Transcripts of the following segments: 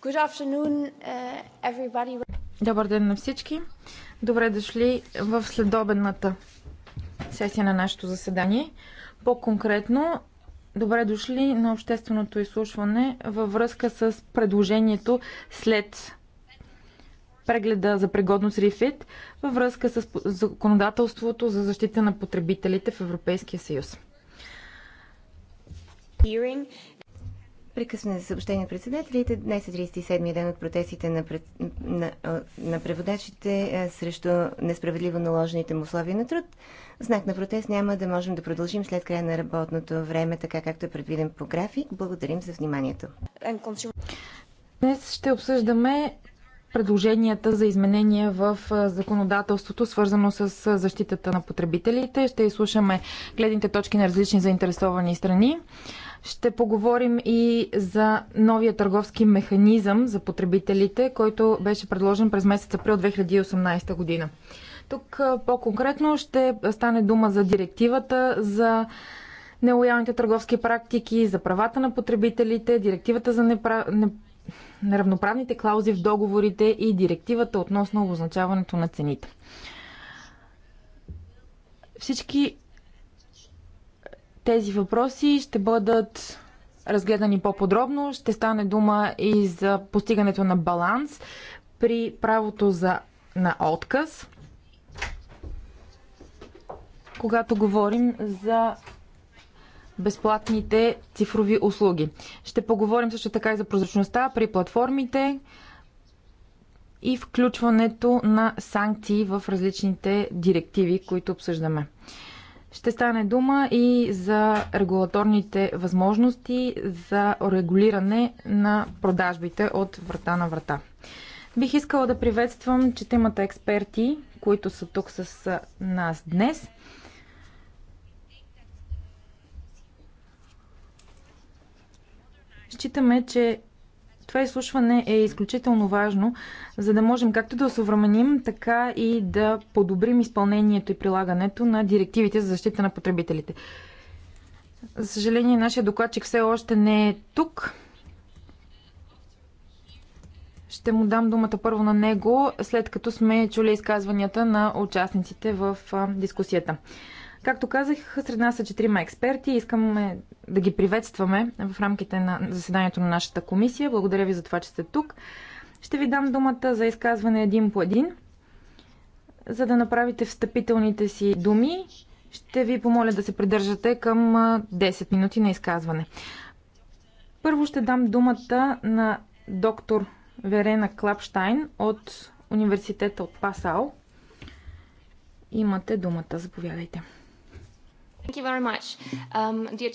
Uh, Добър ден на всички. Добре дошли в следобедната сесия на нашето заседание. По-конкретно, добре дошли на общественото изслушване във връзка с предложението след прегледа за пригодност Рифит във връзка с законодателството за защита на потребителите в Европейския съюз. Прекъсване за съобщение от председателите. Днес е 37-я ден от протестите на, пред... на, на преводачите срещу несправедливо наложените му условия на труд. Знак на протест няма да можем да продължим след края на работното време, така както е предвиден по график. Благодарим за вниманието. Днес ще обсъждаме предложенията за изменения в законодателството, свързано с защитата на потребителите. Ще изслушаме гледните точки на различни заинтересовани страни. Ще поговорим и за новия търговски механизъм за потребителите, който беше предложен през месец април 2018 година. Тук по-конкретно ще стане дума за директивата за нелоялните търговски практики, за правата на потребителите, директивата за непра... неравноправните клаузи в договорите и директивата относно обозначаването на цените. Всички тези въпроси ще бъдат разгледани по-подробно. Ще стане дума и за постигането на баланс при правото за, на отказ, когато говорим за безплатните цифрови услуги. Ще поговорим също така и за прозрачността при платформите и включването на санкции в различните директиви, които обсъждаме ще стане дума и за регулаторните възможности за регулиране на продажбите от врата на врата. Бих искала да приветствам четимата експерти, които са тук с нас днес. Считаме, че това изслушване е изключително важно, за да можем както да осъвременим, така и да подобрим изпълнението и прилагането на директивите за защита на потребителите. За съжаление, нашия докладчик все още не е тук. Ще му дам думата първо на него, след като сме чули изказванията на участниците в дискусията. Както казах, сред нас са четирима експерти. Искаме да ги приветстваме в рамките на заседанието на нашата комисия. Благодаря ви за това, че сте тук. Ще ви дам думата за изказване един по един. За да направите встъпителните си думи, ще ви помоля да се придържате към 10 минути на изказване. Първо ще дам думата на доктор Верена Клапштайн от университета от Пасао. Имате думата, заповядайте. Um,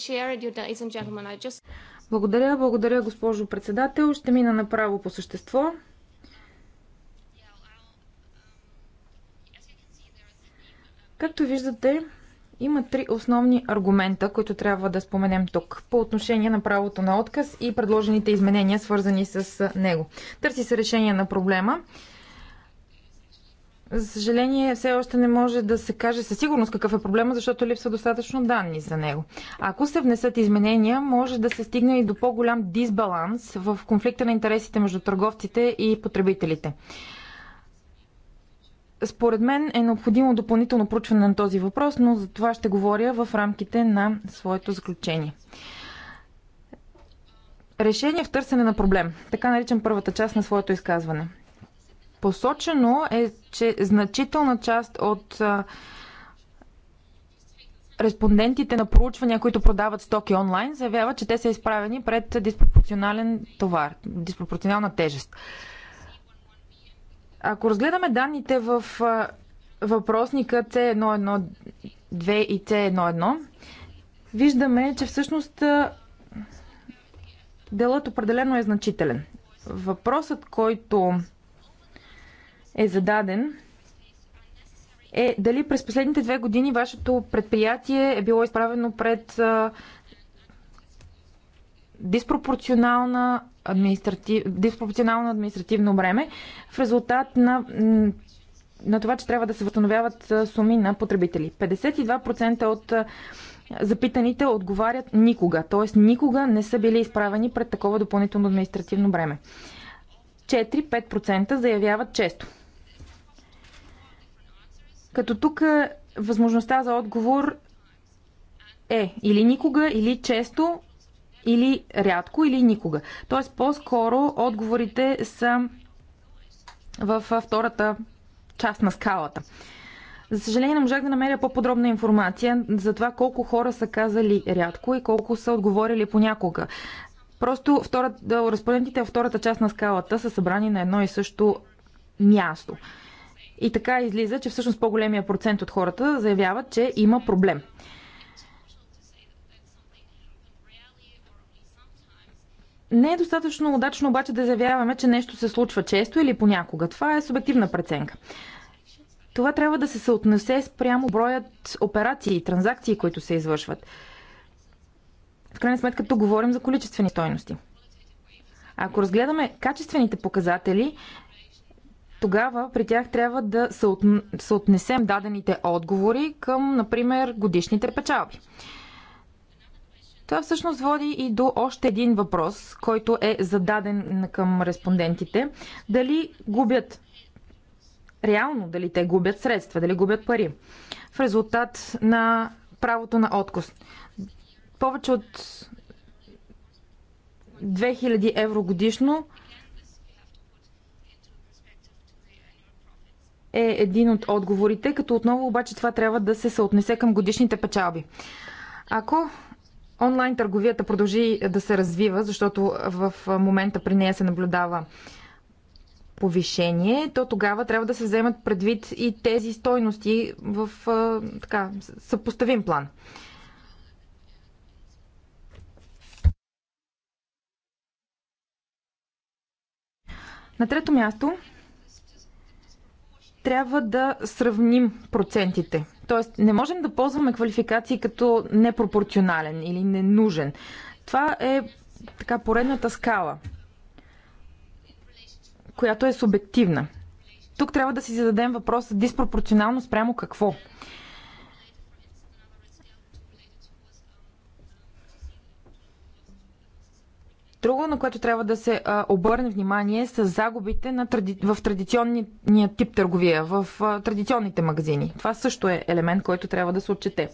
благодаря, благодаря, госпожо председател. Ще мина направо по същество. Както виждате, има три основни аргумента, които трябва да споменем тук по отношение на правото на отказ и предложените изменения, свързани с него. Търси се решение на проблема за съжаление, все още не може да се каже със сигурност какъв е проблема, защото липсва достатъчно данни за него. Ако се внесат изменения, може да се стигне и до по-голям дисбаланс в конфликта на интересите между търговците и потребителите. Според мен е необходимо допълнително проучване на този въпрос, но за това ще говоря в рамките на своето заключение. Решение в търсене на проблем. Така наричам първата част на своето изказване. Посочено е, че значителна част от респондентите на проучвания, които продават стоки онлайн, заявяват, че те са изправени пред диспропорционален товар, диспропорционална тежест. Ако разгледаме данните в въпросника C112 и C11, виждаме, че всъщност делът определено е значителен. Въпросът, който е зададен е дали през последните две години вашето предприятие е било изправено пред диспропорционална административ... диспропорционално административно бреме в резултат на, на това, че трябва да се възстановяват суми на потребители. 52% от запитаните отговарят никога, т.е. никога не са били изправени пред такова допълнително административно време. 4-5% заявяват често. Като тук е, възможността за отговор е или никога, или често, или рядко, или никога. Тоест по-скоро отговорите са във втората част на скалата. За съжаление не можах да намеря по-подробна информация за това колко хора са казали рядко и колко са отговорили понякога. Просто втората, разпоредните във втората част на скалата са събрани на едно и също място. И така излиза, че всъщност по-големия процент от хората заявяват, че има проблем. Не е достатъчно удачно обаче да заявяваме, че нещо се случва често или понякога. Това е субективна преценка. Това трябва да се съотнесе спрямо броят операции и транзакции, които се извършват. В крайна сметка тук говорим за количествени стойности. Ако разгледаме качествените показатели, тогава при тях трябва да съотнесем дадените отговори към, например, годишните печалби. Това всъщност води и до още един въпрос, който е зададен към респондентите. Дали губят реално, дали те губят средства, дали губят пари в резултат на правото на откус. Повече от 2000 евро годишно е един от отговорите, като отново обаче това трябва да се съотнесе към годишните печалби. Ако онлайн търговията продължи да се развива, защото в момента при нея се наблюдава повишение, то тогава трябва да се вземат предвид и тези стойности в така, съпоставим план. На трето място трябва да сравним процентите. Тоест, не можем да ползваме квалификации като непропорционален или ненужен. Това е така поредната скала, която е субективна. Тук трябва да си зададем въпроса диспропорционално спрямо какво. Друго, на което трябва да се обърне внимание, са загубите на тради... в традиционния тип търговия, в традиционните магазини. Това също е елемент, който трябва да се отчете.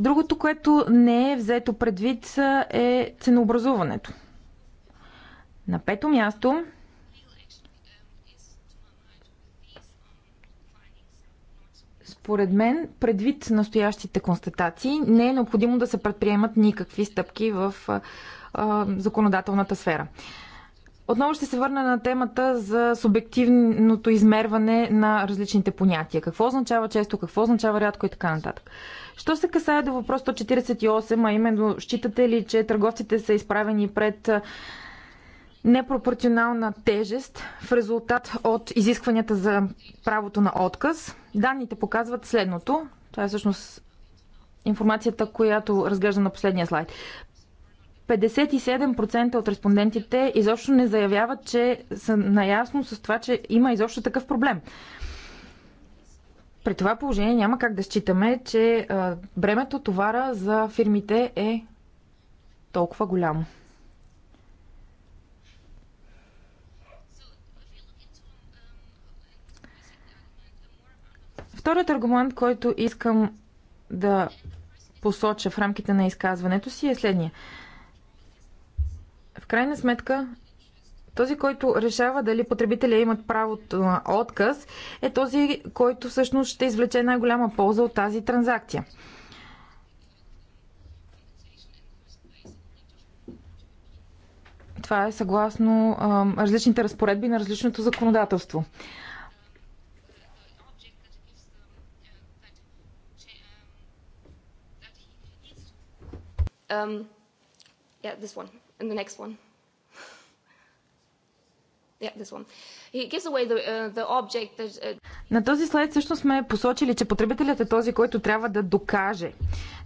Другото, което не е взето предвид, е ценообразуването. На пето място Според мен, предвид настоящите констатации, не е необходимо да се предприемат никакви стъпки в законодателната сфера. Отново ще се върна на темата за субективното измерване на различните понятия. Какво означава често, какво означава рядко и така нататък. Що се касае до въпрос 148, а именно считате ли, че търговците са изправени пред непропорционална тежест в резултат от изискванията за правото на отказ. Данните показват следното. Това е всъщност информацията, която разглежда на последния слайд. 57% от респондентите изобщо не заявяват, че са наясно с това, че има изобщо такъв проблем. При това положение няма как да считаме, че бремето товара за фирмите е толкова голямо. Вторият аргумент, който искам да посоча в рамките на изказването си е следния. В крайна сметка, този, който решава дали потребителя имат правото на отказ, е този, който всъщност ще извлече най-голяма полза от тази транзакция. Това е съгласно а, различните разпоредби на различното законодателство. Um, yeah, this one in the next one. Uh, uh, на този слайд всъщност сме посочили, че потребителят е този, който трябва да докаже,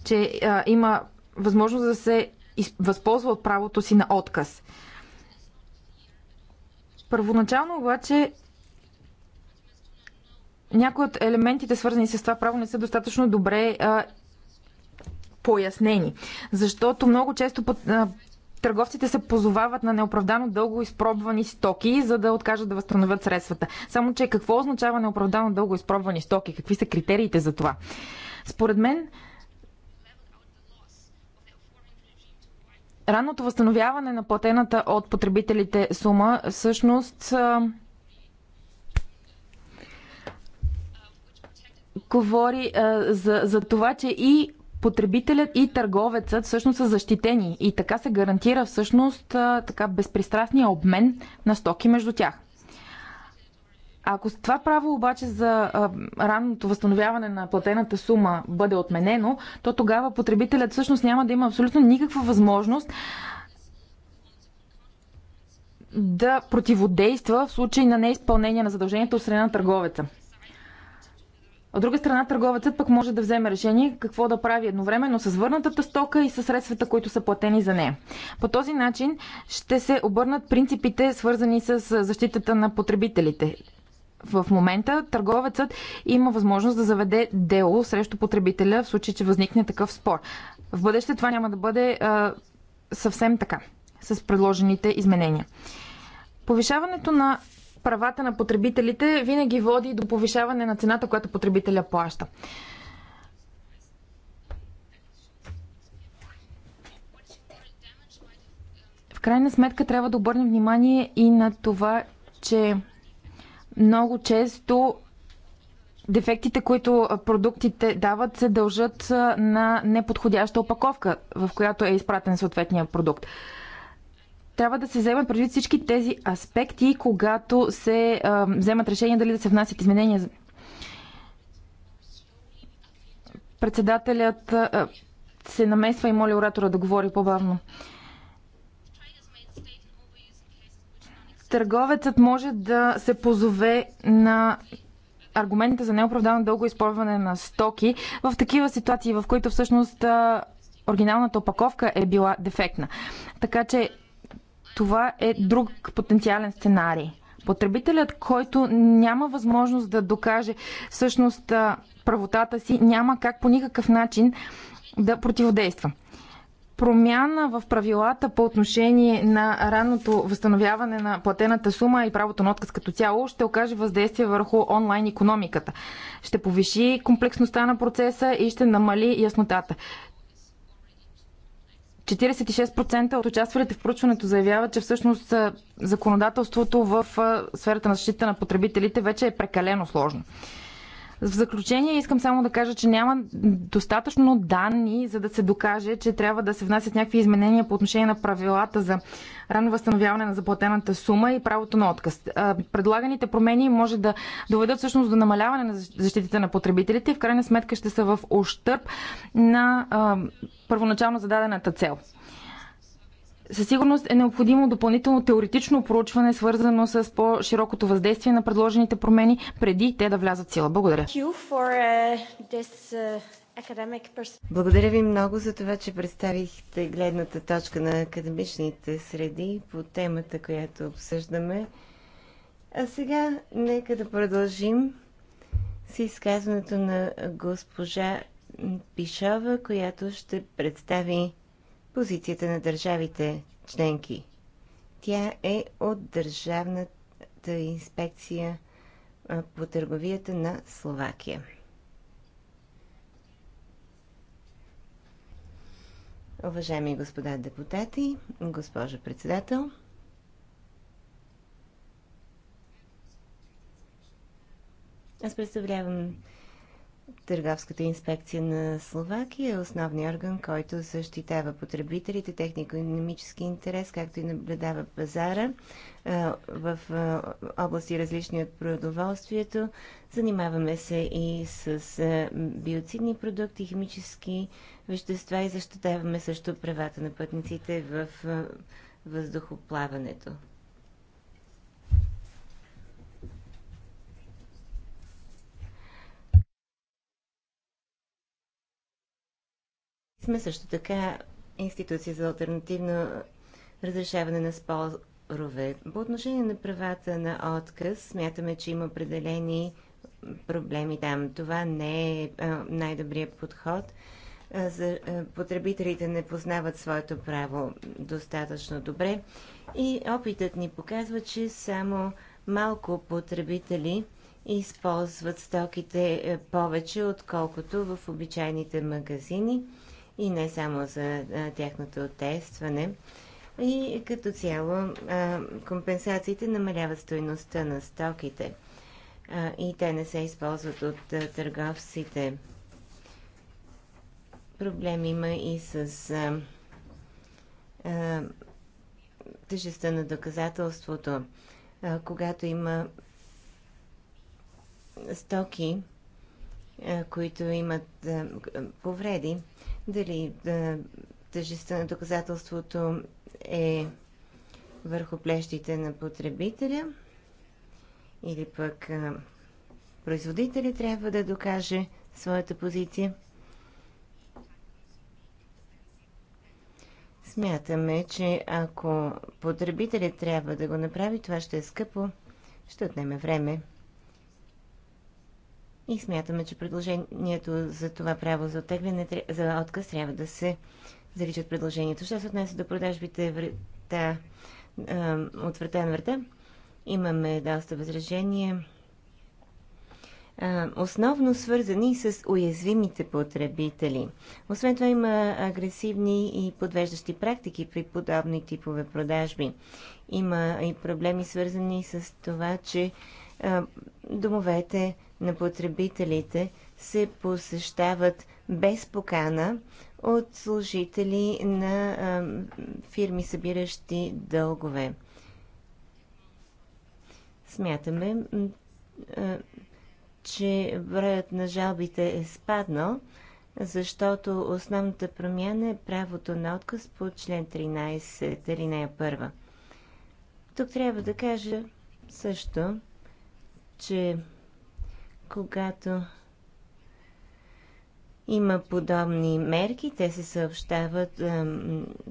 че а, има възможност да се възползва от правото си на отказ. Първоначално обаче някои от елементите, свързани с това право, не са достатъчно добре а, пояснени. Защото много често търговците се позовават на неоправдано дълго изпробвани стоки, за да откажат да възстановят средствата. Само, че какво означава неоправдано дълго изпробвани стоки? Какви са критериите за това? Според мен, ранното възстановяване на платената от потребителите сума всъщност говори а, за, за това, че и потребителят и търговецът всъщност са защитени и така се гарантира всъщност така безпристрастния обмен на стоки между тях. Ако това право обаче за а, ранното възстановяване на платената сума бъде отменено, то тогава потребителят всъщност няма да има абсолютно никаква възможност да противодейства в случай на неизпълнение на задължението от страна на търговеца. От друга страна, търговецът пък може да вземе решение какво да прави едновременно с върнатата стока и с средствата, които са платени за нея. По този начин ще се обърнат принципите, свързани с защитата на потребителите. В момента търговецът има възможност да заведе дело срещу потребителя в случай, че възникне такъв спор. В бъдеще това няма да бъде а, съвсем така с предложените изменения. Повишаването на правата на потребителите винаги води до повишаване на цената, която потребителя плаща. В крайна сметка трябва да обърнем внимание и на това, че много често дефектите, които продуктите дават, се дължат на неподходяща опаковка, в която е изпратен съответния продукт трябва да се вземат предвид всички тези аспекти, когато се а, вземат решения дали да се внасят изменения. Председателят а, се намесва и моли оратора да говори по-бавно. Търговецът може да се позове на аргументите за неоправдано дълго използване на стоки в такива ситуации, в които всъщност оригиналната опаковка е била дефектна. Така че това е друг потенциален сценарий. Потребителят, който няма възможност да докаже всъщност правотата си, няма как по никакъв начин да противодейства. Промяна в правилата по отношение на ранното възстановяване на платената сума и правото на отказ като цяло ще окаже въздействие върху онлайн економиката. Ще повиши комплексността на процеса и ще намали яснотата. 46% от участвалите в проучването заявяват, че всъщност законодателството в сферата на защита на потребителите вече е прекалено сложно. В заключение искам само да кажа, че няма достатъчно данни, за да се докаже, че трябва да се внасят някакви изменения по отношение на правилата за ранно възстановяване на заплатената сума и правото на отказ. Предлаганите промени може да доведат всъщност до намаляване на защитите на потребителите и в крайна сметка ще са в ощърп на първоначално зададената цел. Със сигурност е необходимо допълнително теоретично проучване, свързано с по-широкото въздействие на предложените промени, преди те да влязат сила. Благодаря. Uh, uh, Благодаря ви много за това, че представихте гледната точка на академичните среди по темата, която обсъждаме. А сега нека да продължим с изказването на госпожа Пишова, която ще представи позицията на държавите членки. Тя е от Държавната инспекция по търговията на Словакия. Уважаеми господа депутати, госпожа председател, аз представлявам Търговската инспекция на Словакия е основният орган, който защитава потребителите, технико-економически интерес, както и наблюдава пазара в области различни от продоволствието. Занимаваме се и с биоцидни продукти, химически вещества и защитаваме също правата на пътниците в въздухоплаването. сме също така институция за альтернативно разрешаване на спорове. По отношение на правата на отказ, смятаме, че има определени проблеми там. Това не е най-добрият подход. За потребителите не познават своето право достатъчно добре и опитът ни показва, че само малко потребители използват стоките повече, отколкото в обичайните магазини и не само за тяхното тестване. И като цяло компенсациите намаляват стоеността на стоките и те не се използват от търговците. Проблем има и с тежестта на доказателството. Когато има стоки, които имат повреди, дали да, е, на доказателството е върху плещите на потребителя или пък е, производителя трябва да докаже своята позиция. Смятаме, че ако потребителят трябва да го направи, това ще е скъпо, ще отнеме време и смятаме, че предложението за това право за оттегляне, за отказ трябва да се заличат предложението. Що се отнася до продажбите врата, от врата на врата, имаме доста възражения, основно свързани с уязвимите потребители. Освен това има агресивни и подвеждащи практики при подобни типове продажби. Има и проблеми свързани с това, че домовете на потребителите се посещават без покана от служители на фирми, събиращи дългове. Смятаме, че броят на жалбите е спаднал, защото основната промяна е правото на отказ по член 13, алинея 1. Тук трябва да кажа също, че когато има подобни мерки, те се съобщават е,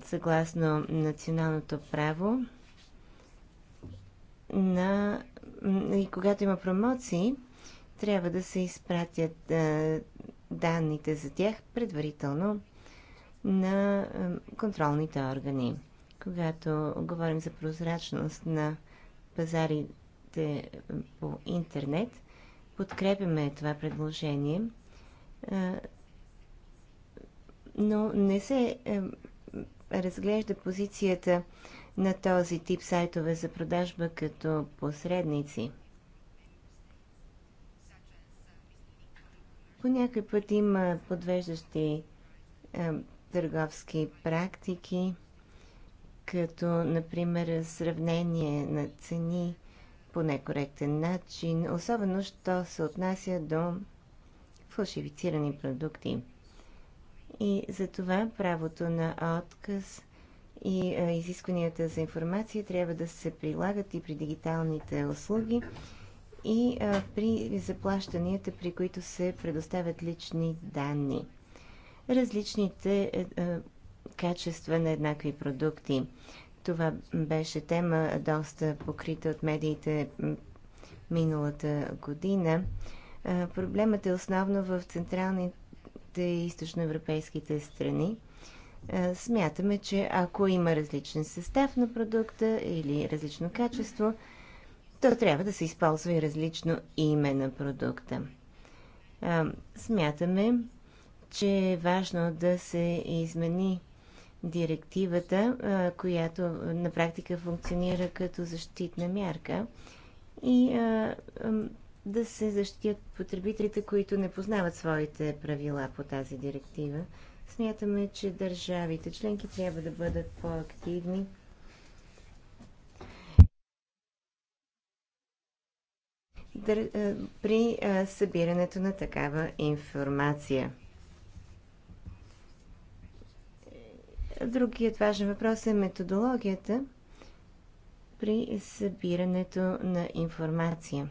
съгласно националното право на... и когато има промоции, трябва да се изпратят е, данните за тях предварително на е, контролните органи. Когато говорим за прозрачност на пазари продажбите е, по интернет. Подкрепяме това предложение, е, но не се е, разглежда позицията на този тип сайтове за продажба като посредници. По някой път има подвеждащи търговски практики, като, например, сравнение на цени по некоректен начин, особено що се отнася до фалшифицирани продукти. И за това правото на отказ и изискванията за информация трябва да се прилагат и при дигиталните услуги и при заплащанията, при които се предоставят лични данни. Различните е, е, качества на еднакви продукти. Това беше тема доста покрита от медиите миналата година. Проблемът е основно в централните и източноевропейските страни. Смятаме, че ако има различен състав на продукта или различно качество, то трябва да се използва и различно име на продукта. Смятаме, че е важно да се измени директивата, която на практика функционира като защитна мярка и да се защитят потребителите, които не познават своите правила по тази директива. Смятаме, че държавите членки трябва да бъдат по-активни при събирането на такава информация. Другият важен въпрос е методологията при събирането на информация.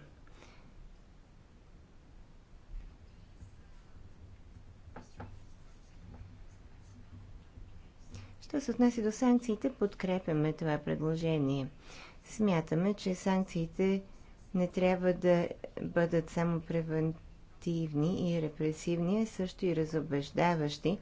Що се отнася до санкциите, подкрепяме това предложение. Смятаме, че санкциите не трябва да бъдат само превентивни и репресивни, а също и разобеждаващи,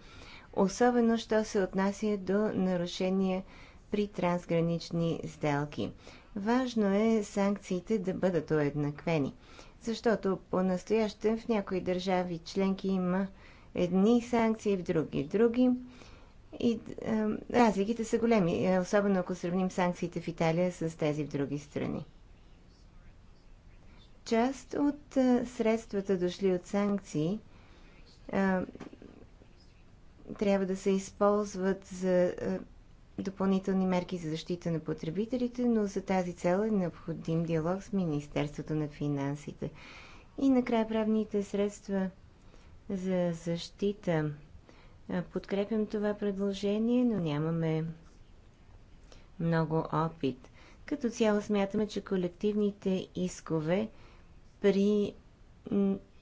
особено що се отнася до нарушения при трансгранични сделки. Важно е санкциите да бъдат уеднаквени, защото по-настоящем в някои държави членки има едни санкции, в други в други. И е, разликите са големи, е, особено ако сравним санкциите в Италия с тези в други страни. Част от е, средствата дошли от санкции е, трябва да се използват за е, допълнителни мерки за защита на потребителите, но за тази цел е необходим диалог с Министерството на финансите. И накрая правните средства за защита. Е, подкрепям това предложение, но нямаме много опит. Като цяло смятаме, че колективните искове при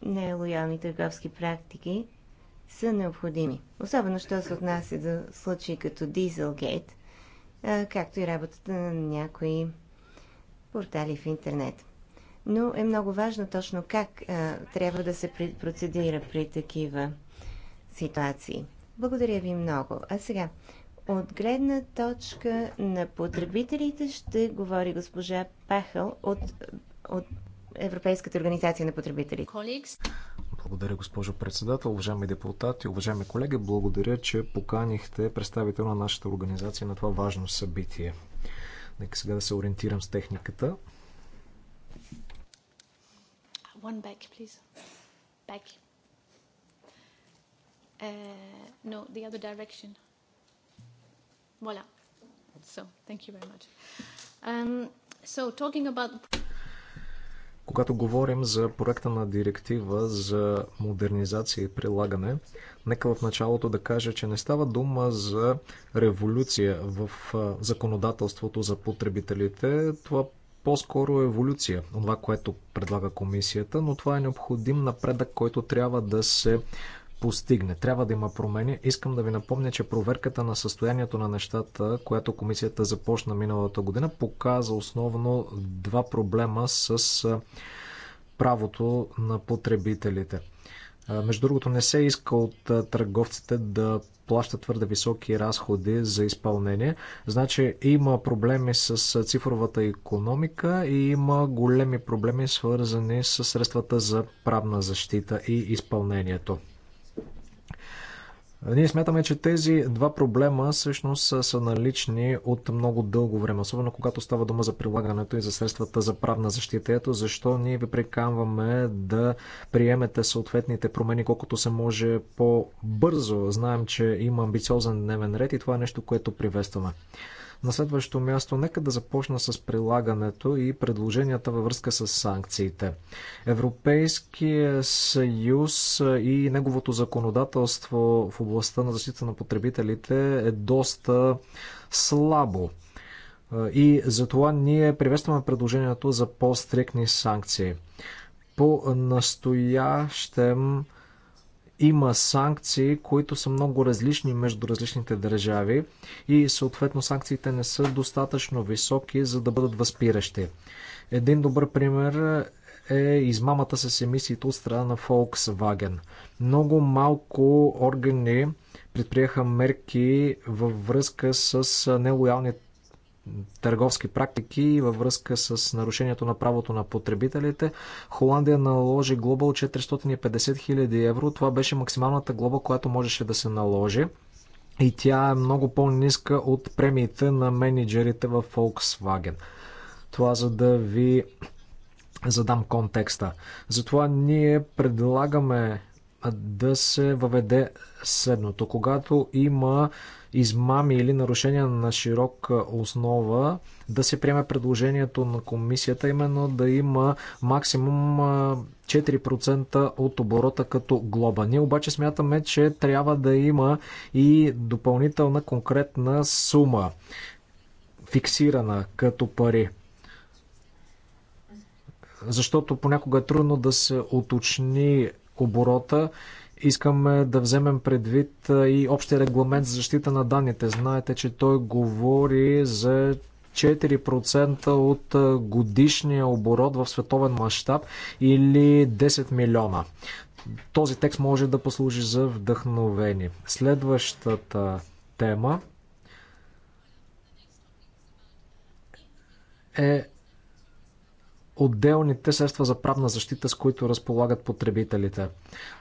нелоялни търговски практики – са необходими. Особено, що се отнася до случаи като Дизелгейт, както и работата на някои портали в интернет. Но е много важно точно как а, трябва да се процедира при такива ситуации. Благодаря ви много. А сега, от гледна точка на потребителите ще говори госпожа Пахъл от, от Европейската организация на потребителите. Благодаря, госпожо председател, уважаеми депутати, уважаеми колеги. Благодаря, че поканихте представител на нашата организация на това важно събитие. Нека сега да се ориентирам с техниката. One back, please. Back. Uh, no, the other direction. Voilà. So, thank you very much. Um, so, talking about... Когато говорим за проекта на директива за модернизация и прилагане, нека в началото да кажа, че не става дума за революция в законодателството за потребителите. Това по-скоро еволюция, това, което предлага комисията, но това е необходим напредък, който трябва да се постигне. Трябва да има промени. Искам да ви напомня, че проверката на състоянието на нещата, която комисията започна миналата година, показа основно два проблема с правото на потребителите. Между другото, не се иска от търговците да плащат твърде високи разходи за изпълнение. Значи има проблеми с цифровата економика и има големи проблеми свързани с средствата за правна защита и изпълнението. Ние смятаме, че тези два проблема всъщност са, са налични от много дълго време, особено когато става дума за прилагането и за средствата за правна защита. Ето защо ние ви приканваме да приемете съответните промени колкото се може по-бързо. Знаем, че има амбициозен дневен ред и това е нещо, което приветстваме. На следващо място, нека да започна с прилагането и предложенията във връзка с санкциите. Европейския съюз и неговото законодателство в областта на защита на потребителите е доста слабо. И затова ние приветстваме предложението за по-стрикни санкции. По настоящем има санкции, които са много различни между различните държави и съответно санкциите не са достатъчно високи, за да бъдат възпиращи. Един добър пример е измамата с емисиите от страна на Volkswagen. Много малко органи предприеха мерки във връзка с нелоялните търговски практики във връзка с нарушението на правото на потребителите. Холандия наложи глоба от 450 000 евро. Това беше максималната глоба, която можеше да се наложи. И тя е много по-ниска от премиите на менеджерите в Volkswagen. Това за да ви задам контекста. Затова ние предлагаме да се въведе следното. Когато има измами или нарушения на широка основа, да се приеме предложението на комисията, именно да има максимум 4% от оборота като глоба. Ние обаче смятаме, че трябва да има и допълнителна конкретна сума, фиксирана като пари защото понякога е трудно да се уточни оборота. Искаме да вземем предвид и общия регламент за защита на данните. Знаете, че той говори за 4% от годишния оборот в световен мащаб или 10 милиона. Този текст може да послужи за вдъхновение. Следващата тема е отделните средства за правна защита, с които разполагат потребителите.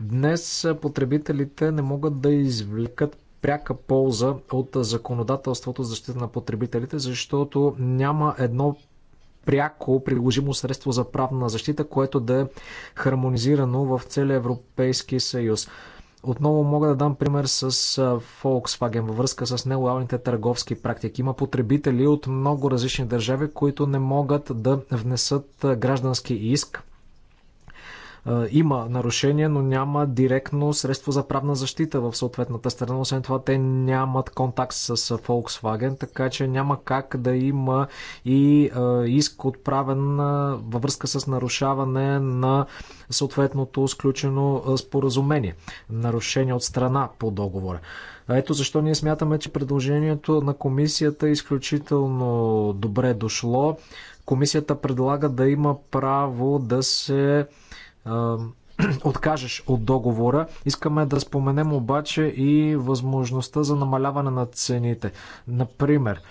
Днес потребителите не могат да извлекат пряка полза от законодателството за защита на потребителите, защото няма едно пряко приложимо средство за правна защита, което да е хармонизирано в целия Европейски съюз. Отново мога да дам пример с Volkswagen във връзка с нелоялните търговски практики. Има потребители от много различни държави, които не могат да внесат граждански иск е, има нарушение, но няма директно средство за правна защита в съответната страна. Освен това, те нямат контакт с Volkswagen, така че няма как да има и е, иск отправен е, във връзка с нарушаване на съответното сключено споразумение. Нарушение от страна по договора. ето защо ние смятаме, че предложението на комисията е изключително добре дошло. Комисията предлага да има право да се откажеш от договора. Искаме да споменем обаче и възможността за намаляване на цените. Например,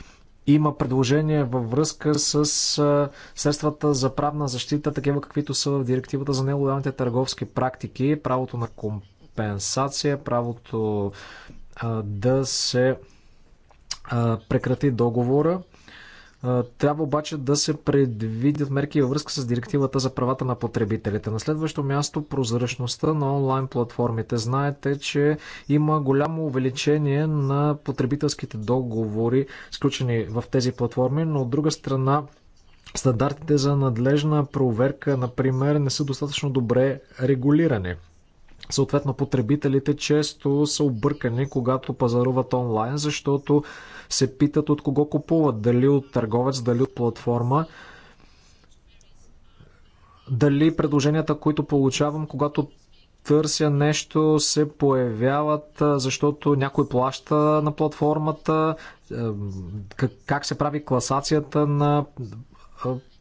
има предложение във връзка с средствата за правна защита, такива каквито са в директивата за нелоялните търговски практики, правото на компенсация, правото да се прекрати договора. Трябва обаче да се предвидят мерки във връзка с директивата за правата на потребителите. На следващо място прозрачността на онлайн платформите. Знаете, че има голямо увеличение на потребителските договори, сключени в тези платформи, но от друга страна стандартите за надлежна проверка, например, не са достатъчно добре регулирани. Съответно, потребителите често са объркани, когато пазаруват онлайн, защото се питат от кого купуват, дали от търговец, дали от платформа. Дали предложенията, които получавам, когато търся нещо, се появяват, защото някой плаща на платформата, как се прави класацията на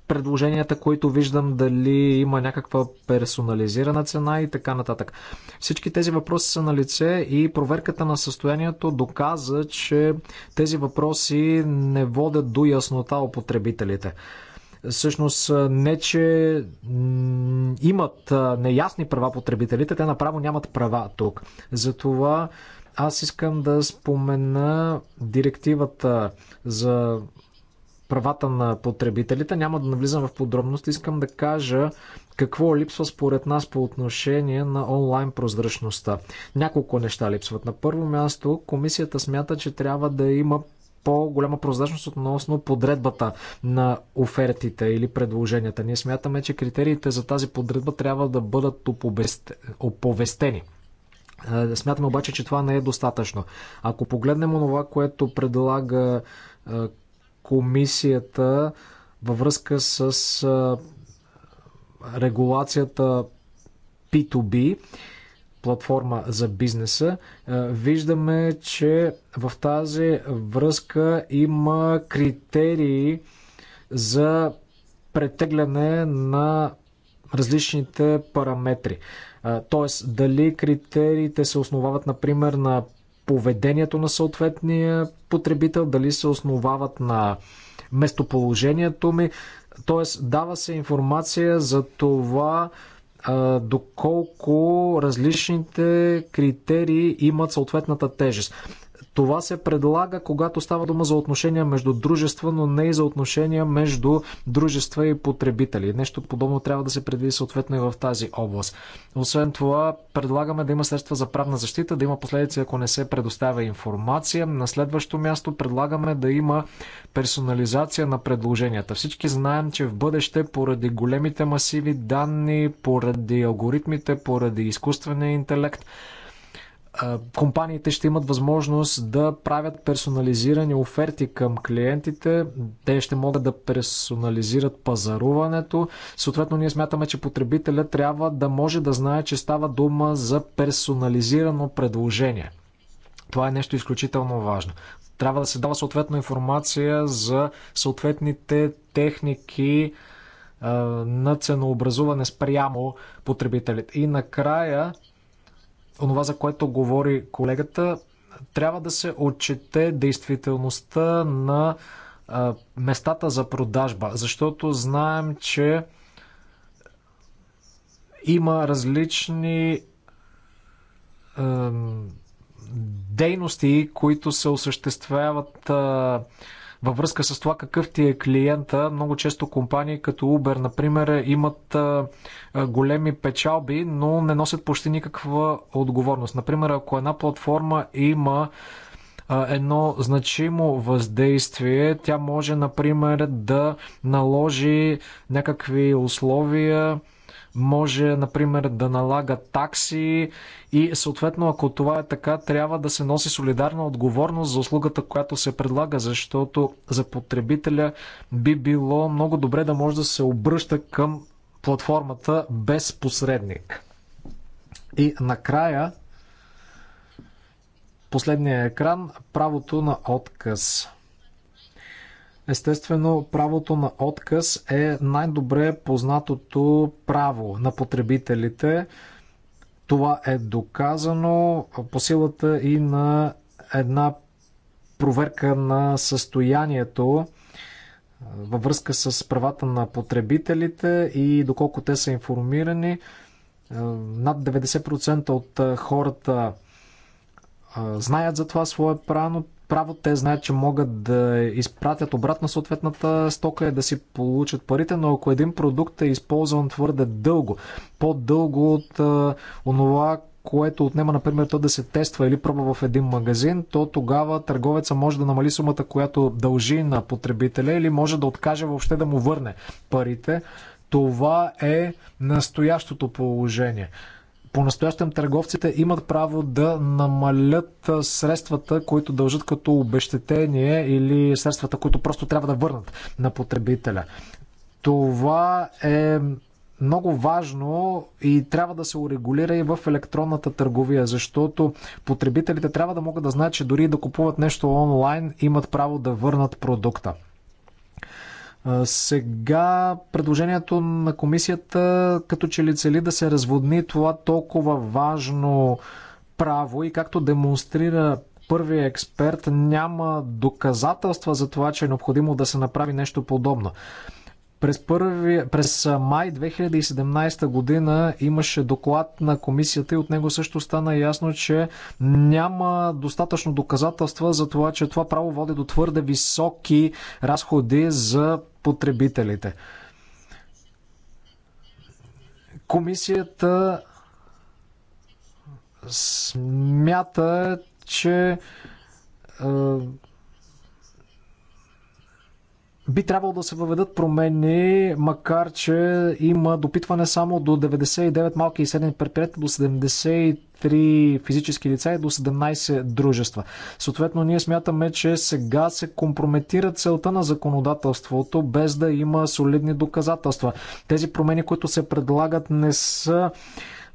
предложенията, които виждам, дали има някаква персонализирана цена и така нататък. Всички тези въпроси са на лице и проверката на състоянието доказа, че тези въпроси не водят до яснота у потребителите. Всъщност не, че имат неясни права потребителите, те направо нямат права тук. Затова аз искам да спомена директивата за правата на потребителите. Няма да навлизам в подробност. Искам да кажа какво липсва според нас по отношение на онлайн прозрачността. Няколко неща липсват. На първо място, комисията смята, че трябва да има по-голяма прозрачност относно подредбата на офертите или предложенията. Ние смятаме, че критериите за тази подредба трябва да бъдат оповестени. Е, смятаме обаче, че това не е достатъчно. Ако погледнем онова, което предлага е, комисията във връзка с регулацията P2B, платформа за бизнеса, виждаме, че в тази връзка има критерии за претегляне на различните параметри. Тоест, дали критериите се основават, например, на поведението на съответния потребител, дали се основават на местоположението ми. Тоест дава се информация за това доколко различните критерии имат съответната тежест. Това се предлага, когато става дума за отношения между дружества, но не и за отношения между дружества и потребители. Нещо подобно трябва да се предвиди съответно и в тази област. Освен това, предлагаме да има средства за правна защита, да има последици, ако не се предоставя информация. На следващо място предлагаме да има персонализация на предложенията. Всички знаем, че в бъдеще поради големите масиви данни, поради алгоритмите, поради изкуствения интелект, компаниите ще имат възможност да правят персонализирани оферти към клиентите. Те ще могат да персонализират пазаруването. Съответно, ние смятаме, че потребителя трябва да може да знае, че става дума за персонализирано предложение. Това е нещо изключително важно. Трябва да се дава съответно информация за съответните техники на ценообразуване спрямо потребителите. И накрая онова, за което говори колегата, трябва да се отчете действителността на местата за продажба, защото знаем, че има различни дейности, които се осъществяват във връзка с това какъв ти е клиента. Много често компании като Uber, например, имат големи печалби, но не носят почти никаква отговорност. Например, ако една платформа има едно значимо въздействие. Тя може, например, да наложи някакви условия, може, например, да налага такси и съответно, ако това е така, трябва да се носи солидарна отговорност за услугата, която се предлага, защото за потребителя би било много добре да може да се обръща към платформата без посредник. И накрая, последния екран, правото на отказ. Естествено, правото на отказ е най-добре познатото право на потребителите. Това е доказано по силата и на една проверка на състоянието във връзка с правата на потребителите и доколко те са информирани. Над 90% от хората знаят за това свое прано, право те знаят, че могат да изпратят обратно съответната стока и да си получат парите, но ако един продукт е използван твърде дълго, по-дълго от а, онова, което отнема, например, то да се тества или пробва в един магазин, то тогава търговеца може да намали сумата, която дължи на потребителя или може да откаже въобще да му върне парите. Това е настоящото положение. По-настоящем търговците имат право да намалят средствата, които дължат като обещетение или средствата, които просто трябва да върнат на потребителя. Това е много важно и трябва да се урегулира и в електронната търговия, защото потребителите трябва да могат да знаят, че дори да купуват нещо онлайн, имат право да върнат продукта. Сега предложението на комисията като че ли цели да се разводни това толкова важно право и както демонстрира първия експерт, няма доказателства за това, че е необходимо да се направи нещо подобно. През, първи, през май 2017 година имаше доклад на комисията и от него също стана ясно, че няма достатъчно доказателства за това, че това право води до твърде високи разходи за потребителите. Комисията смята, че е, би трябвало да се въведат промени, макар че има допитване само до 99 малки и средни предприятия, до 73 физически лица и до 17 дружества. Съответно, ние смятаме, че сега се компрометира целта на законодателството, без да има солидни доказателства. Тези промени, които се предлагат, не са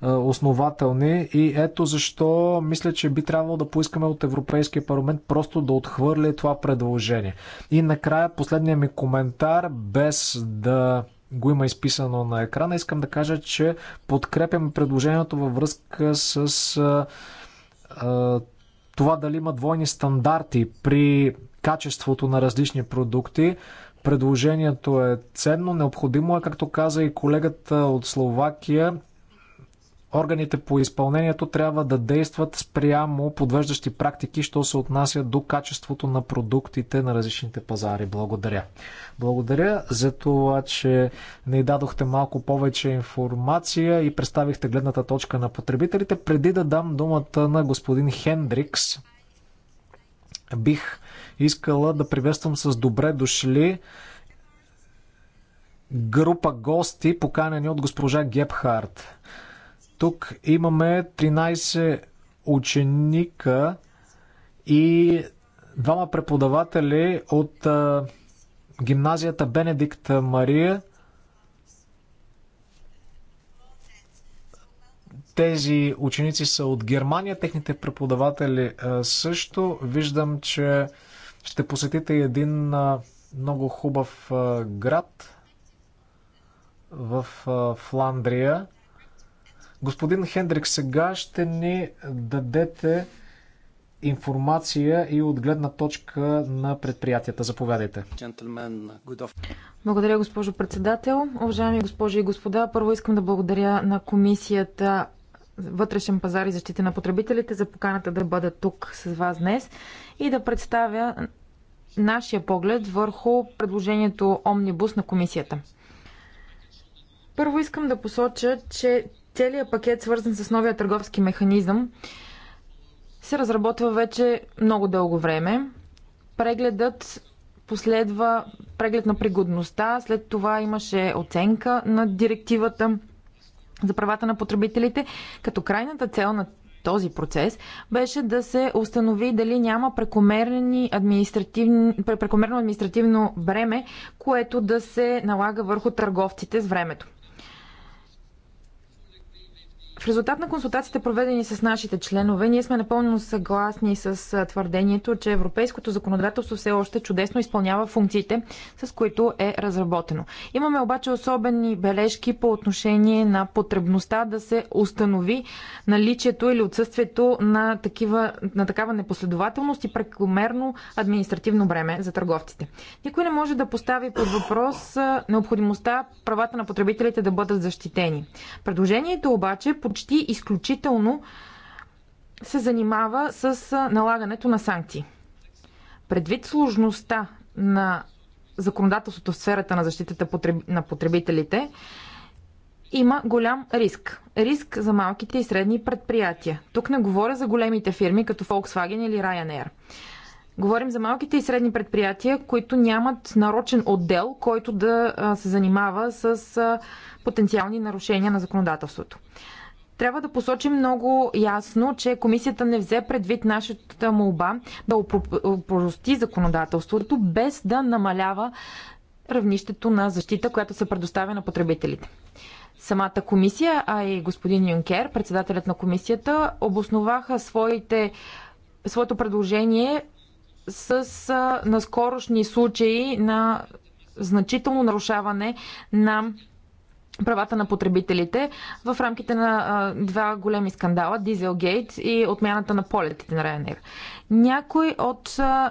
е, основателни и ето защо мисля, че би трябвало да поискаме от Европейския парламент просто да отхвърли това предложение. И накрая последния ми коментар, без да го има изписано на екрана, искам да кажа, че подкрепям предложението във връзка с а, е, а, е, това дали има двойни стандарти при качеството на различни продукти. Предложението е ценно, необходимо е, както каза и колегата от Словакия, органите по изпълнението трябва да действат спрямо подвеждащи практики, що се отнася до качеството на продуктите на различните пазари. Благодаря. Благодаря за това, че ни дадохте малко повече информация и представихте гледната точка на потребителите. Преди да дам думата на господин Хендрикс, бих искала да приветствам с добре дошли група гости, поканени от госпожа Гепхарт. Тук имаме 13 ученика и двама преподаватели от гимназията Бенедикт Мария. Тези ученици са от Германия, техните преподаватели също. Виждам, че ще посетите един много хубав град в Фландрия. Господин Хендрик, сега ще ни дадете информация и от гледна точка на предприятията. Заповядайте. Благодаря, госпожо председател. Уважаеми госпожи и господа, първо искам да благодаря на комисията вътрешен пазар и защита на потребителите за поканата да бъда тук с вас днес и да представя нашия поглед върху предложението Омнибус на комисията. Първо искам да посоча, че целият пакет, свързан с новия търговски механизъм, се разработва вече много дълго време. Прегледът последва преглед на пригодността, след това имаше оценка на директивата за правата на потребителите, като крайната цел на този процес беше да се установи дали няма прекомерни административни, прекомерно административно бреме, което да се налага върху търговците с времето. В резултат на консултациите, проведени с нашите членове, ние сме напълно съгласни с твърдението, че европейското законодателство все още чудесно изпълнява функциите, с които е разработено. Имаме обаче особени бележки по отношение на потребността да се установи наличието или отсъствието на, такива, на такава непоследователност и прекомерно административно бреме за търговците. Никой не може да постави под въпрос необходимостта правата на потребителите да бъдат защитени. Предложението обаче под почти изключително се занимава с налагането на санкции. Предвид сложността на законодателството в сферата на защитата на потребителите, има голям риск. Риск за малките и средни предприятия. Тук не говоря за големите фирми, като Volkswagen или Ryanair. Говорим за малките и средни предприятия, които нямат нарочен отдел, който да се занимава с потенциални нарушения на законодателството. Трябва да посочим много ясно, че комисията не взе предвид нашата молба да упрости законодателството, без да намалява равнището на защита, която се предоставя на потребителите. Самата комисия, а и господин Юнкер, председателят на комисията, обосноваха своите, своето предложение с наскорошни случаи на значително нарушаване на правата на потребителите в рамките на а, два големи скандала Дизелгейт и отмяната на полетите на Ryanair. Някой от а,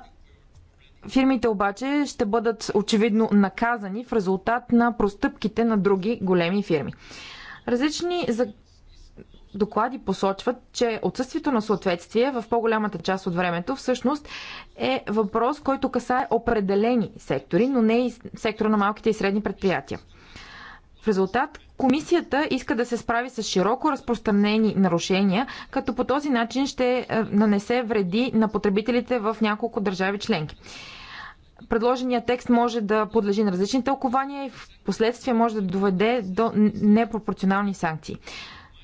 Фирмите обаче ще бъдат очевидно наказани в резултат на простъпките на други големи фирми. Различни за... доклади посочват, че отсъствието на съответствие в по-голямата част от времето всъщност е въпрос, който касае определени сектори, но не и сектора на малките и средни предприятия. В резултат комисията иска да се справи с широко разпространени нарушения, като по този начин ще е, нанесе вреди на потребителите в няколко държави членки. Предложеният текст може да подлежи на различни тълкования и в последствие може да доведе до непропорционални санкции.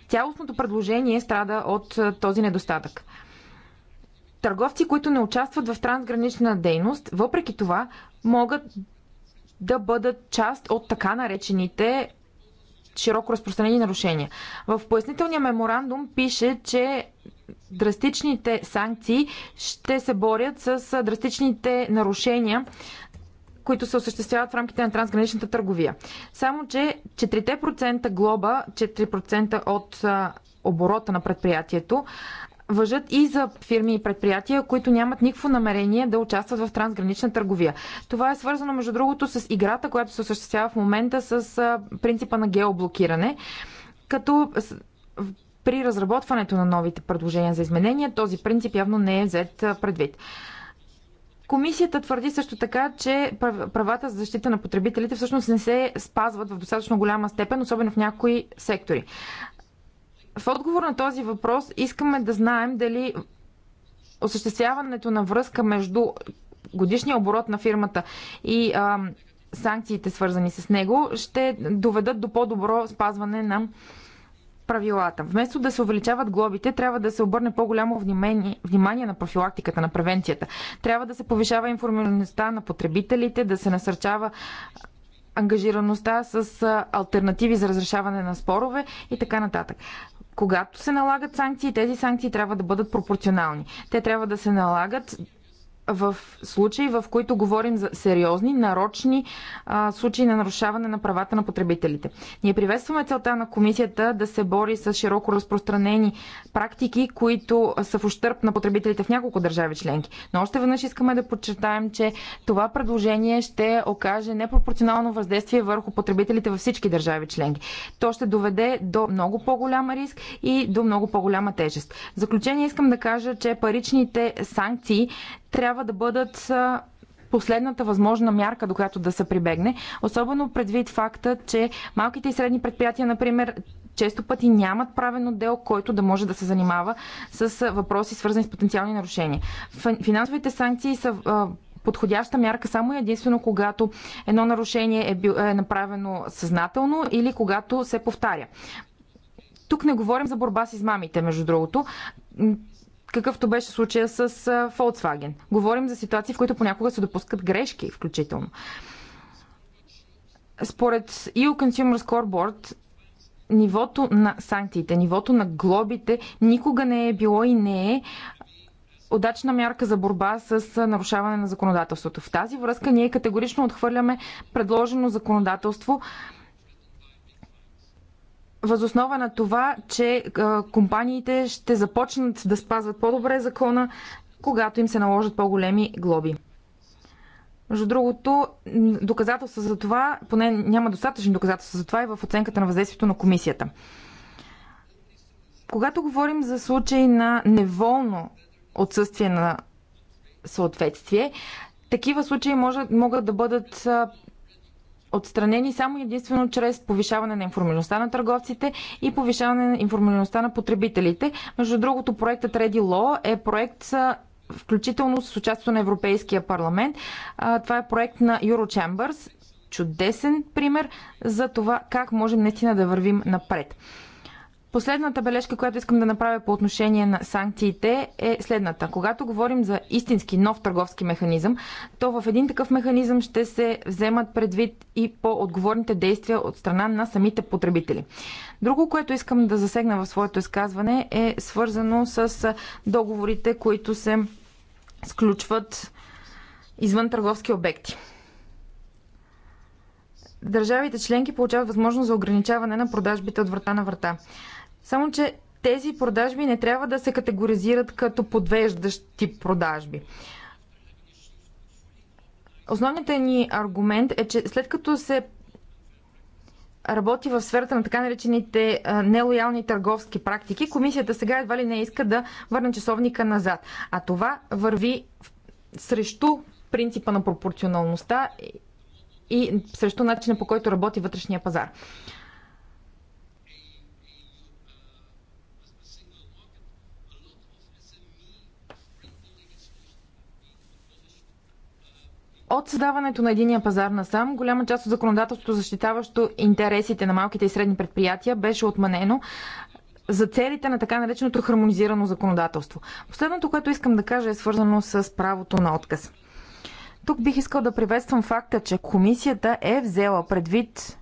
Цялостното предложение страда от е, този недостатък. Търговци, които не участват в трансгранична дейност, въпреки това могат да бъдат част от така наречените широко разпространени нарушения. В пояснителния меморандум пише, че драстичните санкции ще се борят с драстичните нарушения, които се осъществяват в рамките на трансграничната търговия. Само, че 4% глоба, 4% от оборота на предприятието въжат и за фирми и предприятия, които нямат никакво намерение да участват в трансгранична търговия. Това е свързано, между другото, с играта, която се осъществява в момента с принципа на геоблокиране, като при разработването на новите предложения за изменения този принцип явно не е взет предвид. Комисията твърди също така, че правата за защита на потребителите всъщност не се спазват в достатъчно голяма степен, особено в някои сектори. В отговор на този въпрос искаме да знаем дали осъществяването на връзка между годишния оборот на фирмата и а, санкциите, свързани с него, ще доведат до по-добро спазване на правилата. Вместо да се увеличават глобите, трябва да се обърне по-голямо внимание, внимание на профилактиката, на превенцията. Трябва да се повишава информираността на потребителите, да се насърчава ангажираността с альтернативи за разрешаване на спорове и така нататък когато се налагат санкции, тези санкции трябва да бъдат пропорционални. Те трябва да се налагат в случаи, в които говорим за сериозни, нарочни а, случаи на нарушаване на правата на потребителите. Ние приветстваме целта на комисията да се бори с широко разпространени практики, които са в ущърп на потребителите в няколко държави членки. Но още веднъж искаме да подчертаем, че това предложение ще окаже непропорционално въздействие върху потребителите във всички държави членки. То ще доведе до много по-голям риск и до много по-голяма тежест. В заключение искам да кажа, че паричните санкции трябва да бъдат последната възможна мярка, до която да се прибегне, особено предвид факта, че малките и средни предприятия, например, често пъти нямат правен отдел, който да може да се занимава с въпроси, свързани с потенциални нарушения. Финансовите санкции са подходяща мярка само и единствено когато едно нарушение е, бил, е направено съзнателно или когато се повтаря. Тук не говорим за борба с измамите, между другото какъвто беше случая с Volkswagen. Говорим за ситуации, в които понякога се допускат грешки, включително. Според EU Consumer Scoreboard, нивото на санкциите, нивото на глобите никога не е било и не е удачна мярка за борба с нарушаване на законодателството. В тази връзка ние категорично отхвърляме предложено законодателство, възоснова на това, че компаниите ще започнат да спазват по-добре закона, когато им се наложат по-големи глоби. Между другото, доказателства за това, поне няма достатъчни доказателства за това и в оценката на въздействието на комисията. Когато говорим за случаи на неволно отсъствие на съответствие, такива случаи може, могат да бъдат отстранени само единствено чрез повишаване на информираността на търговците и повишаване на информираността на потребителите. Между другото, проектът Ready Law е проект включително с участието на Европейския парламент. Това е проект на Eurochambers. Чудесен пример за това как можем наистина да вървим напред. Последната бележка, която искам да направя по отношение на санкциите е следната. Когато говорим за истински нов търговски механизъм, то в един такъв механизъм ще се вземат предвид и по-отговорните действия от страна на самите потребители. Друго, което искам да засегна в своето изказване е свързано с договорите, които се сключват извън търговски обекти държавите членки получават възможност за ограничаване на продажбите от врата на врата. Само, че тези продажби не трябва да се категоризират като подвеждащи продажби. Основният ни аргумент е, че след като се работи в сферата на така наречените нелоялни търговски практики, комисията сега едва ли не иска да върне часовника назад. А това върви срещу принципа на пропорционалността и срещу начина по който работи вътрешния пазар. От създаването на единия пазар насам, голяма част от законодателството, защитаващо интересите на малките и средни предприятия, беше отменено за целите на така нареченото хармонизирано законодателство. Последното, което искам да кажа, е свързано с правото на отказ. Тук бих искал да приветствам факта, че комисията е взела предвид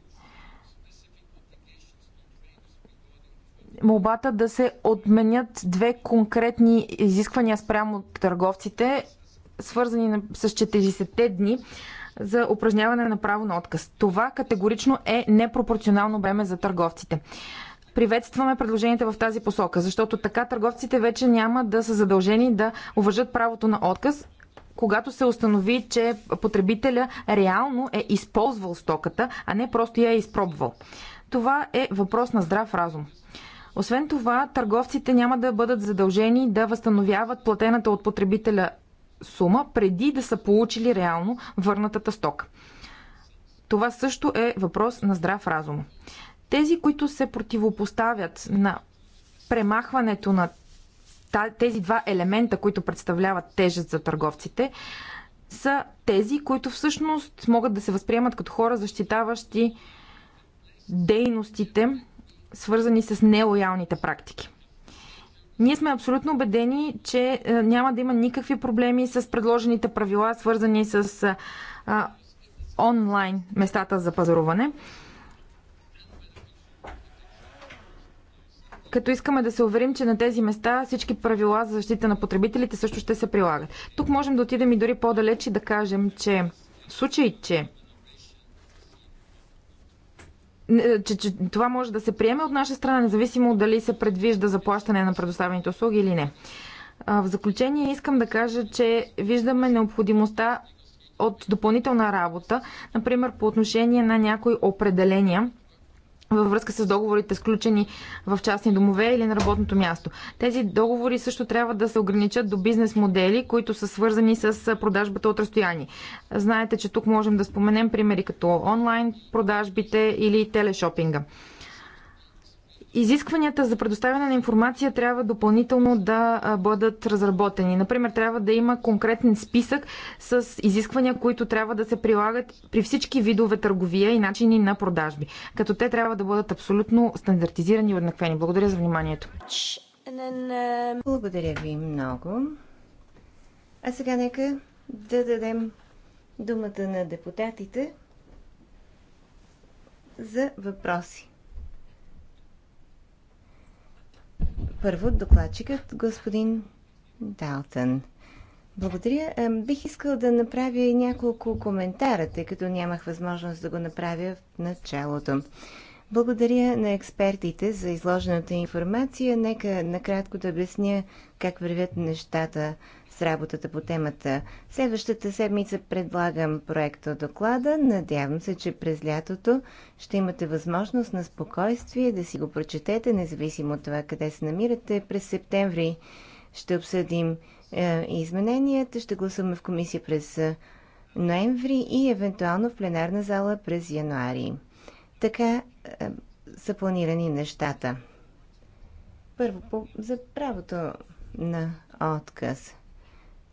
молбата да се отменят две конкретни изисквания спрямо търговците свързани с 40-те дни за упражняване на право на отказ. Това категорично е непропорционално бреме за търговците приветстваме предложенията в тази посока, защото така търговците вече няма да са задължени да уважат правото на отказ, когато се установи, че потребителя реално е използвал стоката, а не просто я е изпробвал. Това е въпрос на здрав разум. Освен това, търговците няма да бъдат задължени да възстановяват платената от потребителя сума преди да са получили реално върнатата стока. Това също е въпрос на здрав разум. Тези, които се противопоставят на премахването на тези два елемента, които представляват тежест за търговците, са тези, които всъщност могат да се възприемат като хора, защитаващи дейностите, свързани с нелоялните практики. Ние сме абсолютно убедени, че е, няма да има никакви проблеми с предложените правила, свързани с е, онлайн местата за пазаруване. като искаме да се уверим, че на тези места всички правила за защита на потребителите също ще се прилагат. Тук можем да отидем и дори по-далеч и да кажем, че в случай, че е, че, че това може да се приеме от наша страна, независимо дали се предвижда заплащане на предоставените услуги или не. В заключение искам да кажа, че виждаме необходимостта от допълнителна работа, например по отношение на някои определения – във връзка с договорите, сключени в частни домове или на работното място. Тези договори също трябва да се ограничат до бизнес модели, които са свързани с продажбата от разстояние. Знаете, че тук можем да споменем примери като онлайн продажбите или телешопинга изискванията за предоставяне на информация трябва допълнително да бъдат разработени. Например, трябва да има конкретен списък с изисквания, които трябва да се прилагат при всички видове търговия и начини на продажби, като те трябва да бъдат абсолютно стандартизирани и уеднаквени. Благодаря за вниманието. Благодаря ви много. А сега нека да дадем думата на депутатите за въпроси. Първо докладчикът господин Далтън. Благодаря. Е, бих искал да направя и няколко коментара, тъй като нямах възможност да го направя в началото. Благодаря на експертите за изложената информация. Нека накратко да обясня как вървят нещата с работата по темата. Следващата седмица предлагам проекта доклада. Надявам се, че през лятото ще имате възможност на спокойствие да си го прочетете, независимо от това къде се намирате. През септември ще обсъдим е, измененията, ще гласуваме в комисия през е, ноември и евентуално в пленарна зала през януари. Така е, са планирани нещата. Първо, по, за правото на отказ.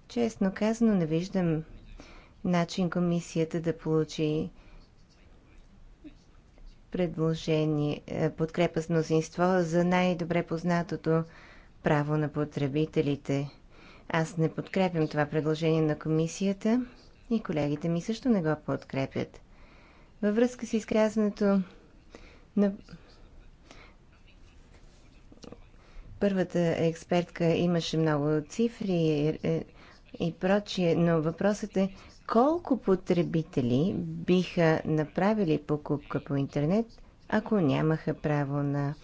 Честно казано, не виждам начин комисията да получи предложение, е, подкрепа с мнозинство за най-добре познатото право на потребителите. Аз не подкрепям това предложение на комисията и колегите ми също не го подкрепят. Във връзка с изказването на първата експертка имаше много цифри, е, е, и прочие, но въпросът е колко потребители биха направили покупка по интернет, ако нямаха право на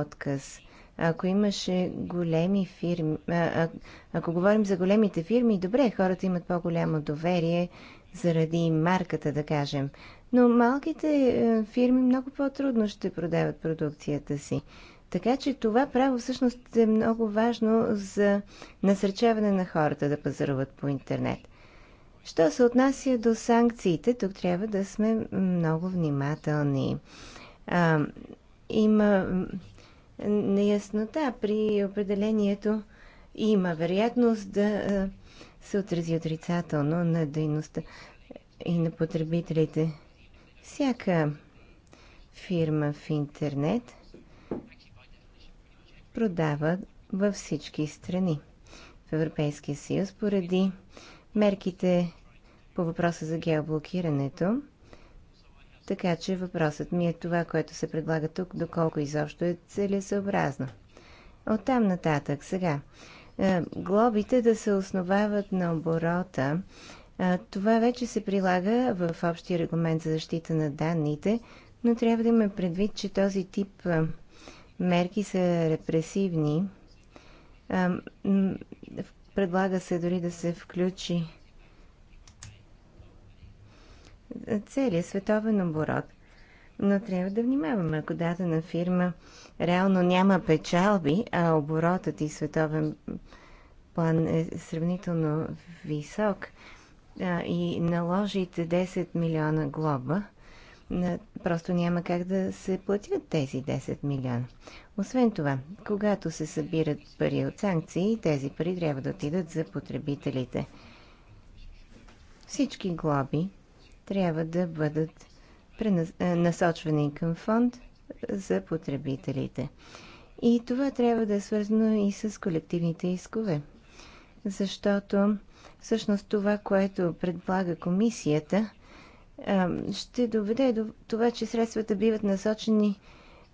отказ. Ако имаше големи фирми, а, а, ако говорим за големите фирми, добре, хората имат по-голямо доверие заради марката, да кажем. Но малките е, фирми много по-трудно ще продават продукцията си. Така че това право всъщност е много важно за насърчаване на хората да пазаруват по интернет. Що се отнася до санкциите, тук трябва да сме много внимателни. А, има неяснота при определението. Има вероятност да се отрази отрицателно на дейността и на потребителите. Всяка фирма в интернет – продават във всички страни в Европейския съюз поради мерките по въпроса за геоблокирането. Така че въпросът ми е това, което се предлага тук, доколко изобщо е целесъобразно. От там нататък сега. Е, глобите да се основават на оборота, е, това вече се прилага в общия регламент за защита на данните, но трябва да имаме предвид, че този тип е, мерки са репресивни. Предлага се дори да се включи целият световен оборот. Но трябва да внимаваме, ако дадена фирма реално няма печалби, а оборотът и световен план е сравнително висок и наложите 10 милиона глоба – просто няма как да се платят тези 10 милиона. Освен това, когато се събират пари от санкции, тези пари трябва да отидат за потребителите. Всички глоби трябва да бъдат е, насочвани към фонд за потребителите. И това трябва да е свързано и с колективните искове. Защото всъщност това, което предлага комисията, ще доведе до това, че средствата биват насочени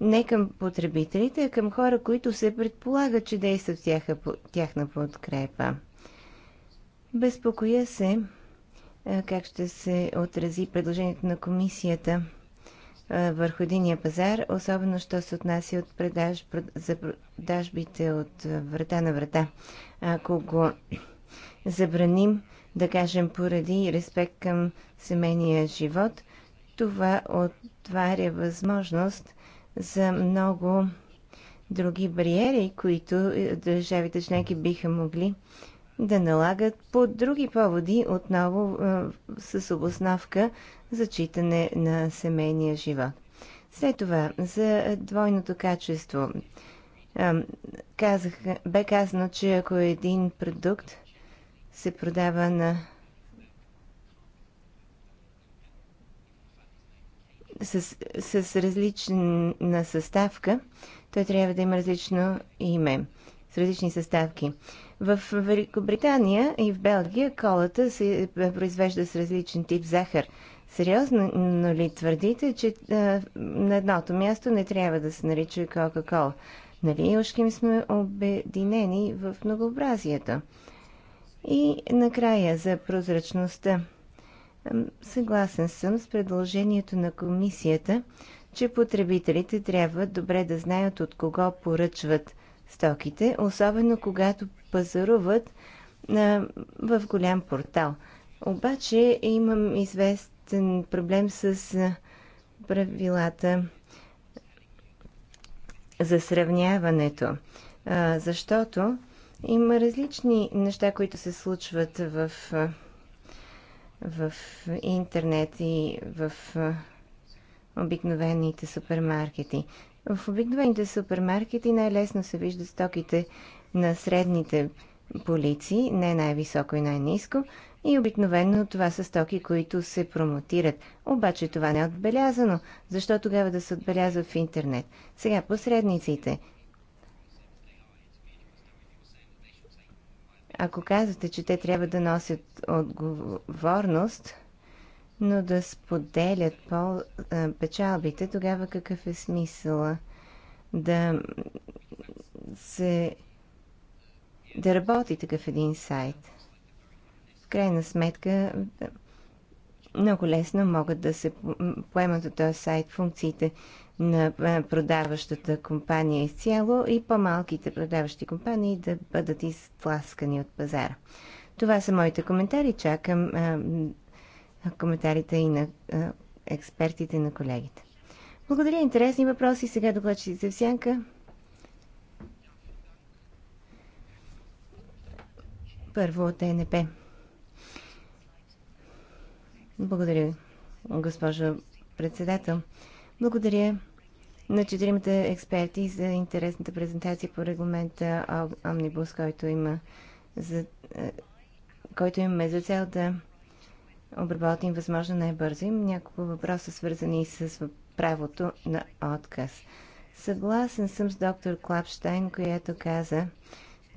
не към потребителите, а към хора, които се предполага, че действат тяха, тяхна подкрепа. Безпокоя се как ще се отрази предложението на комисията върху единия пазар, особено що се отнася от продаж, за продажбите от врата на врата. Ако го забраним, да кажем, поради респект към семейния живот, това отваря възможност за много други бариери, които е, държавите членки биха могли да налагат по други поводи, отново е, с обосновка за читане на семейния живот. След това, за двойното качество. Казах, бе казано, че ако един продукт се продава на с, с различна съставка, той трябва да има различно име, с различни съставки. В Великобритания и в Белгия колата се произвежда с различен тип захар. Сериозно но ли твърдите, че а, на едното място не трябва да се нарича Кока-Кола? Нали, ушким сме обединени в многообразието. И накрая за прозрачността. Съгласен съм с предложението на комисията, че потребителите трябва добре да знаят от кого поръчват стоките, особено когато пазаруват в голям портал. Обаче имам известен проблем с правилата за сравняването, защото има различни неща, които се случват в, в интернет и в обикновените супермаркети. В обикновените супермаркети най-лесно се виждат стоките на средните полици, не най-високо и най-низко, и обикновено това са стоки, които се промотират. Обаче това не е отбелязано. Защо тогава да се отбелязва в интернет? Сега посредниците Ако казвате, че те трябва да носят отговорност, но да споделят по- печалбите, тогава какъв е смисъла да се да работи такъв един сайт? В крайна сметка, много лесно могат да се поемат от този сайт функциите на е, продаващата компания изцяло и по-малките продаващи компании да бъдат изтласкани от пазара. Това са моите коментари. Чакам а, е, коментарите и на а, е, експертите, на колегите. Благодаря. Интересни въпроси. Сега докладчиците в сянка. Първо от ЕНП. Благодаря, госпожо председател. Благодаря на четиримата експерти за интересната презентация по регламента Омнибус, който има за, е, който имаме за цел да обработим възможно най-бързо. Има няколко въпроса, свързани с правото на отказ. Съгласен съм с доктор Клапштайн, която каза,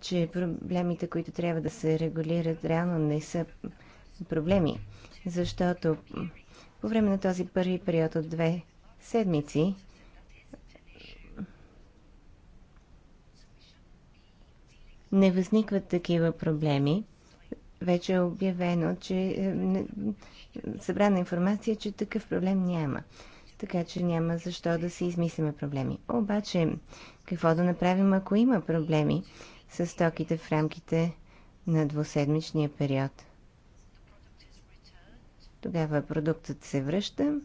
че проблемите, които трябва да се регулират, реално не са проблеми, защото по време на този първи период от две седмици не възникват такива проблеми. Вече е обявено, че е, събрана информация, че такъв проблем няма. Така че няма защо да си измислиме проблеми. Обаче, какво да направим, ако има проблеми с стоките в рамките на двуседмичния период? Тогава продуктът се връща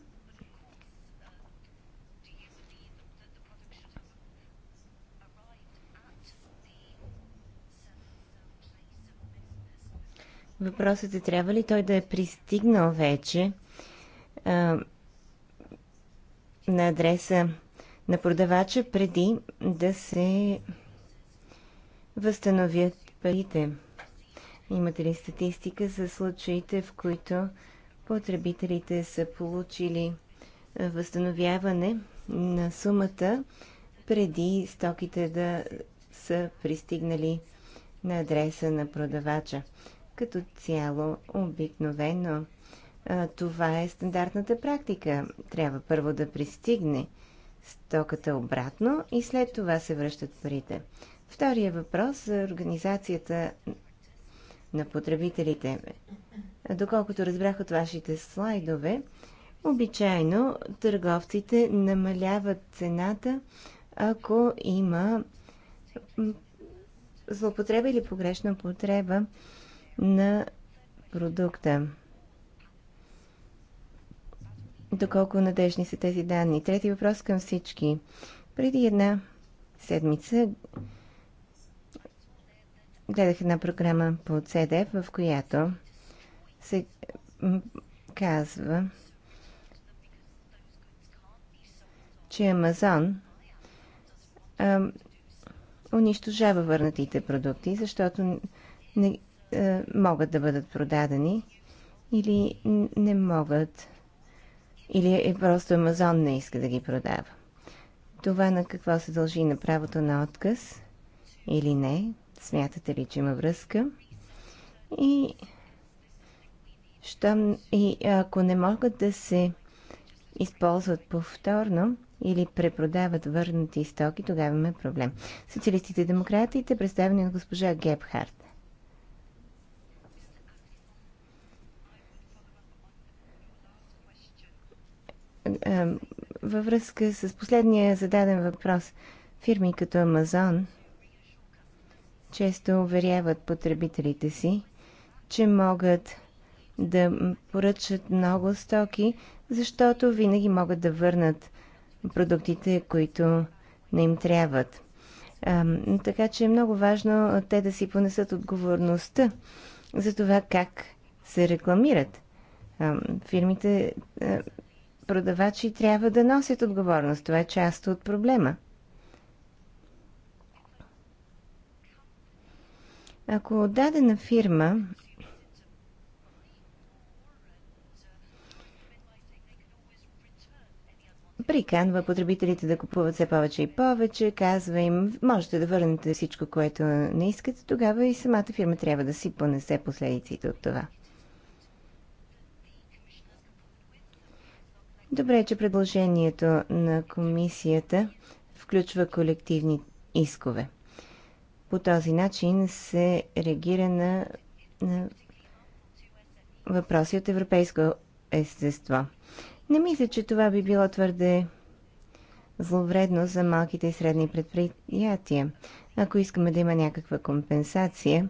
Въпросът е, трябва ли той да е пристигнал вече а, на адреса на продавача преди да се възстановят парите. Имате ли статистика за случаите, в които потребителите са получили възстановяване на сумата преди стоките да са пристигнали на адреса на продавача? като цяло обикновено това е стандартната практика. Трябва първо да пристигне стоката обратно и след това се връщат парите. Втория въпрос за организацията на потребителите. Доколкото разбрах от вашите слайдове, обичайно търговците намаляват цената, ако има злоупотреба или погрешна потреба на продукта. Доколко надежни са тези данни? Трети въпрос към всички. Преди една седмица гледах една програма по ЦДФ, в която се казва, че Амазон унищожава върнатите продукти, защото не е, могат да бъдат продадени или не могат. Или е просто Амазон не иска да ги продава. Това на какво се дължи на правото на отказ или не? Смятате ли, че има връзка? И, щом, и ако не могат да се използват повторно или препродават върнати стоки, тогава има проблем. Социалистите и демократите, представени от госпожа Гебхарт. във връзка с последния зададен въпрос. Фирми като Амазон често уверяват потребителите си, че могат да поръчат много стоки, защото винаги могат да върнат продуктите, които не им трябват. А, така че е много важно те да си понесат отговорността за това как се рекламират. А, фирмите а, продавачи трябва да носят отговорност. Това е част от проблема. Ако дадена фирма приканва потребителите да купуват все повече и повече, казва им, можете да върнете всичко, което не искате, тогава и самата фирма трябва да си понесе последиците от това. Добре, че предложението на комисията включва колективни искове. По този начин се реагира на, на въпроси от европейско естество. Не мисля, че това би било твърде зловредно за малките и средни предприятия. Ако искаме да има някаква компенсация,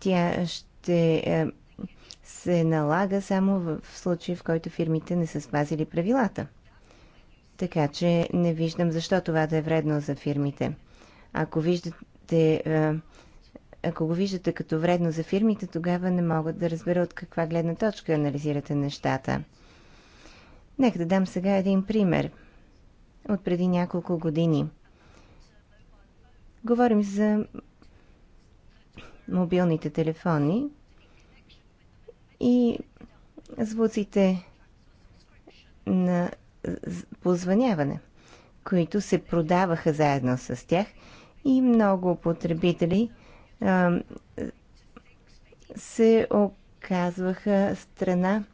тя ще е, се налага само в случай, в който фирмите не са спазили правилата. Така че не виждам защо това да е вредно за фирмите. Ако виждате е, ако го виждате като вредно за фирмите, тогава не могат да разбера от каква гледна точка анализирате нещата. Нека да дам сега един пример от преди няколко години. Говорим за мобилните телефони, и звуците на позвъняване, които се продаваха заедно с тях и много потребители а, се оказваха страна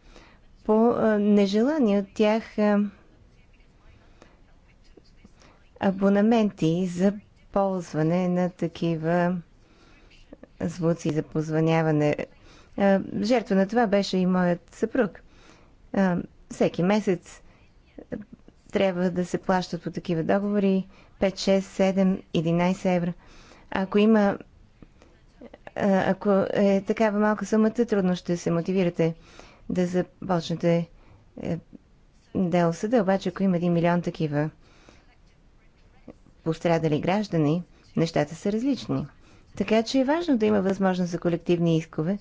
по нежелани от тях а, абонаменти за ползване на такива звуци за позвъняване Жертва на това беше и моят съпруг. Всеки месец трябва да се плащат по такива договори 5, 6, 7, 11 евро. Ако има ако е такава малка сумата, трудно ще се мотивирате да започнете е, дело съда. Обаче, ако има 1 милион такива пострадали граждани, нещата са различни. Така че е важно да има възможност за колективни искове,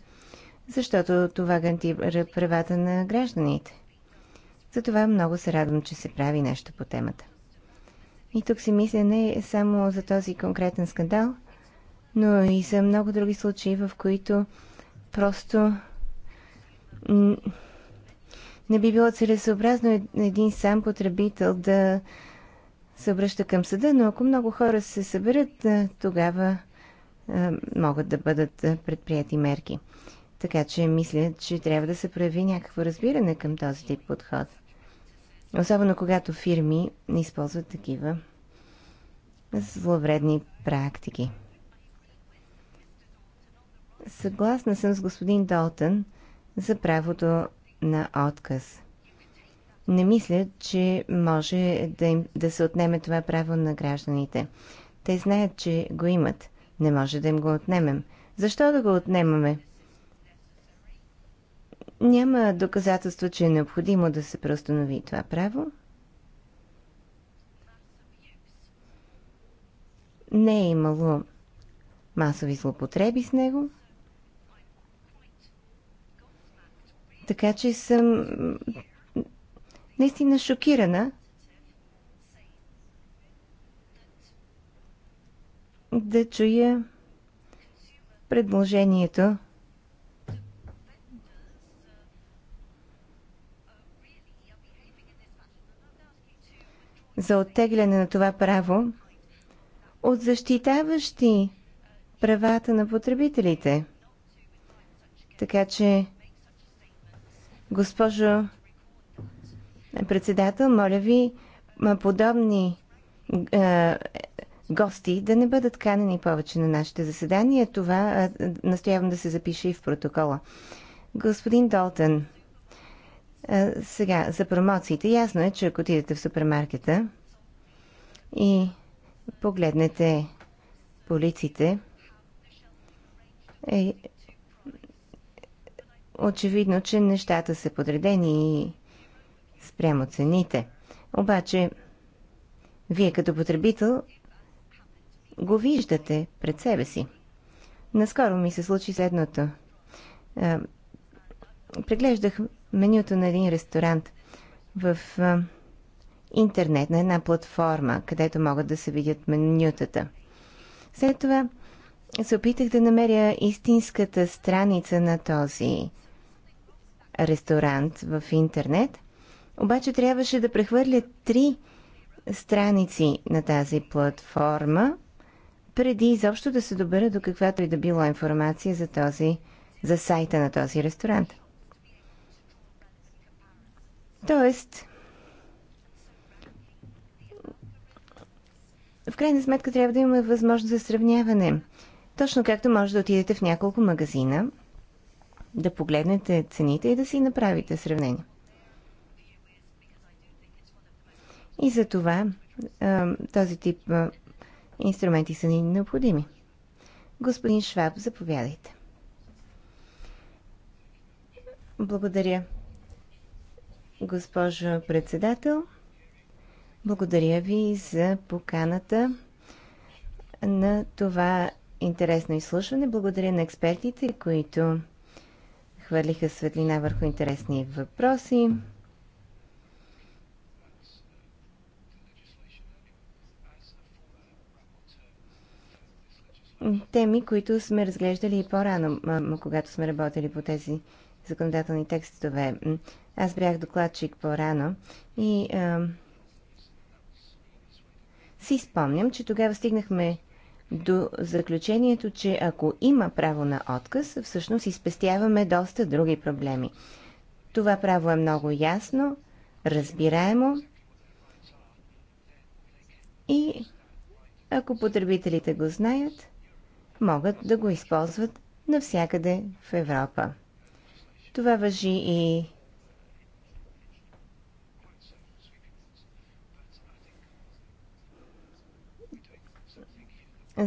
защото това гарантира правата на гражданите. Затова много се радвам, че се прави нещо по темата. И тук се мисля не само за този конкретен скандал, но и за много други случаи, в които просто не би било целесообразно един сам потребител да се обръща към съда, но ако много хора се съберат, тогава могат да бъдат предприяти мерки. Така че мисля, че трябва да се прояви някакво разбиране към този тип подход. Особено когато фирми не използват такива зловредни практики. Съгласна съм с господин Долтън за правото на отказ. Не мисля, че може да, им, да се отнеме това право на гражданите. Те знаят, че го имат. Не може да им го отнемем. Защо да го отнемаме? Няма доказателство, че е необходимо да се преустанови това право. Не е имало масови злопотреби с него. Така че съм наистина шокирана да чуя предложението за оттегляне на това право от защитаващи правата на потребителите. Така че, госпожо председател, моля ви, подобни е, гости да не бъдат канени повече на нашите заседания. Това е, настоявам да се запише и в протокола. Господин Долтън, е, сега, за промоциите. Ясно е, че ако отидете в супермаркета и погледнете полиците, е очевидно, че нещата са подредени и спрямо цените. Обаче, вие като потребител го виждате пред себе си. Наскоро ми се случи следното. Е, преглеждах менюто на един ресторант в а, интернет, на една платформа, където могат да се видят менютата. След това се опитах да намеря истинската страница на този ресторант в интернет, обаче трябваше да прехвърля три страници на тази платформа, преди изобщо да се добера до каквато и да била информация за този за сайта на този ресторант. Тоест, в крайна сметка трябва да има възможност за сравняване. Точно както може да отидете в няколко магазина, да погледнете цените и да си направите сравнение. И за това този тип инструменти са ни необходими. Господин Шваб, заповядайте. Благодаря госпожо председател. Благодаря ви за поканата на това интересно изслушване. Благодаря на експертите, които хвърлиха светлина върху интересни въпроси. Теми, които сме разглеждали и по-рано, когато сме работили по тези законодателни текстове. Аз бях докладчик по-рано и а, си спомням, че тогава стигнахме до заключението, че ако има право на отказ, всъщност изпестяваме доста други проблеми. Това право е много ясно, разбираемо и ако потребителите го знаят, могат да го използват навсякъде в Европа. Това въжи и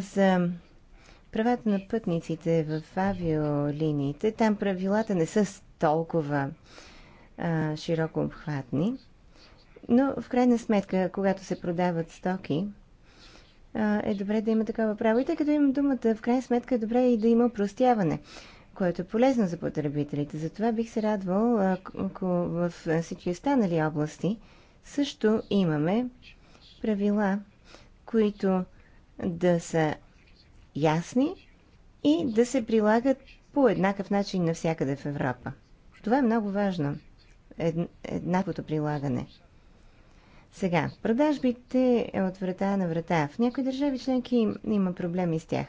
за правата на пътниците в авиолиниите. Там правилата не са толкова а, широко обхватни. Но в крайна сметка, когато се продават стоки, а, е добре да има такова право. И тъй като имам думата, в крайна сметка е добре и да има простяване, което е полезно за потребителите. Затова бих се радвал, ако в всички останали области също имаме правила, които да са ясни и да се прилагат по еднакъв начин навсякъде в Европа. Това е много важно. Еднаквото прилагане. Сега, продажбите от врата на врата. В някои държави членки има проблеми с тях.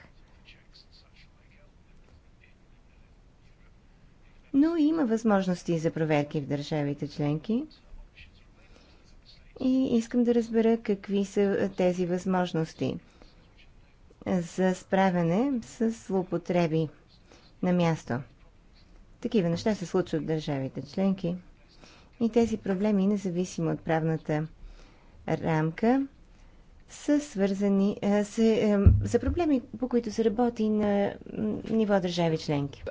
Но има възможности за проверки в държавите членки. И искам да разбера какви са тези възможности за справяне с злоупотреби на място. Такива неща се случват в държавите членки и тези проблеми, независимо от правната рамка, са свързани е, е, а, са проблеми, по които се работи на ниво държави членки.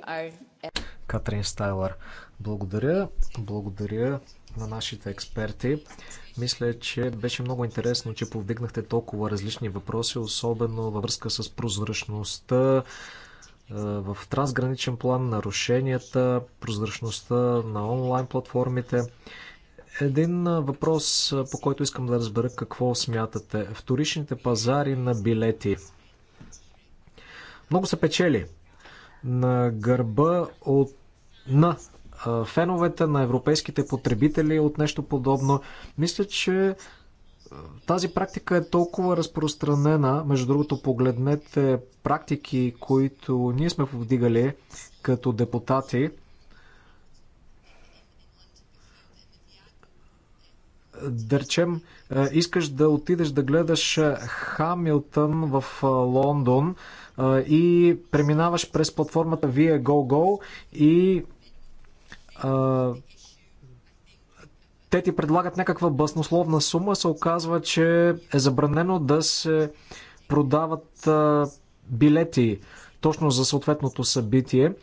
Е, Катрин Стайлър, благодаря. Благодаря на нашите експерти. Мисля, че беше много интересно, че повдигнахте толкова различни въпроси, особено във връзка с прозрачността, е, в трансграничен план, нарушенията, прозрачността на онлайн платформите. Един въпрос, по който искам да разбера какво смятате. Вторичните пазари на билети. Много се печели на гърба от на феновете, на европейските потребители от нещо подобно. Мисля, че тази практика е толкова разпространена. Между другото, погледнете практики, които ние сме повдигали като депутати. Дърчем, искаш да отидеш да гледаш Хамилтън в Лондон и преминаваш през платформата ViaGoGo и те ти предлагат някаква баснословна сума, се оказва, че е забранено да се продават билети точно за съответното събитие.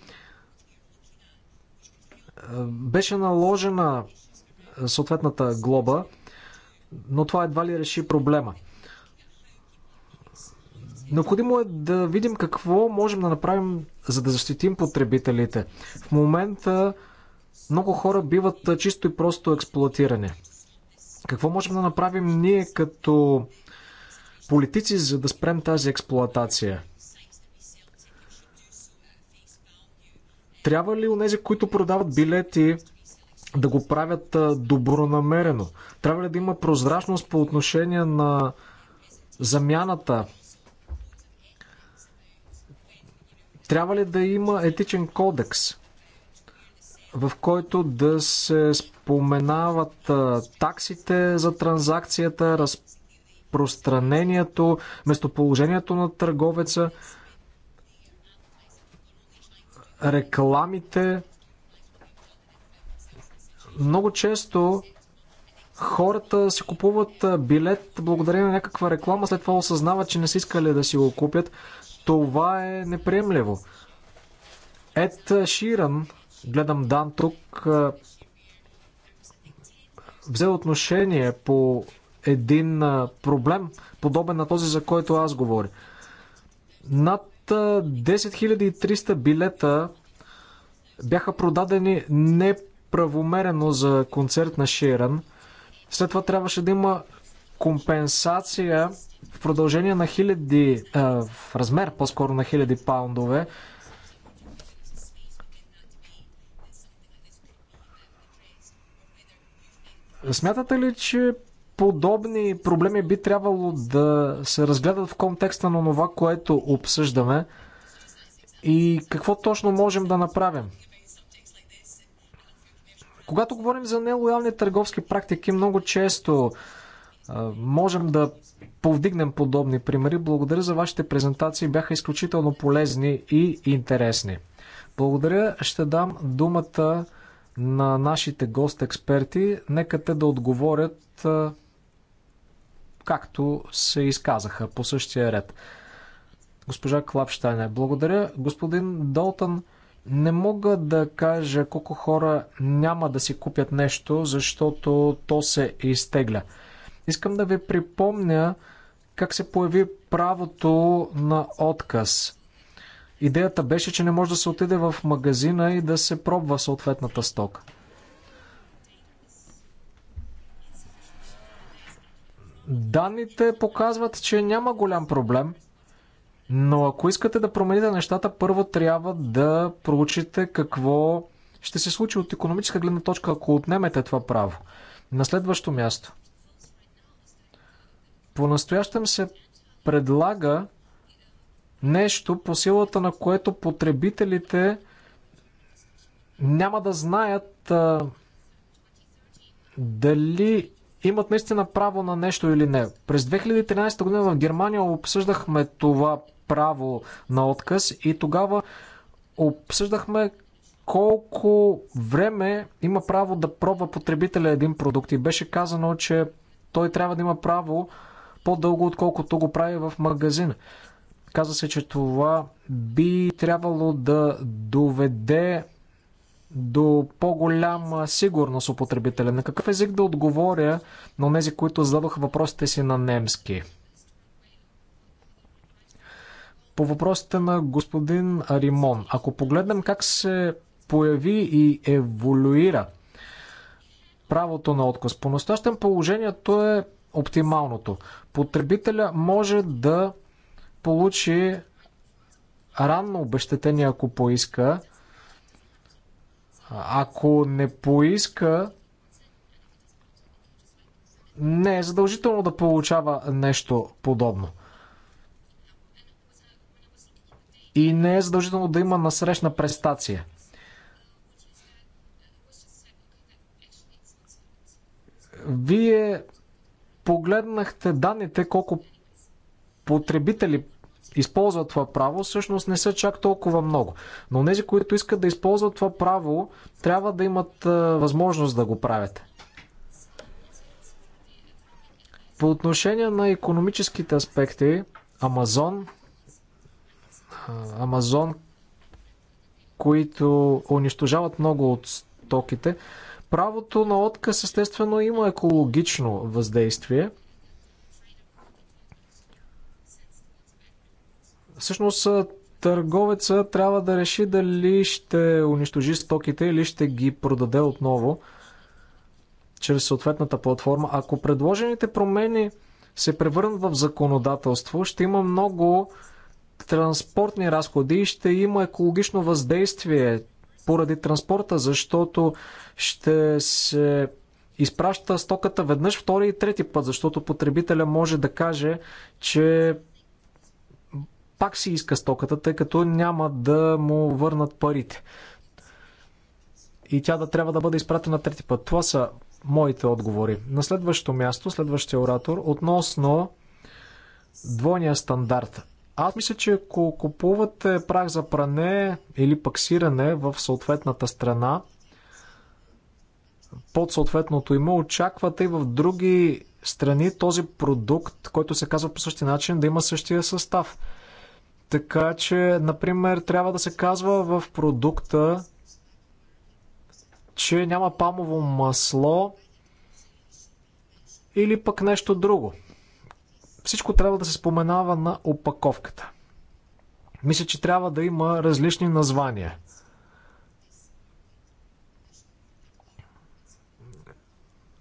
Беше наложена съответната глоба, но това едва ли реши проблема. Необходимо е да видим какво можем да направим, за да защитим потребителите. В момента много хора биват чисто и просто експлуатирани. Какво можем да направим ние като политици, за да спрем тази експлоатация? Трябва ли у нези, които продават билети, да го правят добронамерено? Трябва ли да има прозрачност по отношение на замяната? Трябва ли да има етичен кодекс? в който да се споменават таксите за транзакцията, разпространението, местоположението на търговеца, рекламите. Много често хората си купуват билет благодарение на някаква реклама, след това осъзнават, че не са искали да си го купят. Това е неприемливо. Ед Ширан гледам Дан тук, взе отношение по един проблем, подобен на този, за който аз говоря. Над 10 300 билета бяха продадени неправомерено за концерт на Ширан. След това трябваше да има компенсация в продължение на хиляди, в размер по-скоро на хиляди паундове Смятате ли, че подобни проблеми би трябвало да се разгледат в контекста на това, което обсъждаме и какво точно можем да направим? Когато говорим за нелоялни търговски практики, много често можем да повдигнем подобни примери. Благодаря за вашите презентации, бяха изключително полезни и интересни. Благодаря, ще дам думата на нашите гост-експерти. Нека те да отговорят както се изказаха по същия ред. Госпожа Клапштайне, благодаря. Господин Долтън, не мога да кажа колко хора няма да си купят нещо, защото то се изтегля. Искам да ви припомня как се появи правото на отказ. Идеята беше, че не може да се отиде в магазина и да се пробва съответната стока. Данните показват, че няма голям проблем, но ако искате да промените нещата, първо трябва да проучите какво ще се случи от економическа гледна точка, ако отнемете това право. На следващо място. По-настоящем се предлага Нещо по силата на което потребителите няма да знаят а, дали имат наистина право на нещо или не. През 2013 година в Германия обсъждахме това право на отказ и тогава обсъждахме колко време има право да пробва потребителя един продукт и беше казано, че той трябва да има право по-дълго, отколкото го прави в магазина. Каза се, че това би трябвало да доведе до по-голяма сигурност употребителя. На какъв език да отговоря на тези, които зададоха въпросите си на немски? По въпросите на господин Римон, ако погледнем как се появи и еволюира правото на отказ, по настоящем положението е оптималното. Потребителя може да получи ранно обещетение, ако поиска. Ако не поиска, не е задължително да получава нещо подобно. И не е задължително да има насрещна престация. Вие погледнахте данните колко потребители използват това право, всъщност не са чак толкова много. Но тези, които искат да използват това право, трябва да имат възможност да го правят. По отношение на економическите аспекти, Амазон, Амазон, които унищожават много от стоките, правото на отказ естествено има екологично въздействие. Всъщност търговеца трябва да реши дали ще унищожи стоките или ще ги продаде отново чрез съответната платформа. Ако предложените промени се превърнат в законодателство, ще има много транспортни разходи и ще има екологично въздействие поради транспорта, защото ще се изпраща стоката веднъж, втори и трети път, защото потребителя може да каже, че пак си иска стоката, тъй като няма да му върнат парите. И тя да трябва да бъде изпратена трети път. Това са моите отговори. На следващото място, следващия оратор, относно двойния стандарт. Аз мисля, че ако купувате прах за пране или паксиране в съответната страна, под съответното има, очаквате и в други страни този продукт, който се казва по същия начин, да има същия състав. Така че, например, трябва да се казва в продукта, че няма памово масло или пък нещо друго. Всичко трябва да се споменава на опаковката. Мисля, че трябва да има различни названия.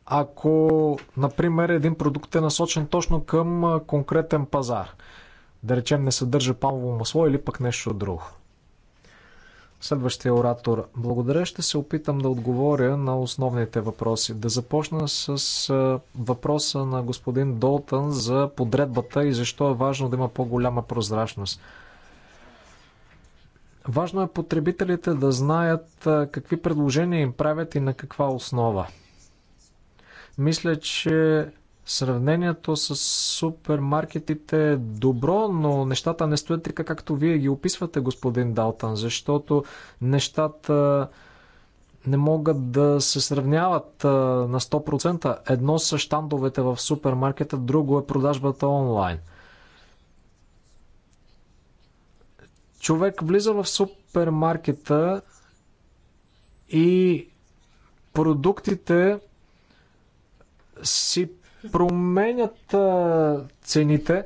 Ако, например, един продукт е насочен точно към конкретен пазар – да речем не съдържа палмово масло или пък нещо друго. Следващия оратор. Благодаря, ще се опитам да отговоря на основните въпроси. Да започна с въпроса на господин Долтън за подредбата и защо е важно да има по-голяма прозрачност. Важно е потребителите да знаят какви предложения им правят и на каква основа. Мисля, че Сравнението с супермаркетите е добро, но нещата не стоят така, както вие ги описвате, господин Далтан, защото нещата не могат да се сравняват на 100%. Едно са щандовете в супермаркета, друго е продажбата онлайн. Човек влиза в супермаркета и продуктите си променят цените.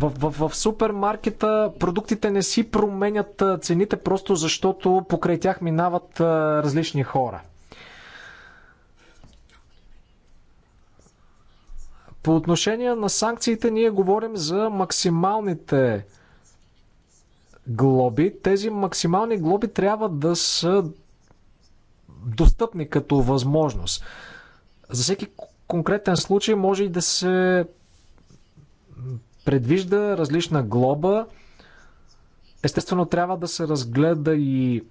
В, в, в супермаркета продуктите не си променят цените, просто защото покрай тях минават различни хора. По отношение на санкциите, ние говорим за максималните глоби, тези максимални глоби трябва да са достъпни като възможност. За всеки конкретен случай може и да се предвижда различна глоба. Естествено, трябва да се разгледа и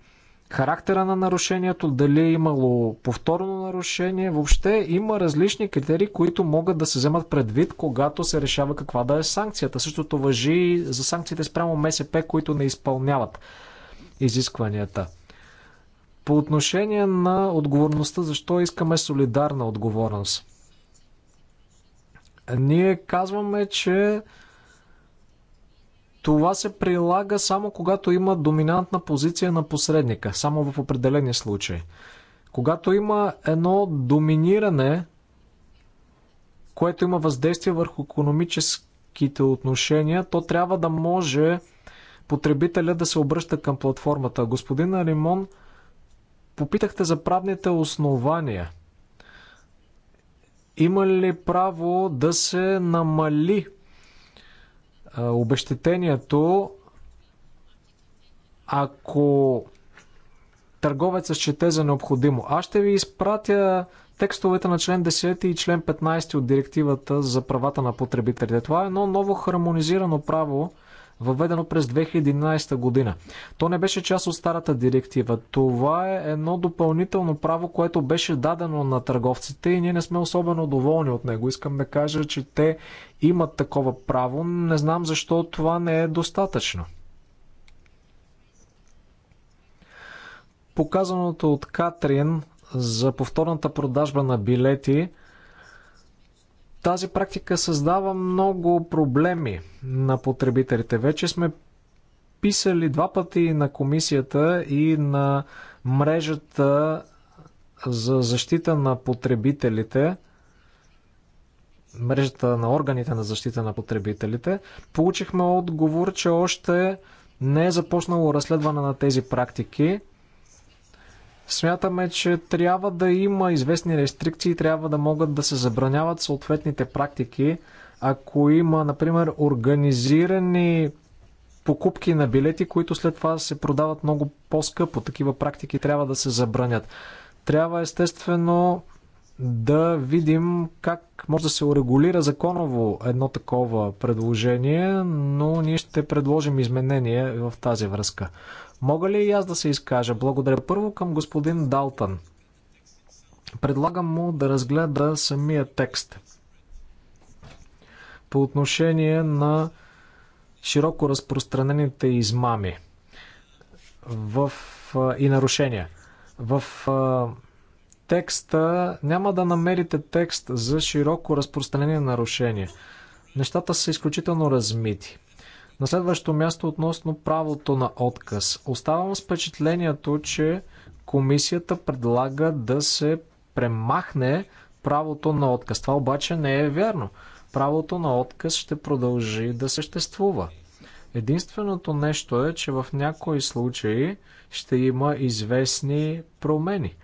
характера на нарушението, дали е имало повторно нарушение. Въобще има различни критерии, които могат да се вземат предвид, когато се решава каква да е санкцията. Същото въжи и за санкциите спрямо МСП, които не изпълняват изискванията. По отношение на отговорността, защо искаме солидарна отговорност? Ние казваме, че това се прилага само когато има доминантна позиция на посредника, само в определени случаи. Когато има едно доминиране, което има въздействие върху економическите отношения, то трябва да може потребителя да се обръща към платформата. Господин Римон, попитахте за правните основания. Има ли право да се намали обещетението, ако търговецът счете за необходимо. Аз ще ви изпратя текстовете на член 10 и член 15 от директивата за правата на потребителите. Това е едно ново хармонизирано право, въведено през 2011 година. То не беше част от старата директива. Това е едно допълнително право, което беше дадено на търговците и ние не сме особено доволни от него. Искам да кажа, че те имат такова право. Не знам защо това не е достатъчно. Показаното от Катрин за повторната продажба на билети – тази практика създава много проблеми на потребителите. Вече сме писали два пъти на комисията и на мрежата за защита на потребителите, мрежата на органите на защита на потребителите, получихме отговор, че още не е започнало разследване на тези практики. Смятаме, че трябва да има известни рестрикции, трябва да могат да се забраняват съответните практики. Ако има, например, организирани покупки на билети, които след това се продават много по-скъпо, такива практики трябва да се забранят. Трябва естествено да видим как може да се урегулира законово едно такова предложение, но ние ще предложим изменения в тази връзка. Мога ли и аз да се изкажа? Благодаря първо към господин Далтън. Предлагам му да разгледа самия текст. По отношение на широко разпространените измами в, и нарушения. В текста няма да намерите текст за широко разпространение нарушения. Нещата са изключително размити. На следващо място относно правото на отказ. Оставам с впечатлението, че комисията предлага да се премахне правото на отказ. Това обаче не е вярно. Правото на отказ ще продължи да съществува. Единственото нещо е, че в някои случаи ще има известни промени.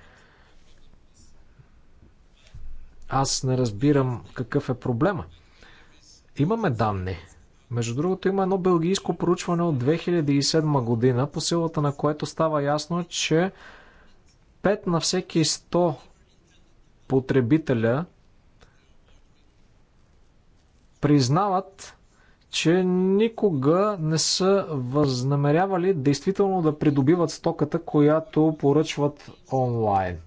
Аз не разбирам какъв е проблема. Имаме данни между другото има едно белгийско проучване от 2007 година, по силата на което става ясно, че 5 на всеки 100 потребителя признават, че никога не са възнамерявали действително да придобиват стоката, която поръчват онлайн.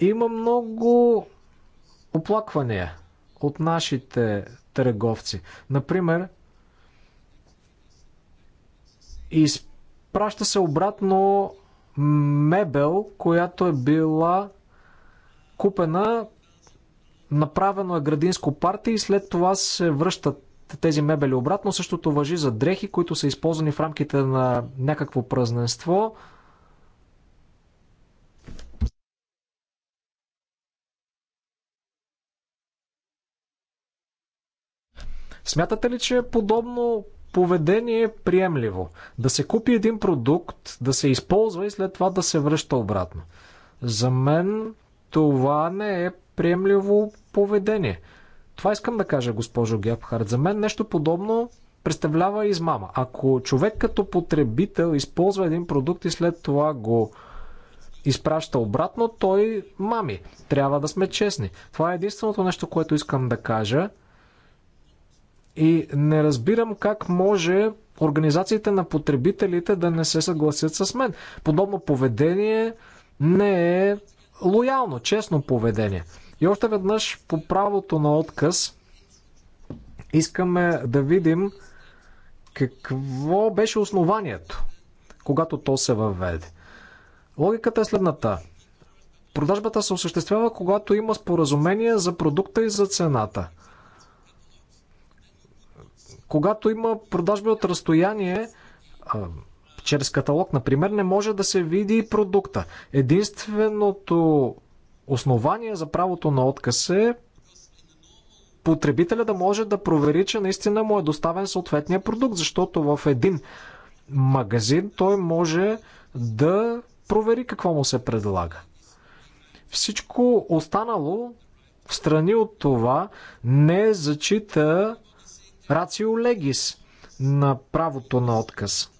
Има много оплаквания от нашите търговци. Например, изпраща се обратно мебел, която е била купена, направено е градинско парти и след това се връщат тези мебели обратно. Същото въжи за дрехи, които са използвани в рамките на някакво празненство, Смятате ли, че е подобно поведение е приемливо? Да се купи един продукт, да се използва и след това да се връща обратно. За мен това не е приемливо поведение. Това искам да кажа, госпожо Гепхард. За мен нещо подобно представлява измама. Ако човек като потребител използва един продукт и след това го изпраща обратно, той мами. Трябва да сме честни. Това е единственото нещо, което искам да кажа. И не разбирам как може организациите на потребителите да не се съгласят с мен. Подобно поведение не е лоялно, честно поведение. И още веднъж по правото на отказ искаме да видим какво беше основанието, когато то се въведе. Логиката е следната. Продажбата се осъществява, когато има споразумение за продукта и за цената – когато има продажби от разстояние, чрез каталог, например, не може да се види и продукта. Единственото основание за правото на отказ е потребителя да може да провери, че наистина му е доставен съответния продукт, защото в един магазин той може да провери какво му се предлага. Всичко останало в страни от това не зачита Рацио легис на правото на отказ.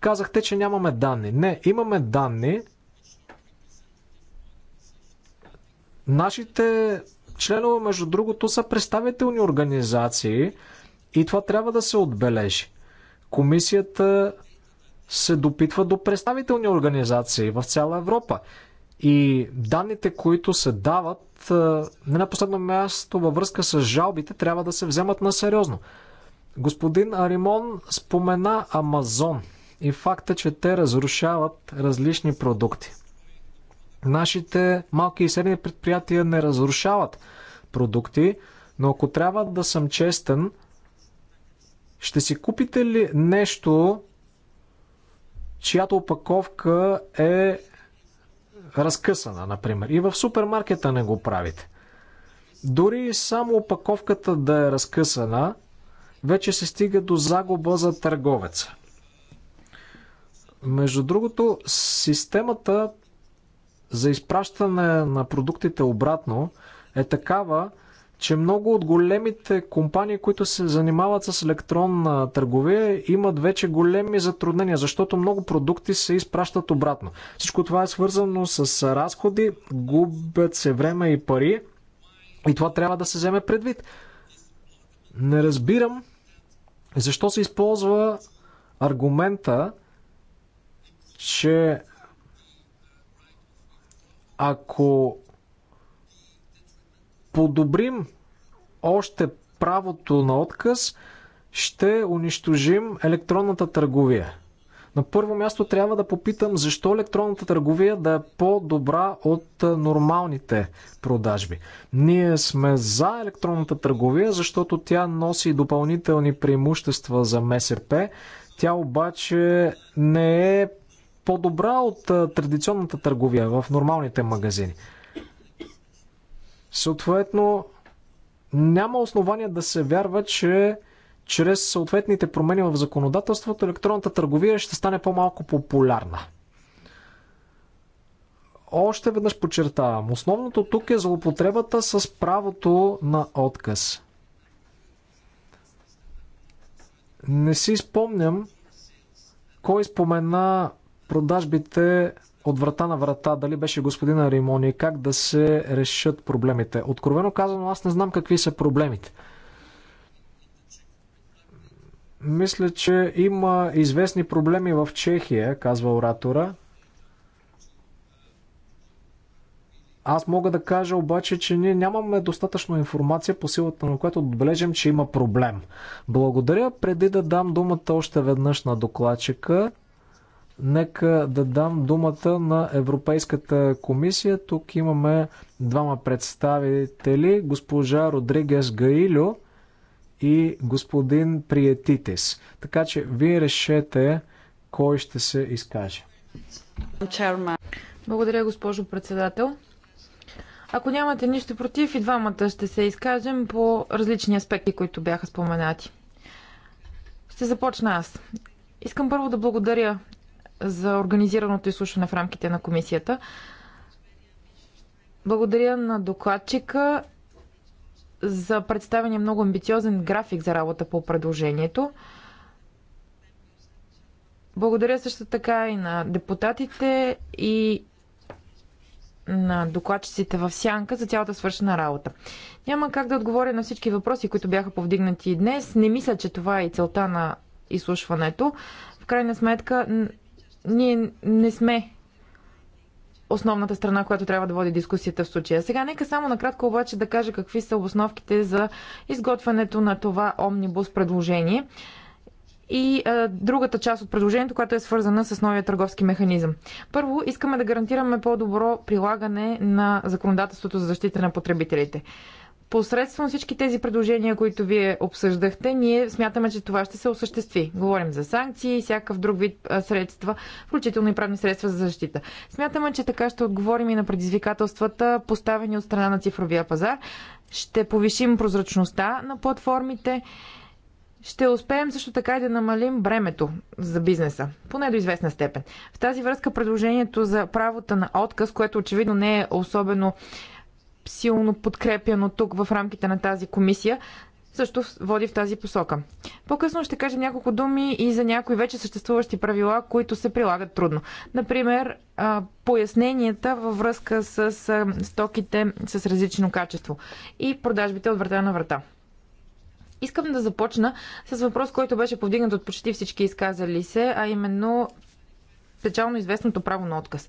Казахте, че нямаме данни. Не, имаме данни. Нашите членове, между другото, са представителни организации и това трябва да се отбележи. Комисията се допитва до представителни организации в цяла Европа. И данните, които се дават, не на последно място във връзка с жалбите, трябва да се вземат на сериозно. Господин Аримон спомена Амазон и факта, че те разрушават различни продукти. Нашите малки и средни предприятия не разрушават продукти, но ако трябва да съм честен, ще си купите ли нещо, чиято опаковка е разкъсана, например. И в супермаркета не го правите. Дори само опаковката да е разкъсана, вече се стига до загуба за търговеца. Между другото, системата за изпращане на продуктите обратно е такава, че много от големите компании, които се занимават с електронна търговия, имат вече големи затруднения, защото много продукти се изпращат обратно. Всичко това е свързано с разходи, губят се време и пари и това трябва да се вземе предвид. Не разбирам защо се използва аргумента, че ако подобрим още правото на отказ, ще унищожим електронната търговия. На първо място трябва да попитам защо електронната търговия да е по-добра от нормалните продажби. Ние сме за електронната търговия, защото тя носи допълнителни преимущества за МСП. Тя обаче не е по-добра от традиционната търговия в нормалните магазини. Съответно, няма основания да се вярва, че чрез съответните промени в законодателството електронната търговия ще стане по-малко популярна. Още веднъж подчертавам, основното тук е злоупотребата с правото на отказ. Не си спомням кой спомена продажбите от врата на врата дали беше господина Римони, как да се решат проблемите. Откровено казано, аз не знам какви са проблемите. Мисля, че има известни проблеми в Чехия, казва оратора. Аз мога да кажа обаче, че ние нямаме достатъчно информация по силата на която отбележим, че има проблем. Благодаря. Преди да дам думата още веднъж на докладчика, Нека да дам думата на Европейската комисия. Тук имаме двама представители, госпожа Родригес Гаилю и господин Приетитис. Така че вие решете кой ще се изкаже. Благодаря, госпожо председател. Ако нямате нищо против, и двамата ще се изкажем по различни аспекти, които бяха споменати. Ще започна аз. Искам първо да благодаря за организираното изслушване в рамките на комисията. Благодаря на докладчика за представения много амбициозен график за работа по предложението. Благодаря също така и на депутатите и на докладчиците в Сянка за цялата свършена работа. Няма как да отговоря на всички въпроси, които бяха повдигнати днес. Не мисля, че това е и целта на изслушването. В крайна сметка ние не сме основната страна, която трябва да води дискусията в случая. Сега нека само накратко обаче да кажа какви са обосновките за изготвянето на това омнибус предложение и а, другата част от предложението, която е свързана с новия търговски механизъм. Първо, искаме да гарантираме по-добро прилагане на законодателството за защита на потребителите посредством всички тези предложения, които вие обсъждахте, ние смятаме, че това ще се осъществи. Говорим за санкции и всякакъв друг вид средства, включително и правни средства за защита. Смятаме, че така ще отговорим и на предизвикателствата, поставени от страна на цифровия пазар. Ще повишим прозрачността на платформите. Ще успеем също така и да намалим бремето за бизнеса, поне до известна степен. В тази връзка предложението за правото на отказ, което очевидно не е особено силно подкрепяно тук в рамките на тази комисия, също води в тази посока. По-късно ще кажа няколко думи и за някои вече съществуващи правила, които се прилагат трудно. Например, поясненията във връзка с стоките с различно качество и продажбите от врата на врата. Искам да започна с въпрос, който беше повдигнат от почти всички изказали се, а именно печално известното право на отказ.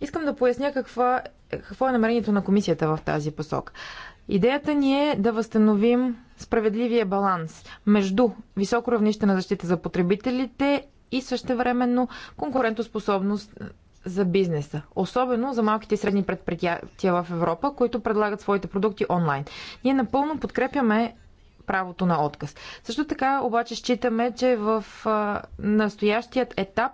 Искам да поясня каква, какво е намерението на комисията в тази посок. Идеята ни е да възстановим справедливия баланс между високо равнище на защита за потребителите и същевременно конкурентоспособност за бизнеса, особено за малките и средни предприятия в Европа, които предлагат своите продукти онлайн. Ние напълно подкрепяме правото на отказ. Също така обаче считаме, че в настоящият етап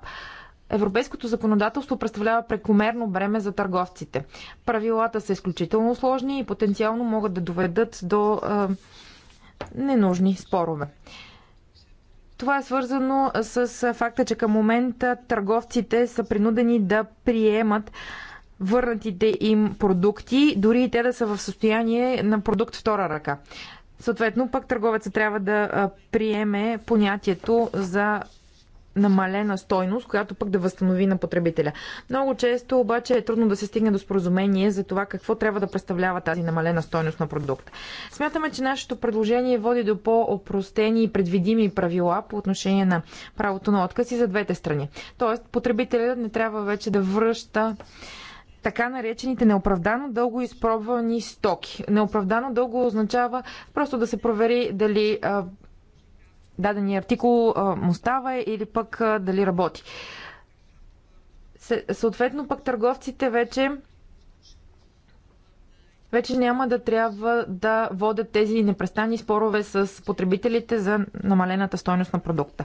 европейското законодателство представлява прекомерно бреме за търговците. Правилата са изключително сложни и потенциално могат да доведат до е, ненужни спорове. Това е свързано с факта, че към момента търговците са принудени да приемат върнатите им продукти, дори и те да са в състояние на продукт втора ръка. Съответно, пък търговецът трябва да приеме понятието за намалена стойност, която пък да възстанови на потребителя. Много често обаче е трудно да се стигне до споразумение за това какво трябва да представлява тази намалена стойност на продукт. Смятаме, че нашето предложение води до по-опростени и предвидими правила по отношение на правото на отказ и за двете страни. Тоест, потребителят не трябва вече да връща така наречените неоправдано дълго изпробвани стоки. Неоправдано дълго означава просто да се провери дали дадения артикул му става или пък дали работи. Съответно пък търговците вече вече няма да трябва да водят тези непрестанни спорове с потребителите за намалената стойност на продукта.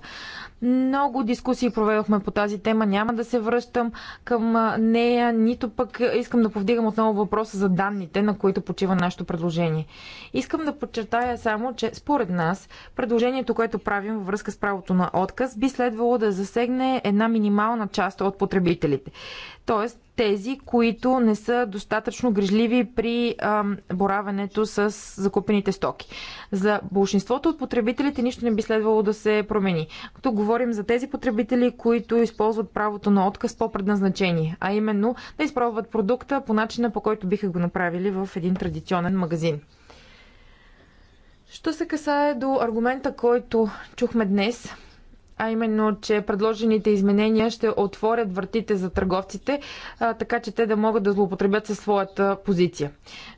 Много дискусии проведохме по тази тема, няма да се връщам към нея, нито пък искам да повдигам отново въпроса за данните, на които почива нашето предложение. Искам да подчертая само, че според нас предложението, което правим във връзка с правото на отказ, би следвало да засегне една минимална част от потребителите. Тоест, тези, които не са достатъчно грижливи при боравенето с закупените стоки. За большинството от потребителите нищо не би следвало да се промени. Като говорим за тези потребители, които използват правото на отказ по предназначение, а именно да изпробват продукта по начина по който биха го направили в един традиционен магазин. Що се касае до аргумента, който чухме днес, а именно, че предложените изменения ще отворят вратите за търговците, а, така че те да могат да злоупотребят със своята позиция.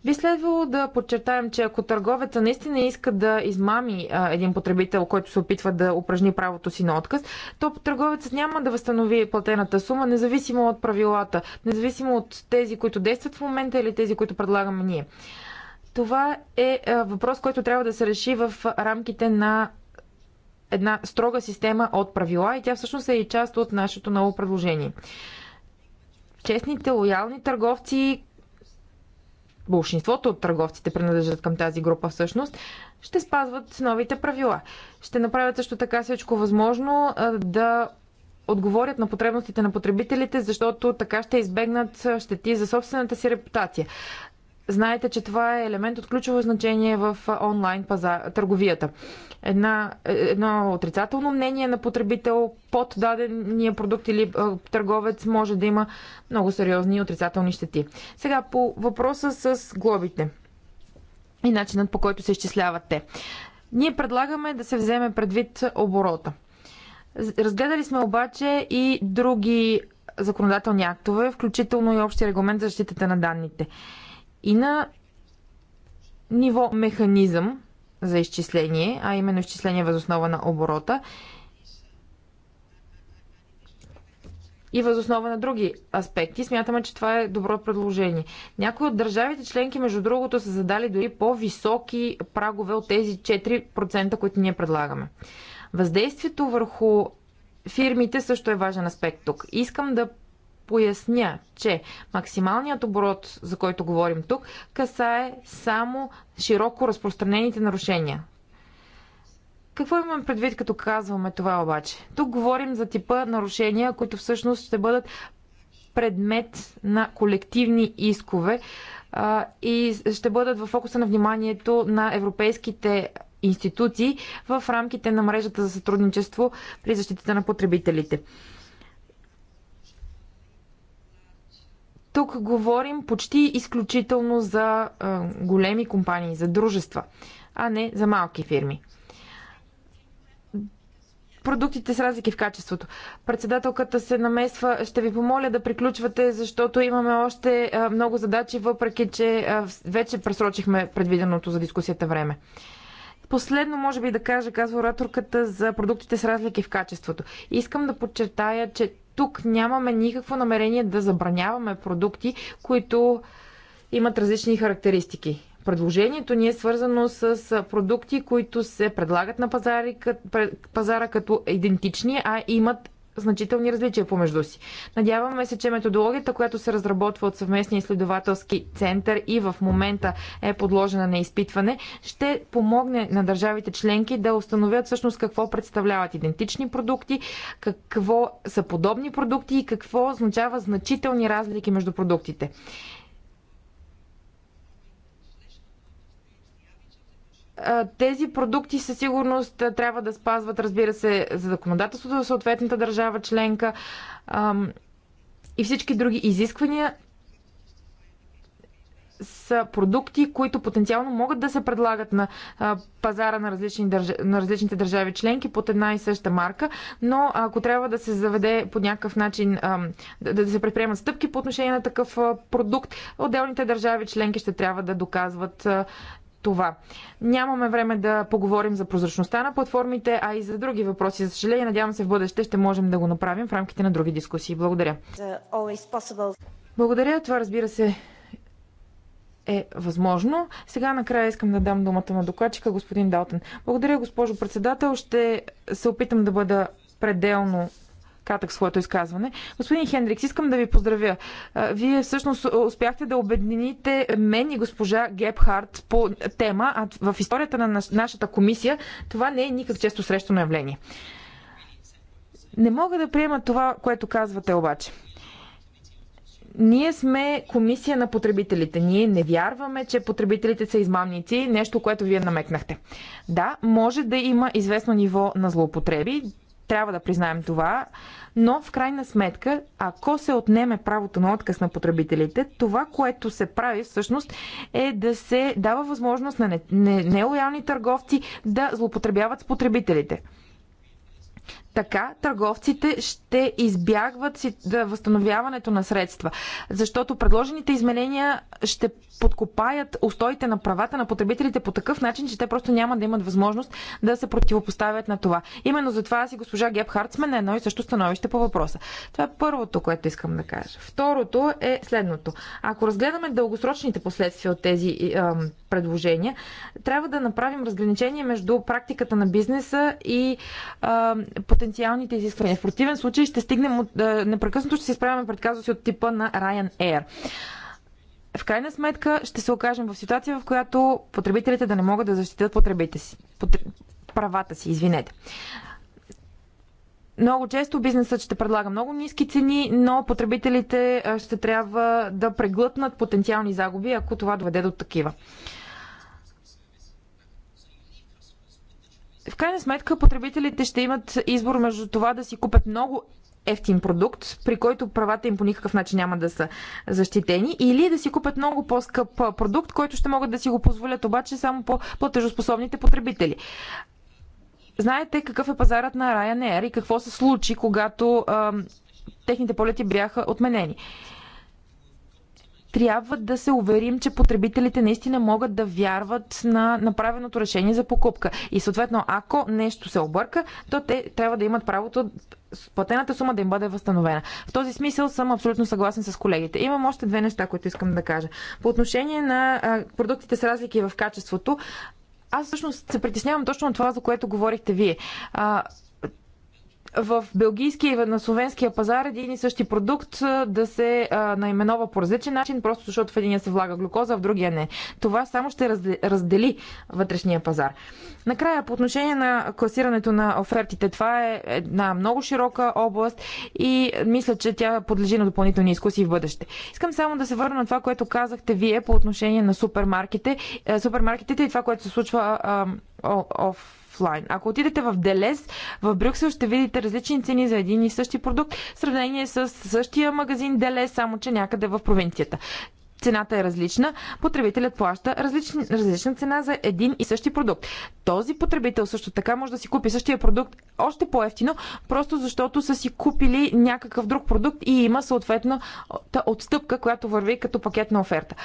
Би следвало да подчертаем, че ако търговеца наистина иска да измами а, един потребител, който се опитва да упражни правото си на отказ, то търговецът няма да възстанови платената сума, независимо от правилата, независимо от тези, които действат в момента или тези, които предлагаме ние. Това е въпрос, който трябва да се реши в рамките на една строга система от правила и тя всъщност е и част от нашето ново предложение. Честните, лоялни търговци, Большинството от търговците принадлежат към тази група всъщност, ще спазват новите правила. Ще направят също така всичко възможно да отговорят на потребностите на потребителите, защото така ще избегнат щети за собствената си репутация. Знаете, че това е елемент от ключово значение в онлайн паза, търговията. Една, е, едно отрицателно мнение на потребител под дадения продукт или а, търговец може да има много сериозни отрицателни щети. Сега по въпроса с глобите и начинът по който се изчисляват те. Ние предлагаме да се вземе предвид оборота. Разгледали сме обаче и други законодателни актове, включително и общия регламент за защитата на данните и на ниво механизъм за изчисление, а именно изчисление възоснова на оборота и възоснова на други аспекти. Смятаме, че това е добро предложение. Някои от държавите членки, между другото, са задали дори по-високи прагове от тези 4%, които ние предлагаме. Въздействието върху фирмите също е важен аспект тук. Искам да поясня, че максималният оборот, за който говорим тук, касае само широко разпространените нарушения. Какво имаме предвид, като казваме това обаче? Тук говорим за типа нарушения, които всъщност ще бъдат предмет на колективни искове а, и ще бъдат в фокуса на вниманието на европейските институции в рамките на мрежата за сътрудничество при защитата на потребителите. Тук говорим почти изключително за а, големи компании, за дружества, а не за малки фирми. Продуктите с разлики в качеството. Председателката се намесва. Ще ви помоля да приключвате, защото имаме още а, много задачи, въпреки че а, вече пресрочихме предвиденото за дискусията време. Последно, може би да кажа, казва ораторката за продуктите с разлики в качеството. Искам да подчертая, че тук нямаме никакво намерение да забраняваме продукти, които имат различни характеристики. Предложението ни е свързано с продукти, които се предлагат на пазари, пазара като идентични, а имат значителни различия помежду си. Надяваме се, че методологията, която се разработва от съвместния изследователски център и в момента е подложена на изпитване, ще помогне на държавите членки да установят всъщност какво представляват идентични продукти, какво са подобни продукти и какво означава значителни разлики между продуктите. тези продукти със сигурност трябва да спазват, разбира се, за законодателството в съответната държава членка и всички други изисквания са продукти, които потенциално могат да се предлагат на пазара на, различни държа... на различните държави членки под една и съща марка, но ако трябва да се заведе по някакъв начин да се предприемат стъпки по отношение на такъв продукт, отделните държави членки ще трябва да доказват това. Нямаме време да поговорим за прозрачността на платформите, а и за други въпроси. За съжаление, надявам се в бъдеще ще можем да го направим в рамките на други дискусии. Благодаря. Благодаря. Това разбира се е възможно. Сега накрая искам да дам думата на докладчика господин Далтън. Благодаря, госпожо председател. Ще се опитам да бъда пределно кратък своето изказване. Господин Хендрикс, искам да ви поздравя. Вие всъщност успяхте да обедините мен и госпожа Гебхарт по тема, а в историята на нашата комисия това не е никак често срещано явление. Не мога да приема това, което казвате обаче ние сме комисия на потребителите. Ние не вярваме, че потребителите са измамници, нещо, което вие намекнахте. Да, може да има известно ниво на злоупотреби, трябва да признаем това, но в крайна сметка, ако се отнеме правото на отказ на потребителите, това, което се прави всъщност е да се дава възможност на нелоялни търговци да злоупотребяват с потребителите. Така търговците ще избягват възстановяването на средства, защото предложените изменения ще подкопаят устоите на правата на потребителите по такъв начин, че те просто няма да имат възможност да се противопоставят на това. Именно затова аз и госпожа Гебхард сме на едно и също становище по въпроса. Това е първото, което искам да кажа. Второто е следното. Ако разгледаме дългосрочните последствия от тези е, предложения, трябва да направим разграничение между практиката на бизнеса и е, потенциалната потенциалните изисквания. В противен случай ще стигнем, от, е, непрекъснато ще се изправяме пред казуси от типа на Ryanair в крайна сметка ще се окажем в ситуация, в която потребителите да не могат да защитят потребите си, потр... правата си, извинете. Много често бизнесът ще предлага много ниски цени, но потребителите е, ще трябва да преглътнат потенциални загуби, ако това доведе до такива. В крайна сметка потребителите ще имат избор между това да си купят много ефтин продукт, при който правата им по никакъв начин няма да са защитени, или да си купят много по-скъп продукт, който ще могат да си го позволят обаче само по платежоспособните потребители. Знаете какъв е пазарът на Ryanair и какво се случи, когато а, техните полети бяха отменени трябва да се уверим, че потребителите наистина могат да вярват на направеното решение за покупка. И съответно, ако нещо се обърка, то те трябва да имат правото платената сума да им бъде възстановена. В този смисъл съм абсолютно съгласен с колегите. Имам още две неща, които искам да кажа. По отношение на продуктите с разлики в качеството, аз всъщност се притеснявам точно от това, за което говорихте вие. А, в белгийския и на словенския пазар един и същи продукт да се а, наименова по различен начин, просто защото в единия се влага глюкоза, в другия не. Това само ще раздели вътрешния пазар. Накрая, по отношение на класирането на офертите, това е една много широка област и мисля, че тя подлежи на допълнителни изкуси в бъдеще. Искам само да се върна на това, което казахте вие по отношение на супермаркетите, е, супермаркетите и това, което се случва а, оф офлайн. Ако отидете в Делес, в Брюксел ще видите различни цени за един и същи продукт, в сравнение с същия магазин Делес, само че някъде в провинцията цената е различна, потребителят плаща различни, различна цена за един и същи продукт. Този потребител също така може да си купи същия продукт още по-ефтино, просто защото са си купили някакъв друг продукт и има съответно отстъпка, която върви като пакетна оферта.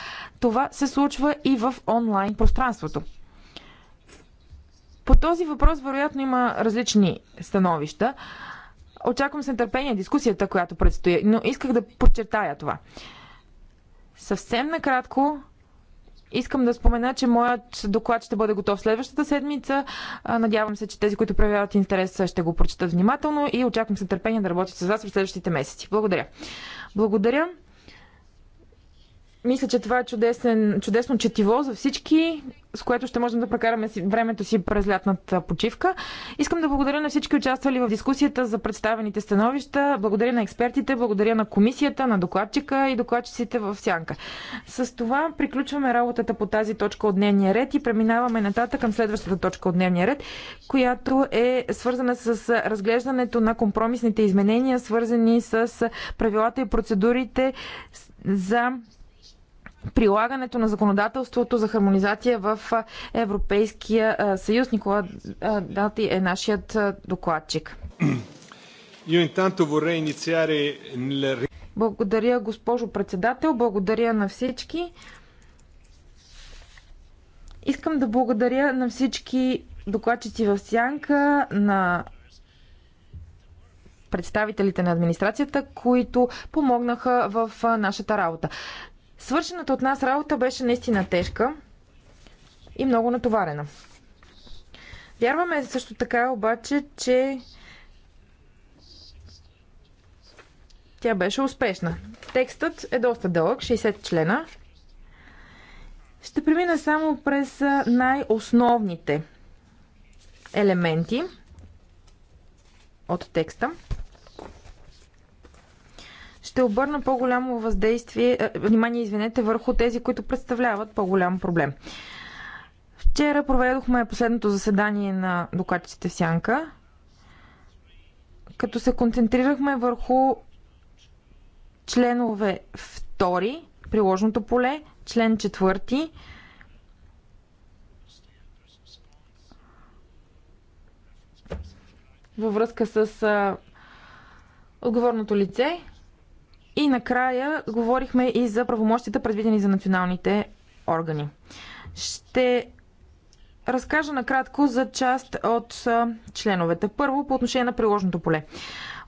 Това се случва и в онлайн пространството. По този въпрос, вероятно, има различни становища. Очаквам с нетърпение дискусията, която предстои, но исках да подчертая това. Съвсем накратко, Искам да спомена, че моят доклад ще бъде готов следващата седмица. Надявам се, че тези, които проявяват интерес, ще го прочитат внимателно и очаквам с нетърпение да работят с вас в следващите месеци. Благодаря. Благодаря. Мисля, че това е чудесен, чудесно четиво за всички, с което ще можем да прекараме времето си през лятната почивка. Искам да благодаря на всички участвали в дискусията за представените становища. Благодаря на експертите, благодаря на комисията, на докладчика и докладчиците в Сянка. С това приключваме работата по тази точка от дневния ред и преминаваме нататък към следващата точка от дневния ред, която е свързана с разглеждането на компромисните изменения, свързани с правилата и процедурите за прилагането на законодателството за хармонизация в Европейския съюз. Никола Дати е нашият докладчик. Благодаря, госпожо председател. Благодаря на всички. Искам да благодаря на всички докладчици в Сянка, на представителите на администрацията, които помогнаха в нашата работа. Свършената от нас работа беше наистина тежка и много натоварена. Вярваме също така обаче, че тя беше успешна. Текстът е доста дълъг, 60 члена. Ще премина само през най-основните елементи от текста ще обърна по-голямо въздействие, е, внимание, извинете, върху тези, които представляват по-голям проблем. Вчера проведохме последното заседание на докачите в Сянка, като се концентрирахме върху членове втори, приложното поле, член 4, във връзка с а, отговорното лице и накрая говорихме и за правомощите, предвидени за националните органи. Ще разкажа накратко за част от членовете. Първо, по отношение на приложното поле.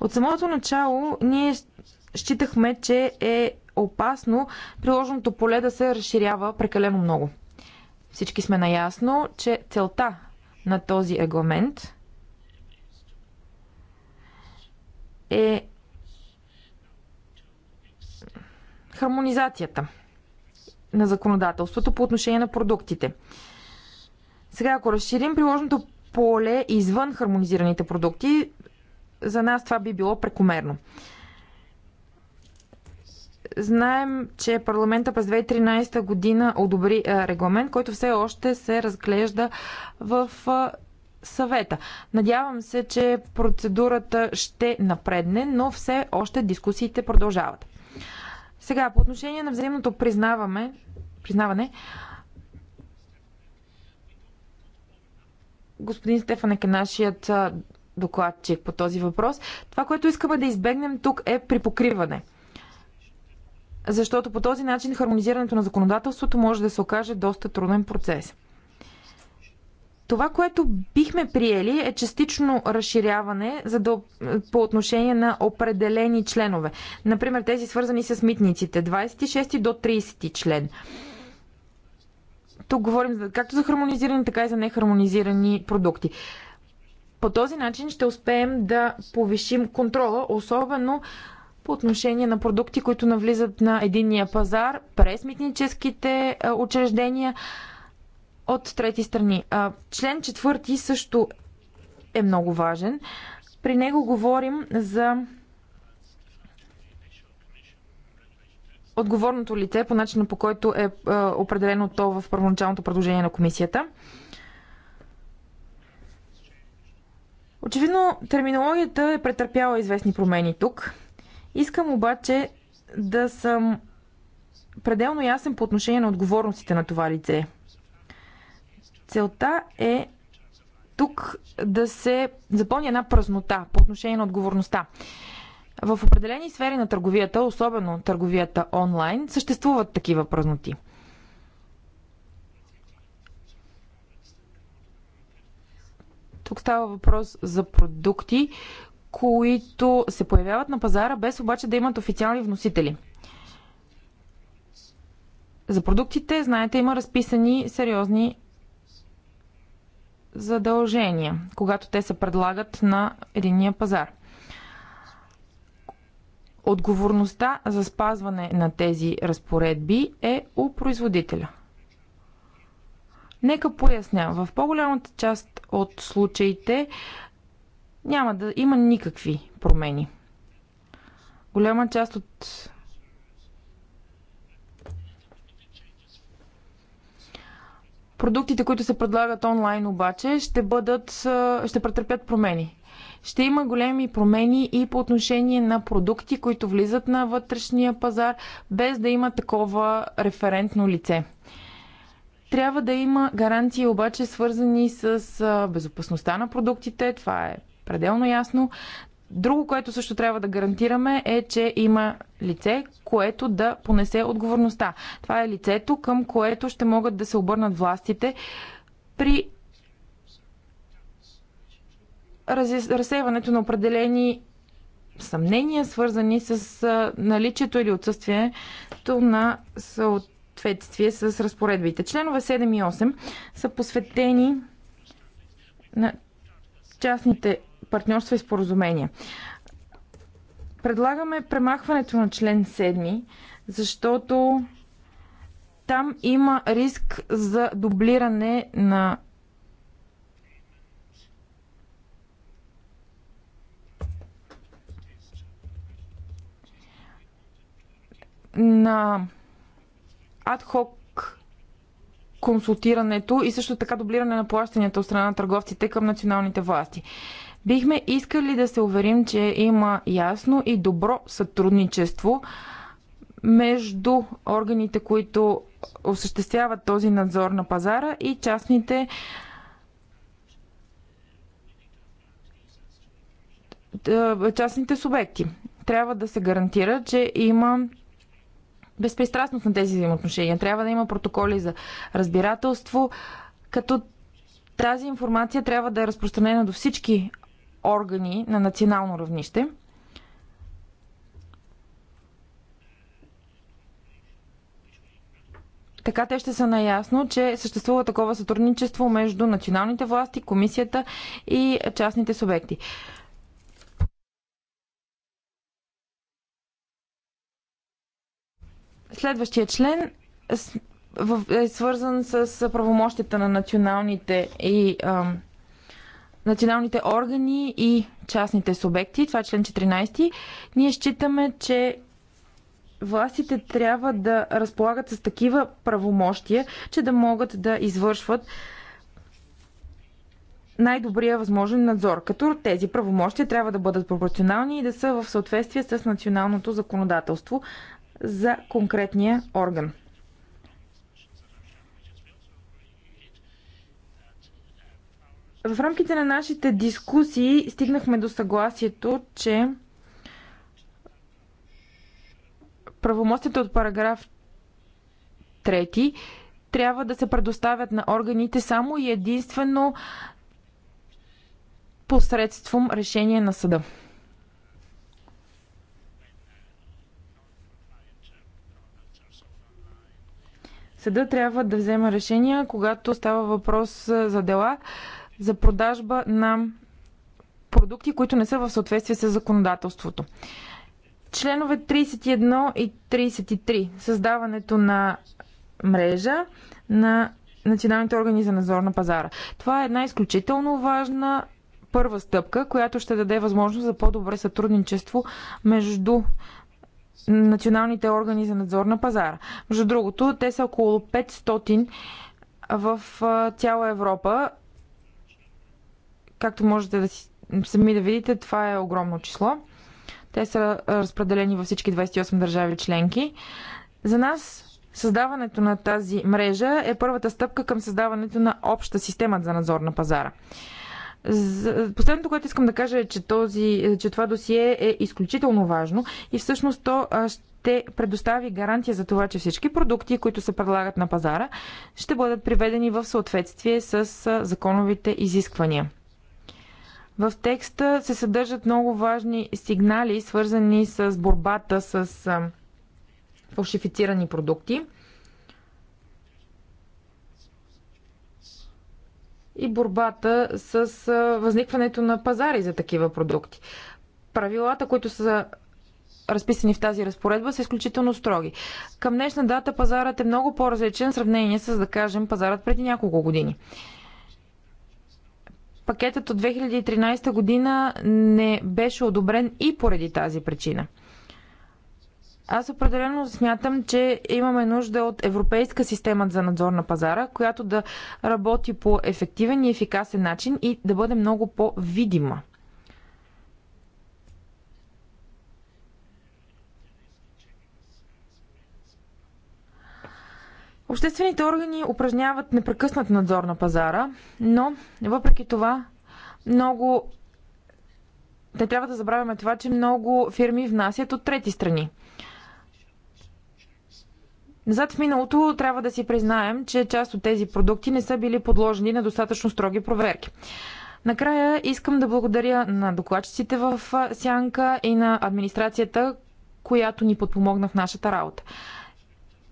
От самото начало ние считахме, че е опасно приложеното поле да се разширява прекалено много. Всички сме наясно, че целта на този регламент е хармонизацията на законодателството по отношение на продуктите. Сега, ако разширим приложното поле извън хармонизираните продукти, за нас това би било прекомерно. Знаем, че парламента през 2013 година одобри е, регламент, който все още се разглежда в е, съвета. Надявам се, че процедурата ще напредне, но все още дискусиите продължават. Сега, по отношение на взаимното признаване, признаване господин Стефан, е нашият докладчик по този въпрос. Това, което искаме да избегнем тук е припокриване. Защото по този начин хармонизирането на законодателството може да се окаже доста труден процес. Това, което бихме приели е частично разширяване за да, по отношение на определени членове. Например, тези свързани с митниците. 26 до 30 член. Тук говорим както за хармонизирани, така и за нехармонизирани продукти. По този начин ще успеем да повишим контрола, особено по отношение на продукти, които навлизат на единния пазар през митническите е, учреждения от трети страни. А, член четвърти също е много важен. При него говорим за отговорното лице по начина по който е определено то в първоначалното предложение на комисията. Очевидно, терминологията е претърпяла известни промени тук. Искам обаче да съм пределно ясен по отношение на отговорностите на това лице. Целта е тук да се запълни една празнота по отношение на отговорността. В определени сфери на търговията, особено търговията онлайн, съществуват такива празноти. Тук става въпрос за продукти, които се появяват на пазара, без обаче да имат официални вносители. За продуктите, знаете, има разписани сериозни задължения, когато те се предлагат на единия пазар. Отговорността за спазване на тези разпоредби е у производителя. Нека поясня, в по-голямата част от случаите няма да има никакви промени. Голяма част от Продуктите, които се предлагат онлайн обаче, ще, бъдат, ще претърпят промени. Ще има големи промени и по отношение на продукти, които влизат на вътрешния пазар, без да има такова референтно лице. Трябва да има гаранции обаче свързани с безопасността на продуктите, това е пределно ясно. Друго, което също трябва да гарантираме е, че има лице, което да понесе отговорността. Това е лицето, към което ще могат да се обърнат властите при разсеването на определени съмнения, свързани с наличието или отсъствието на съответствие с разпоредбите. Членове 7 и 8 са посветени на частните партньорства и споразумения. Предлагаме премахването на член 7, защото там има риск за дублиране на на адхок консултирането и също така дублиране на плащанията от страна на търговците към националните власти. Бихме искали да се уверим, че има ясно и добро сътрудничество между органите, които осъществяват този надзор на пазара и частните частните субекти. Трябва да се гарантира, че има безпристрастност на тези взаимоотношения. Трябва да има протоколи за разбирателство, като тази информация трябва да е разпространена до всички органи на национално равнище. Така те ще са наясно, че съществува такова сътрудничество между националните власти, комисията и частните субекти. Следващия член е свързан с правомощите на националните и националните органи и частните субекти, това е член 14, ние считаме, че властите трябва да разполагат с такива правомощия, че да могат да извършват най-добрия възможен надзор, като тези правомощия трябва да бъдат пропорционални и да са в съответствие с националното законодателство за конкретния орган. В рамките на нашите дискусии стигнахме до съгласието, че правомостите от параграф 3 трябва да се предоставят на органите само и единствено посредством решение на съда. Съда трябва да взема решения, когато става въпрос за дела, за продажба на продукти, които не са в съответствие с законодателството. Членове 31 и 33. Създаването на мрежа на националните органи за надзор на пазара. Това е една изключително важна първа стъпка, която ще даде възможност за по-добре сътрудничество между националните органи за надзор на пазара. Между другото, те са около 500 в цяла Европа Както можете да си, сами да видите, това е огромно число. Те са разпределени във всички 28 държави членки. За нас създаването на тази мрежа е първата стъпка към създаването на обща система за надзор на пазара. Последното, което искам да кажа е, че, този, че това досие е изключително важно и всъщност то ще предостави гарантия за това, че всички продукти, които се предлагат на пазара, ще бъдат приведени в съответствие с законовите изисквания. В текста се съдържат много важни сигнали, свързани с борбата с фалшифицирани продукти и борбата с възникването на пазари за такива продукти. Правилата, които са разписани в тази разпоредба, са изключително строги. Към днешна дата пазарът е много по-различен в сравнение с, да кажем, пазарът преди няколко години пакетът от 2013 година не беше одобрен и поради тази причина. Аз определено смятам, че имаме нужда от европейска система за надзор на пазара, която да работи по ефективен и ефикасен начин и да бъде много по-видима. Обществените органи упражняват непрекъснат надзор на пазара, но въпреки това много не трябва да забравяме това, че много фирми внасят от трети страни. Назад в миналото трябва да си признаем, че част от тези продукти не са били подложени на достатъчно строги проверки. Накрая искам да благодаря на докладчиците в Сянка и на администрацията, която ни подпомогна в нашата работа.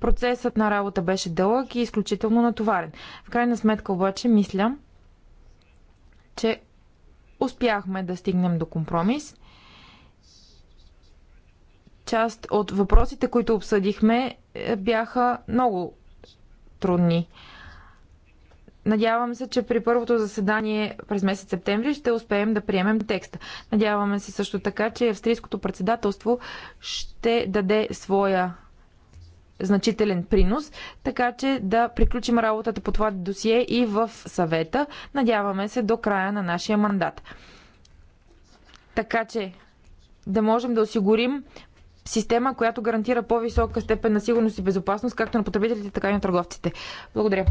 Процесът на работа беше дълъг и изключително натоварен. В крайна сметка обаче мисля, че успяхме да стигнем до компромис. Част от въпросите, които обсъдихме, е, бяха много трудни. Надявам се, че при първото заседание през месец септември ще успеем да приемем текста. Надяваме се също така, че австрийското председателство ще даде своя значителен принос, така че да приключим работата по това досие и в съвета. Надяваме се до края на нашия мандат. Така че да можем да осигурим система, която гарантира по-висока степен на сигурност и безопасност, както на потребителите, така и на търговците. Благодаря.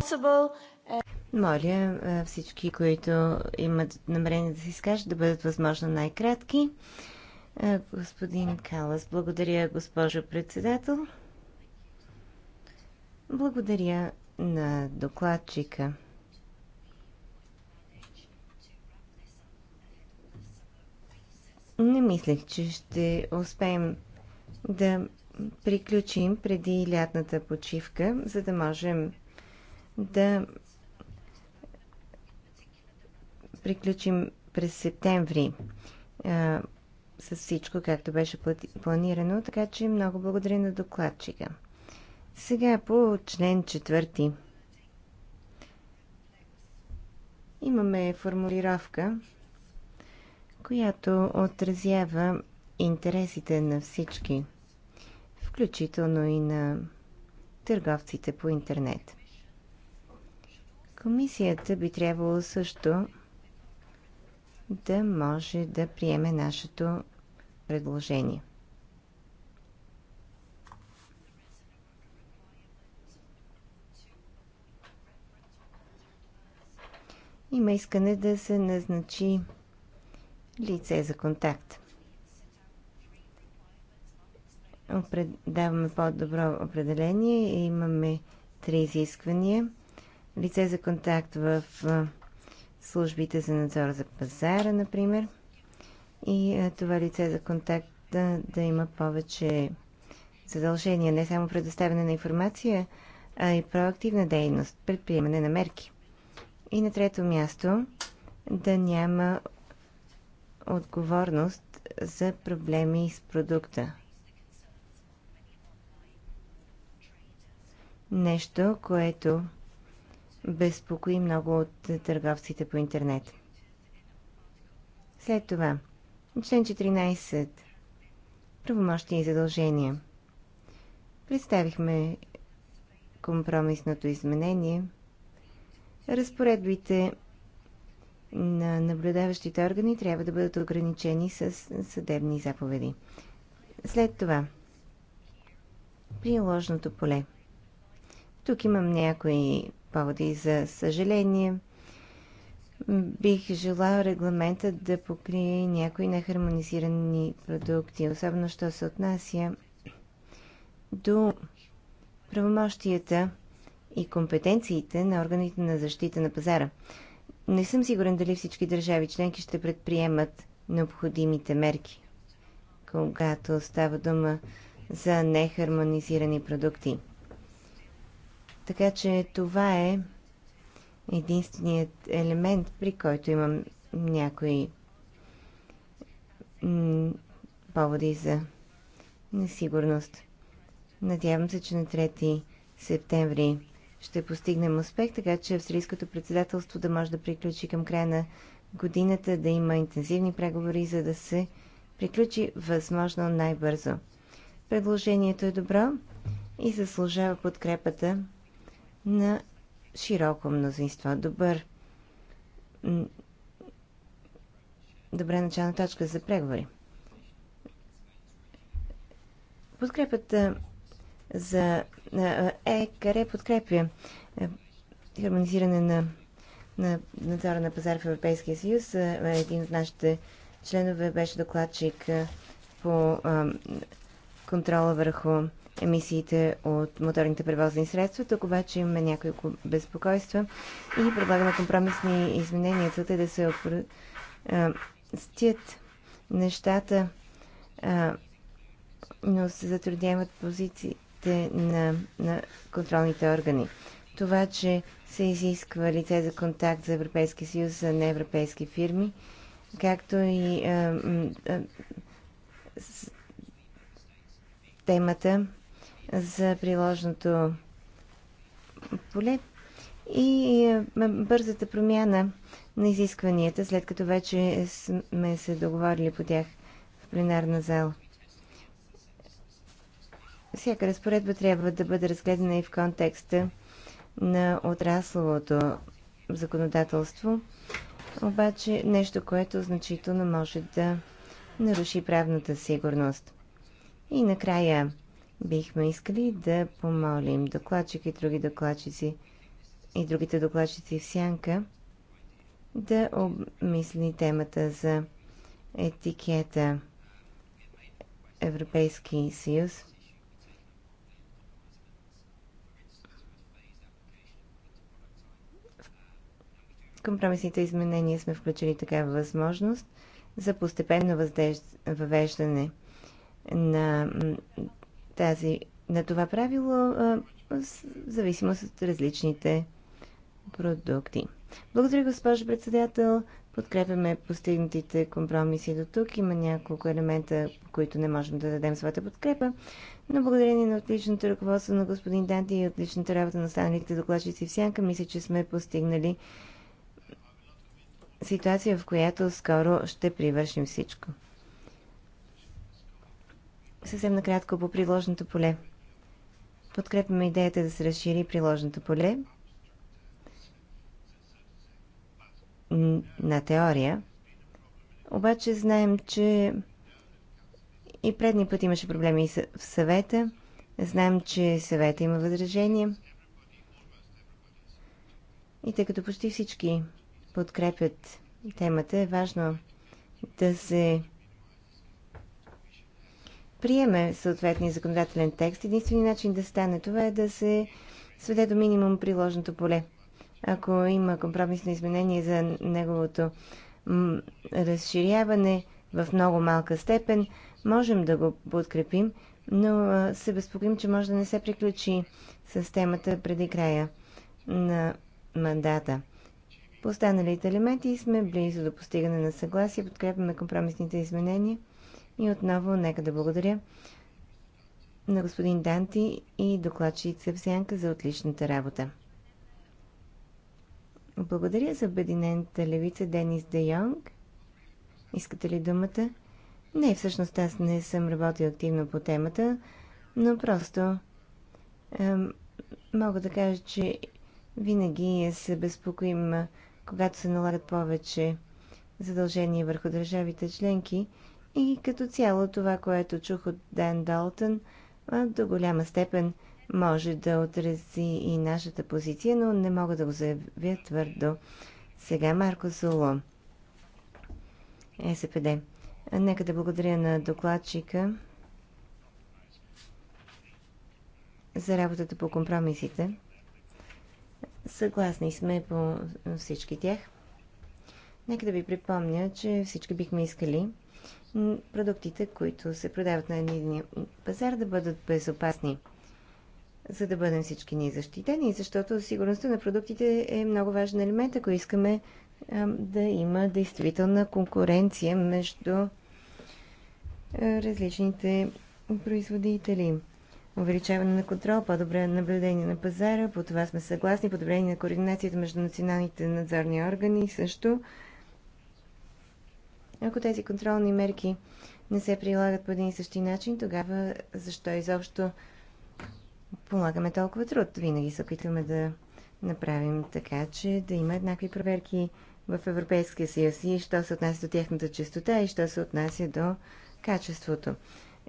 Моля е, всички, които имат намерение да се изкажат, да бъдат възможно най-кратки. Е, господин Калас, благодаря, госпожо председател. Благодаря на докладчика. Не мислех, че ще успеем да приключим преди лятната почивка, за да можем да приключим през септември а, с всичко, както беше плати... планирано. Така че много благодаря на докладчика. Сега по член четвърти. Имаме формулировка, която отразява интересите на всички, включително и на търговците по интернет. Комисията би трябвало също да може да приеме нашето предложение. Има искане да се назначи лице за контакт. Даваме по-добро определение. Имаме три изисквания. Лице за контакт в службите за надзор за пазара, например. И това лице за контакт да, да има повече задължения, не само предоставяне на информация, а и проактивна дейност, предприемане на мерки. И на трето място да няма отговорност за проблеми с продукта. Нещо, което безпокои много от търговците по интернет. След това, член 14. Правомощни и задължения. Представихме компромисното изменение – разпоредбите на наблюдаващите органи трябва да бъдат ограничени с съдебни заповеди. След това, приложното поле. Тук имам някои поводи за съжаление. Бих желал регламентът да покрие някои нехармонизирани продукти, особено що се отнася до правомощията и компетенциите на органите на защита на пазара. Не съм сигурен дали всички държави членки ще предприемат необходимите мерки, когато става дума за нехармонизирани продукти. Така че това е единственият елемент, при който имам някои поводи за несигурност. Надявам се, че на 3 септември ще постигнем успех, така че австрийското председателство да може да приключи към края на годината, да има интензивни преговори, за да се приключи възможно най-бързо. Предложението е добро и заслужава подкрепата на широко мнозинство. Добър добра начална точка за преговори. Подкрепата за е, къде подкрепя хармонизиране на, на надзора на пазар в Европейския съюз. Един от нашите членове беше докладчик по контрола върху емисиите от моторните превозни средства. Тук обаче имаме няколко безпокойства и предлагаме компромисни изменения. Целта е да се стият нещата, но се затрудняват позиции функциите на, на контролните органи. Това, че се изисква лице за контакт за Европейския съюз за неевропейски фирми, както и а, а, с, темата за приложното поле и а, бързата промяна на изискванията, след като вече сме се договорили по тях в пленарна зала всяка разпоредба трябва да бъде разгледана и в контекста на отрасловото законодателство, обаче нещо, което значително може да наруши правната сигурност. И накрая бихме искали да помолим докладчик и други докладчици и другите докладчици в сянка да обмисли темата за етикета Европейски съюз – компромисните изменения сме включили такава възможност за постепенно въздеж... въвеждане на, тази, на това правило в зависимост от различните продукти. Благодаря, госпожо председател. Подкрепяме постигнатите компромиси до тук. Има няколко елемента, по които не можем да дадем своята подкрепа, но благодарение на отличното ръководство на господин Данти и отличната работа на останалите докладчици в Сянка, мисля, че сме постигнали ситуация, в която скоро ще привършим всичко. Съвсем накратко по приложното поле. Подкрепяме идеята да се разшири приложното поле на теория. Обаче знаем, че и предния път имаше проблеми в съвета. Знаем, че съвета има възражение. И тъй като почти всички подкрепят темата, е важно да се приеме съответния законодателен текст. Единственият начин да стане това е да се сведе до минимум приложното поле. Ако има компромисно изменение за неговото разширяване в много малка степен, можем да го подкрепим, но се безпокоим, че може да не се приключи с темата преди края на мандата. По останалите елементи сме близо до постигане на съгласие, подкрепяме компромисните изменения и отново нека да благодаря на господин Данти и докладчица всянка за отличната работа. Благодаря за обединената левица Денис Де Йонг. Искате ли думата? Не, всъщност аз не съм работил активно по темата, но просто е, мога да кажа, че винаги се безпокоим когато се налагат повече задължения върху държавите членки. И като цяло това, което чух от Дан Далтън, до голяма степен може да отрази и нашата позиция, но не мога да го заявя твърдо. Сега Марко Соло, СПД. Нека да благодаря на докладчика за работата по компромисите. Съгласни сме по всички тях. Нека да ви припомня, че всички бихме искали продуктите, които се продават на единия пазар, да бъдат безопасни, за да бъдем всички ние защитени, защото сигурността на продуктите е много важен елемент, ако искаме да има действителна конкуренция между различните производители увеличаване на контрол, по-добре наблюдение на пазара, по това сме съгласни, подобрение на координацията между националните надзорни органи също. Ако тези контролни мерки не се прилагат по един и същи начин, тогава защо изобщо полагаме толкова труд? Винаги се опитваме да направим така, че да има еднакви проверки в Европейския съюз и що се отнася до тяхната чистота и що се отнася до качеството.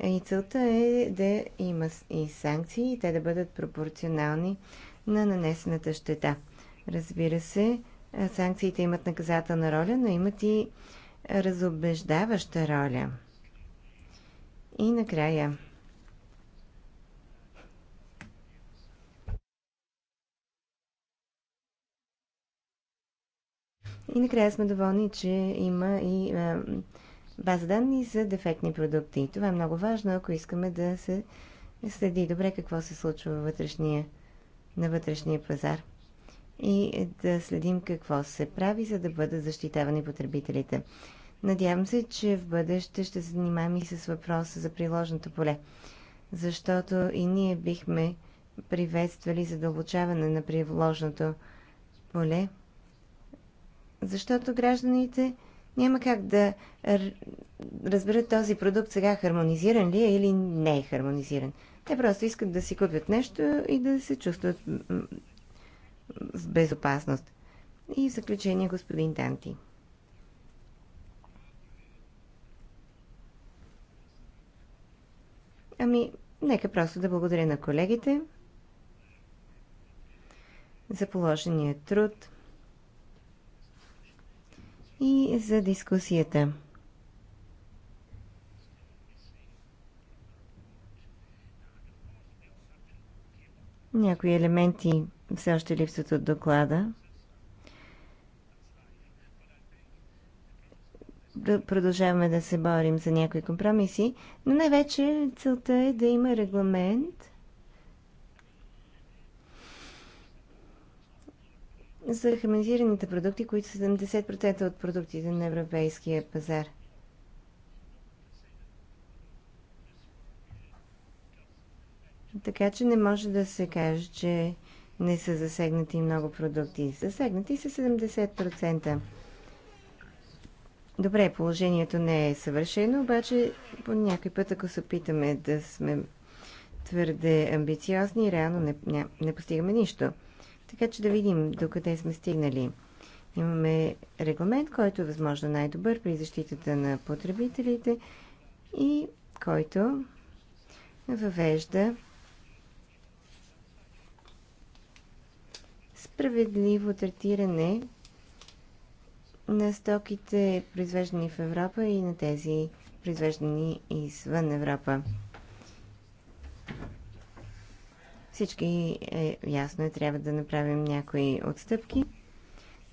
И целта е да има и санкции, и те да бъдат пропорционални на нанесената щета. Разбира се, санкциите имат наказателна роля, но имат и разобеждаваща роля. И накрая. И накрая сме доволни, че има и а, база данни за дефектни продукти. Това е много важно, ако искаме да се следи добре какво се случва вътрешния, на вътрешния пазар и да следим какво се прави, за да бъдат защитавани потребителите. Надявам се, че в бъдеще ще се занимаваме и с въпроса за приложното поле, защото и ние бихме приветствали задълбочаване на приложното поле, защото гражданите няма как да разберат този продукт сега хармонизиран ли е или не е хармонизиран. Те просто искат да си купят нещо и да се чувстват в безопасност. И в заключение господин Танти. Ами, нека просто да благодаря на колегите за положения труд – и за дискусията. Някои елементи все още липсват от доклада. Продължаваме да се борим за някои компромиси, но най-вече целта е да има регламент – за хармонизираните продукти, които са 70% от продуктите на европейския пазар. Така че не може да се каже, че не са засегнати много продукти. Засегнати са 70%. Добре, положението не е съвършено, обаче по някой път, ако се опитаме да сме твърде амбициозни, реално не, не, не постигаме нищо. Така че да видим докъде сме стигнали. Имаме регламент, който е възможно най-добър при защитата на потребителите и който въвежда справедливо третиране на стоките, произвеждани в Европа и на тези, произвеждани извън Европа. Всички е ясно и е, трябва да направим някои отстъпки,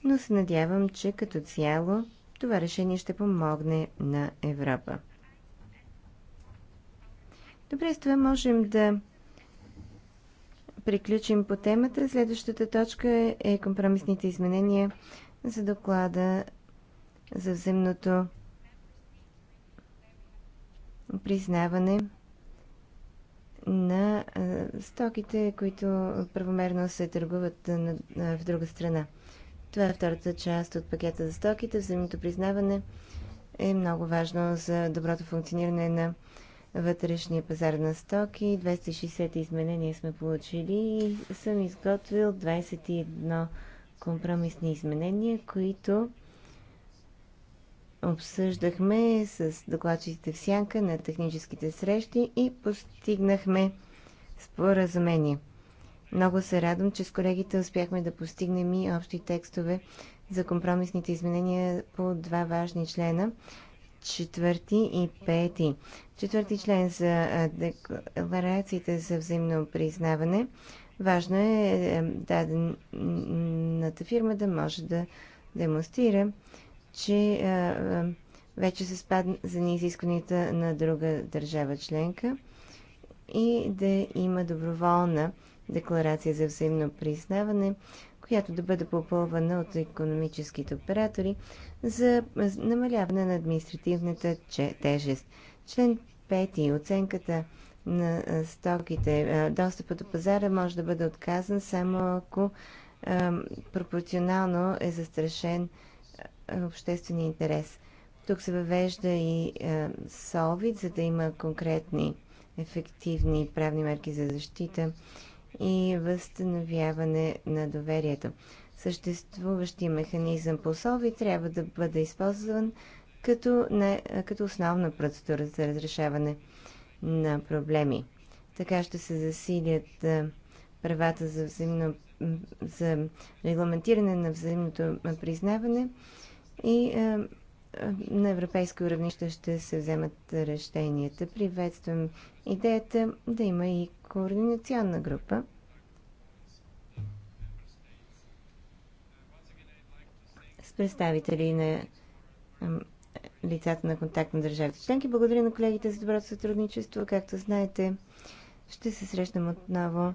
но се надявам, че като цяло това решение ще помогне на Европа. Добре, с това можем да приключим по темата. Следващата точка е компромисните изменения за доклада за взаимното признаване на стоките, които правомерно се търгуват в друга страна. Това е втората част от пакета за стоките. Взаимното признаване е много важно за доброто функциониране на вътрешния пазар на стоки. 260 изменения сме получили и съм изготвил 21 компромисни изменения, които обсъждахме с докладчиците в сянка на техническите срещи и постигнахме споразумение. Много се радвам, че с колегите успяхме да постигнем и общи текстове за компромисните изменения по два важни члена четвърти и пети. Четвърти член за декларациите за взаимно признаване. Важно е, е дадената фирма да може да демонстрира, че а, а, вече за спазени изискванията на друга държава членка и да има доброволна декларация за взаимно признаване, която да бъде попълвана от економическите оператори за намаляване на административната тежест. Член 5. Оценката на стоките. Достъпът до пазара може да бъде отказан само ако пропорционално е застрашен е, обществения интерес. Тук се въвежда и СОВИД, е, за да има конкретни ефективни правни мерки за защита и възстановяване на доверието. Съществуващия механизъм по СОВИ трябва да бъде използван като, не, е, като основна процедура за разрешаване на проблеми. Така ще се засилят правата за, взаимно, за регламентиране на взаимното признаване и е, е, на европейско равнище ще се вземат решенията. Приветствам идеята да има и координационна група. с представители на е, лицата на контакт на държавите членки. Благодаря на колегите за доброто сътрудничество. Както знаете, ще се срещнем отново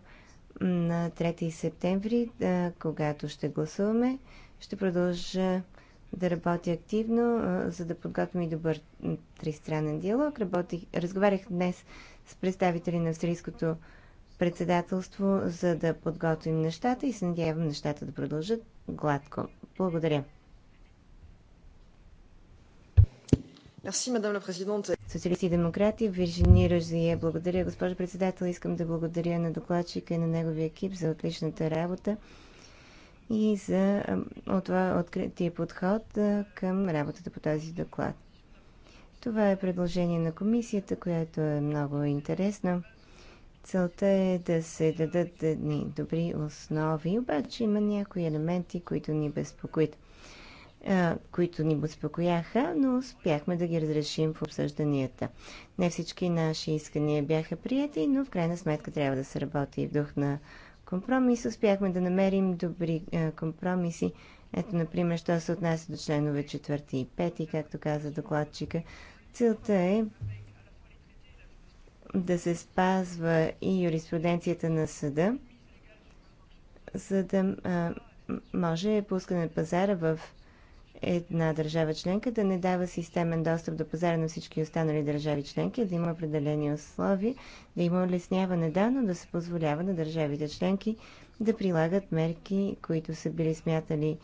на 3 септември, когато ще гласуваме. Ще продължа да работя активно, за да подготвим и добър тристранен диалог. Работих, разговарях днес с представители на австрийското председателство, за да подготвим нещата и се надявам нещата да продължат гладко. Благодаря. Социалисти и демократи, Виржини Ръжие. Благодаря, госпожо председател. Искам да благодаря на докладчика и на неговия екип за отличната работа и за от това открития подход към работата по този доклад. Това е предложение на комисията, което е много интересно. Целта е да се дадат едни добри основи, обаче има някои елементи, които ни безпокоят които ни безпокояха, но успяхме да ги разрешим в обсъжданията. Не всички наши искания бяха прияти, но в крайна сметка трябва да се работи в дух на компромис. Успяхме да намерим добри е, компромиси. Ето, например, що се отнася до членове 4 и 5, както каза докладчика. Целта е да се спазва и юриспруденцията на съда, за да а, е, може пускане пазара в една държава членка да не дава системен достъп до пазара на всички останали държави членки, да има определени условия, да има улесняване, да, но да се позволява на държавите членки да прилагат мерки, които са били смятали,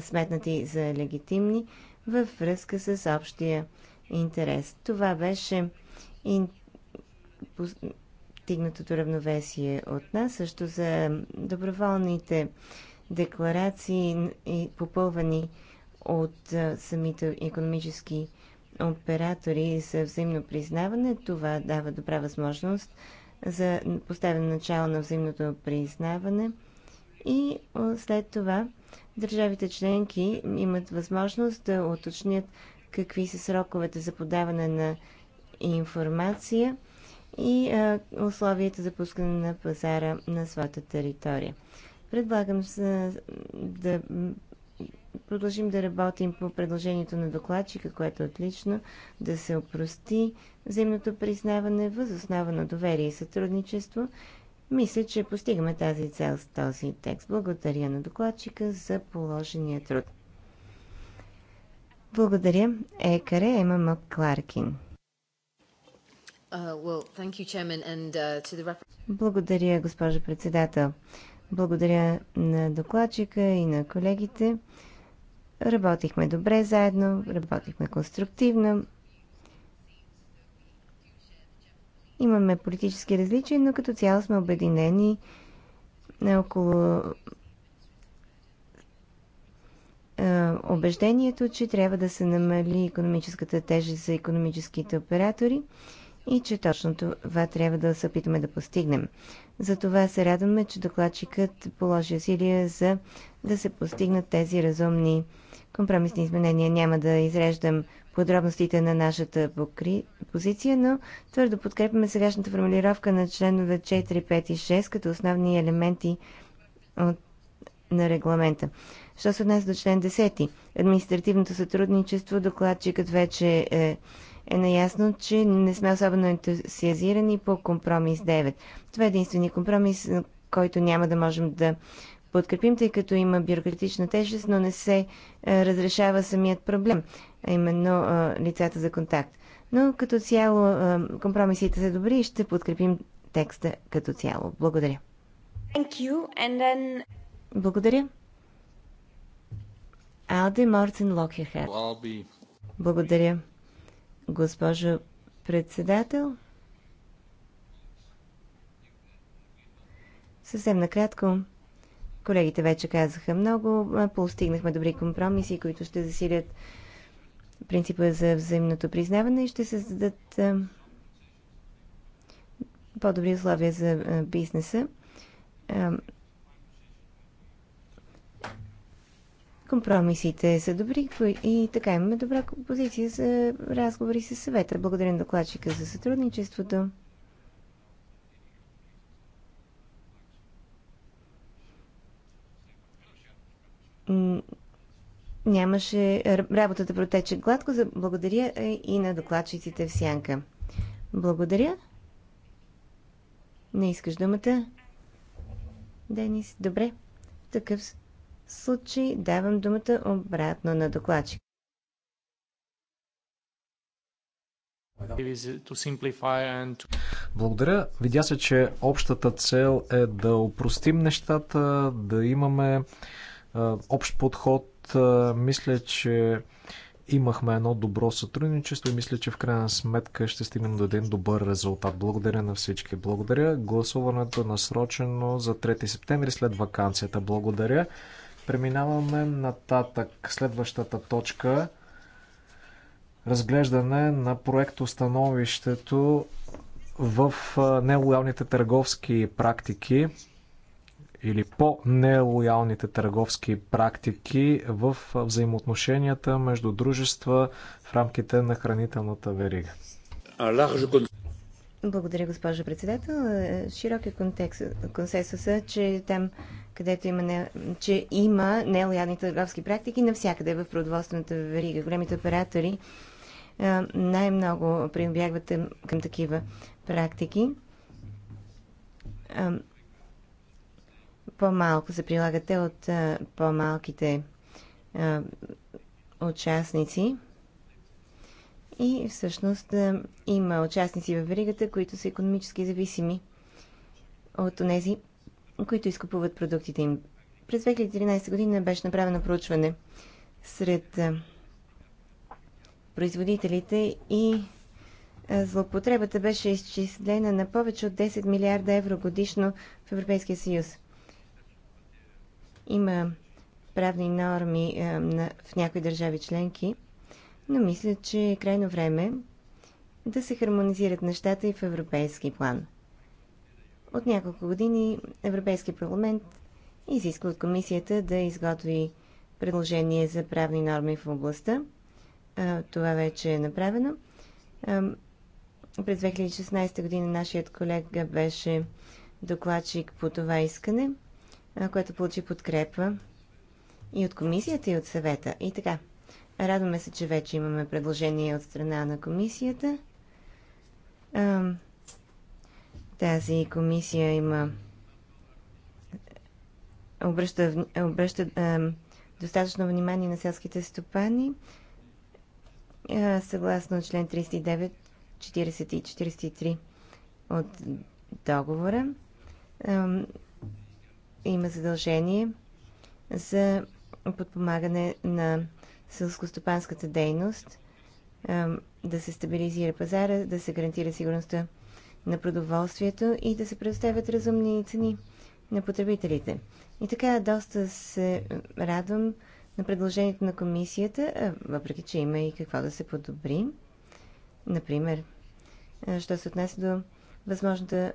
сметнати за легитимни във връзка с общия интерес. Това беше ин... постигнатото равновесие от нас, също за доброволните декларации и попълвани от а, самите економически оператори за взаимно признаване. Това дава добра възможност за поставяне начало на взаимното признаване и след това държавите членки имат възможност да уточнят какви са сроковете за подаване на информация и а, условията за пускане на пазара на своята територия. Предлагам се да продължим да работим по предложението на докладчика, което е отлично, да се опрости взаимното признаване въз основа на доверие и сътрудничество. Мисля, че постигаме тази цел с този текст. Благодаря на докладчика за положения труд. Благодаря. Екаре Ема Макларкин. Uh, uh, Благодаря, госпожа председател. Благодаря на докладчика и на колегите. Работихме добре заедно, работихме конструктивно. Имаме политически различия, но като цяло сме обединени на около убеждението, че трябва да се намали економическата тежест за економическите оператори и че точно това трябва да се опитаме да постигнем. Затова се радваме, че докладчикът положи усилия за да се постигнат тези разумни компромисни изменения. Няма да изреждам подробностите на нашата покри... позиция, но твърдо подкрепяме сегашната формулировка на членове 4, 5 и 6 като основни елементи от... на регламента. Що се отнася до член 10? Административното сътрудничество, докладчикът вече е, е наясно, че не сме особено ентусиазирани по компромис 9. Това е единствения компромис, който няма да можем да подкрепим, тъй като има бюрократична тежест, но не се е, разрешава самият проблем, а именно е, лицата за контакт. Но като цяло е, компромисите са добри и ще подкрепим текста като цяло. Благодаря. Thank you, and then... Благодаря. Алде Мортен Локехер. Благодаря. Госпожо председател, съвсем накратко Колегите вече казаха много, постигнахме добри компромиси, които ще засилят принципа за взаимното признаване и ще създадат по-добри условия за бизнеса. Компромисите са добри и така имаме добра позиция за разговори с съвета. Благодаря на докладчика за сътрудничеството. нямаше, работата протече гладко. Благодаря е, и на докладчиците в Сянка. Благодаря. Не искаш думата? Денис, добре. В такъв случай давам думата обратно на докладчик. Благодаря. Видя се, че общата цел е да упростим нещата, да имаме общ подход. Мисля, че имахме едно добро сътрудничество и мисля, че в крайна сметка ще стигнем до един добър резултат. Благодаря на всички. Благодаря. Гласуването е насрочено за 3 септември след вакансията. Благодаря. Преминаваме нататък. Следващата точка разглеждане на проектостановището в нелоялните търговски практики или по-нелоялните търговски практики в взаимоотношенията между дружества в рамките на хранителната верига. Благодаря, госпожа председател. Широк е контекст, консенсуса, че там, където има, не, че има нелоялни търговски практики, навсякъде в производствената верига. Големите оператори най-много прибягват към такива практики по-малко се прилагате от по-малките участници. И всъщност има участници в веригата, които са економически зависими от тези, които изкупуват продуктите им. През 2013 година беше направено проучване сред производителите и злоупотребата беше изчислена на повече от 10 милиарда евро годишно в Европейския съюз. Има правни норми е, в някои държави членки, но мисля, че е крайно време да се хармонизират нещата и в европейски план. От няколко години Европейски парламент изисква от комисията да изготви предложение за правни норми в областта. Е, това вече е направено. Е, през 2016 година нашият колега беше докладчик по това искане – което получи подкрепа и от комисията, и от съвета. И така, радваме се, че вече имаме предложение от страна на комисията. Тази комисия има обръща, обръща достатъчно внимание на селските стопани. Съгласно член 39, 40 и 43 от договора, има задължение за подпомагане на селскостопанската дейност, да се стабилизира пазара, да се гарантира сигурността на продоволствието и да се предоставят разумни цени на потребителите. И така доста се радвам на предложението на комисията, въпреки че има и какво да се подобри. Например, що се отнася до възможната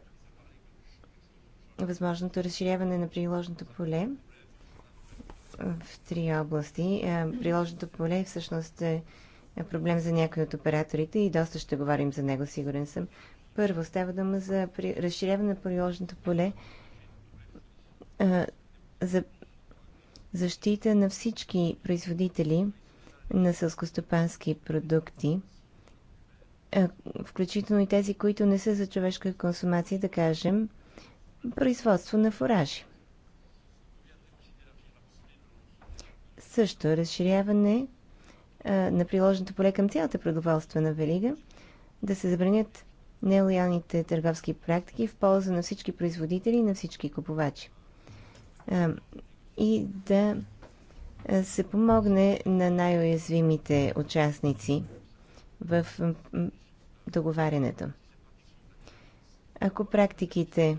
възможното разширяване на приложното поле в три области. Е, приложното поле всъщност е проблем за някои от операторите и доста ще говорим за него, сигурен съм. Първо, става дума за разширяване на приложното поле е, за защита на всички производители на сълскостопански продукти, е, включително и тези, които не са за човешка консумация, да кажем, производство на фуражи. Също разширяване а, на приложеното поле към цялата продоволствена верига, да се забранят нелоялните търговски практики в полза на всички производители и на всички купувачи. А, и да се помогне на най-уязвимите участници в договарянето. Ако практиките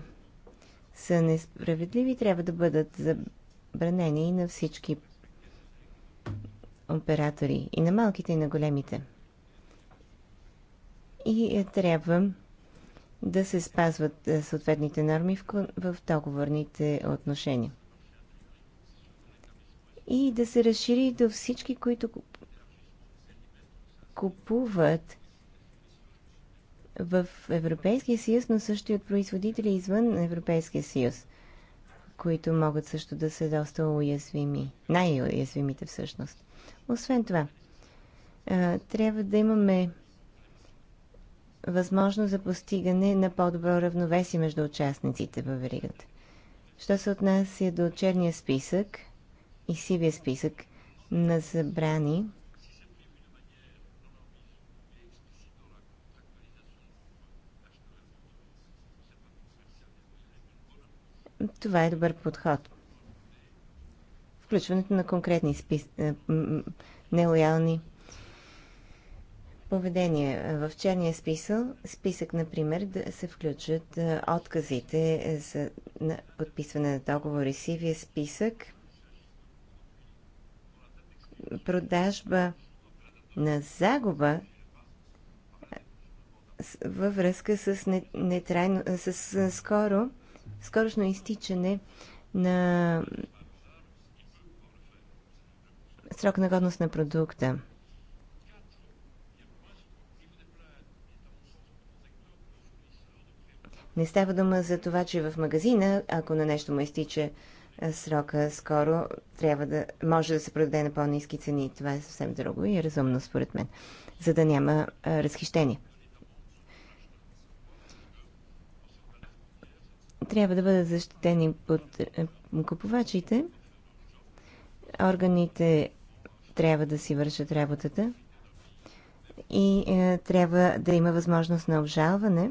са несправедливи, трябва да бъдат забранени и на всички оператори, и на малките, и на големите. И е, трябва да се спазват е, съответните норми в, в договорните отношения. И да се разшири до всички, които купуват в Европейския съюз, но също и от производители извън Европейския съюз, които могат също да са доста уязвими. Най-уязвимите всъщност. Освен това, трябва да имаме възможност за постигане на по-добро равновесие между участниците във веригата. Що се отнася до черния списък и сивия списък на забрани, Това е добър подход. Включването на конкретни спис... Е, нелоялни поведения. В черния списъл, списък, например, да се включат е, отказите за подписване на договори, сивия списък, продажба на загуба е, във връзка с, нетрайно, с скоро скорошно изтичане на срок на годност на продукта. Не става дума за това, че в магазина, ако на нещо му изтича срока скоро, трябва да може да се продаде на по-низки цени. Това е съвсем друго и е разумно, според мен, за да няма разхищение. трябва да бъдат защитени от е, купувачите. Органите трябва да си вършат работата и е, трябва да има възможност на обжалване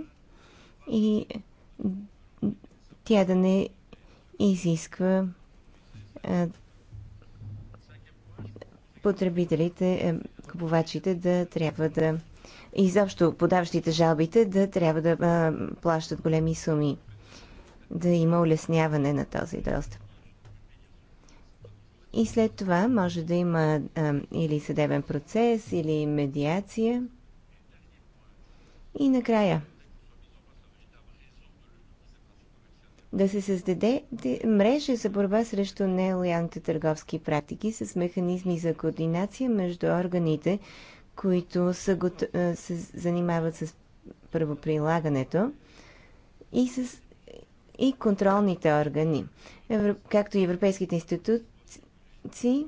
и тя да не изисква е, потребителите, е, купувачите да трябва да изобщо подаващите жалбите да трябва да е, плащат големи суми да има улесняване на този достъп. И след това може да има а, или съдебен процес, или медиация. И накрая да се създаде мрежа за борба срещу нелоялните търговски практики с механизми за координация между органите, които са гот... се занимават с правоприлагането и с и контролните органи, както и европейските институции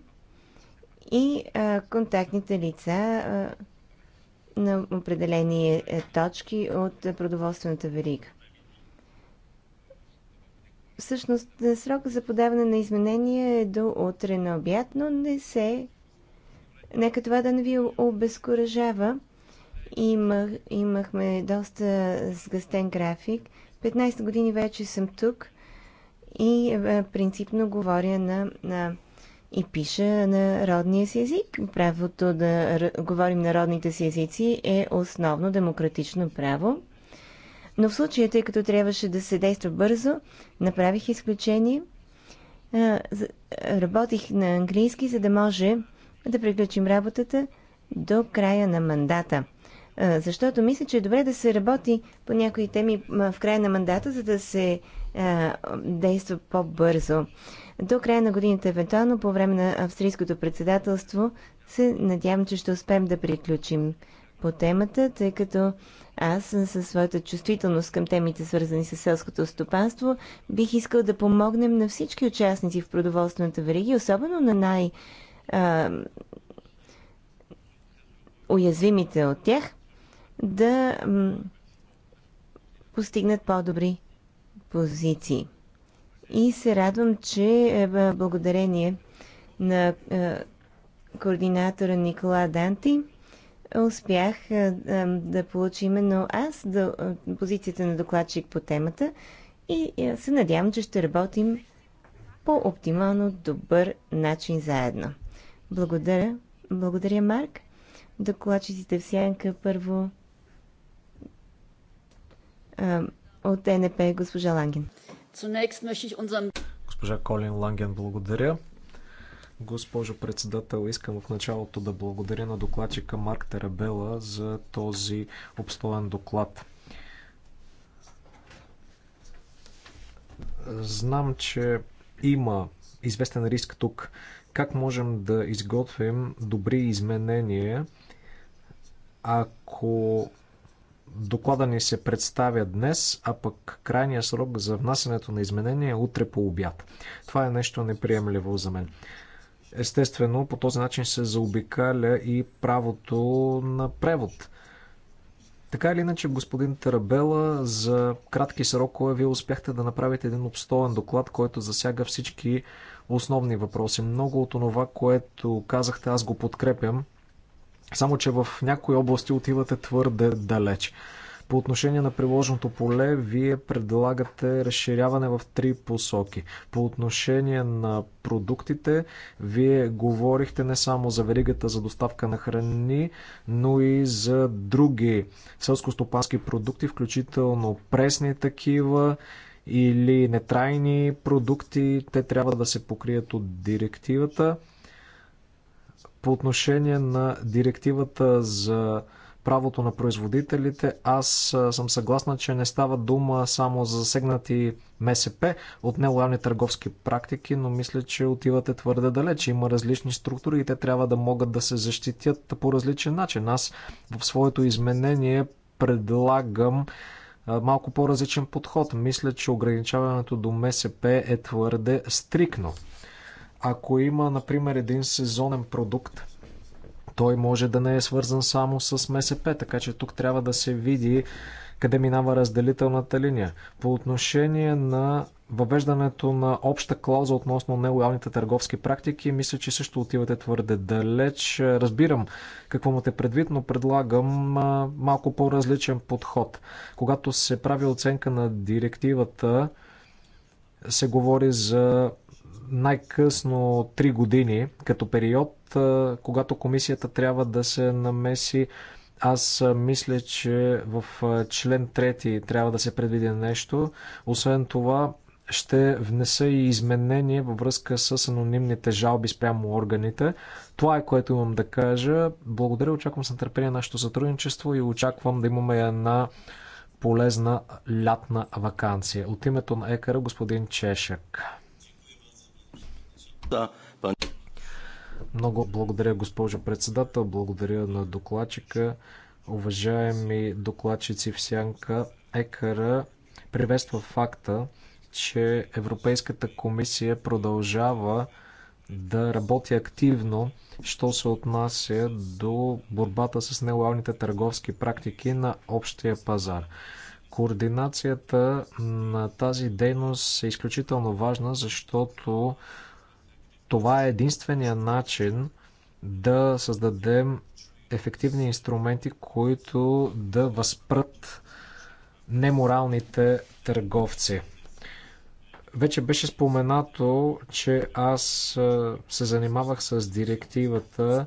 и контактните лица на определени е, точки от продоволствената верига. Всъщност, е, срока за подаване на изменения е до утре на обяд, но не се... Нека това да не ви обезкуражава. Имах, имахме доста сгъстен график. 15 години вече съм тук и е, е, принципно говоря на, на и пиша на родния си език. Правото да говорим на родните си езици е основно демократично право. Но в случая, тъй като трябваше да се действа бързо, направих изключение. Е, работих на английски, за да може да приключим работата до края на мандата. Защото мисля, че е добре да се работи по някои теми в края на мандата, за да се действа по-бързо. До края на годината, евентуално по време на австрийското председателство, се надявам, че ще успеем да приключим по темата, тъй като аз със своята чувствителност към темите, свързани с селското стопанство, бих искал да помогнем на всички участници в продоволствената вериги, особено на най- а, уязвимите от тях, да постигнат по-добри позиции. И се радвам, че е, благодарение на е, координатора Никола Данти успях е, да получа именно аз да, позицията на докладчик по темата и се надявам, че ще работим по оптимално добър начин заедно. Благодаря. Благодаря, Марк. Докладчиците в сянка първо е, от НП госпожа Ланген. Госпожа Колин Ланген, благодаря. Госпожо председател, искам в началото да благодаря на докладчика Марк Терабела за този обстоен доклад. Знам, че има известен риск тук. Как можем да изготвим добри изменения, ако Доклада ни се представя днес, а пък крайният срок за внасянето на изменения е утре по обяд. Това е нещо неприемливо за мен. Естествено, по този начин се заобикаля и правото на превод. Така или иначе, господин Тарабела, за кратки срокове вие успяхте да направите един обстоен доклад, който засяга всички основни въпроси. Много от това, което казахте, аз го подкрепям. Само, че в някои области отивате твърде далеч. По отношение на приложното поле, вие предлагате разширяване в три посоки. По отношение на продуктите, вие говорихте не само за веригата за доставка на храни, но и за други селскостопански продукти, включително пресни такива или нетрайни продукти. Те трябва да се покрият от директивата. По отношение на директивата за правото на производителите, аз съм съгласна, че не става дума само за засегнати МСП от нелоялни търговски практики, но мисля, че отивате твърде далеч. Има различни структури и те трябва да могат да се защитят по различен начин. Аз в своето изменение предлагам малко по-различен подход. Мисля, че ограничаването до МСП е твърде стрикно. Ако има, например, един сезонен продукт, той може да не е свързан само с МСП, така че тук трябва да се види къде минава разделителната линия. По отношение на въвеждането на обща клауза относно нелоялните търговски практики, мисля, че също отивате твърде далеч. Разбирам какво му те предвид, но предлагам малко по-различен подход. Когато се прави оценка на директивата, се говори за най-късно 3 години като период, когато комисията трябва да се намеси. Аз мисля, че в член 3 трябва да се предвиди нещо. Освен това, ще внеса и изменение във връзка с анонимните жалби спрямо органите. Това е което имам да кажа. Благодаря, очаквам с нетърпение нашето сътрудничество и очаквам да имаме една полезна лятна вакансия. От името на ЕКАРА господин Чешек. Много благодаря, госпожо председател. Благодаря на докладчика. Уважаеми докладчици в Сянка, Екара приветства факта, че Европейската комисия продължава да работи активно, що се отнася до борбата с нелоялните търговски практики на общия пазар. Координацията на тази дейност е изключително важна, защото това е единствения начин да създадем ефективни инструменти, които да възпрат неморалните търговци. Вече беше споменато, че аз се занимавах с директивата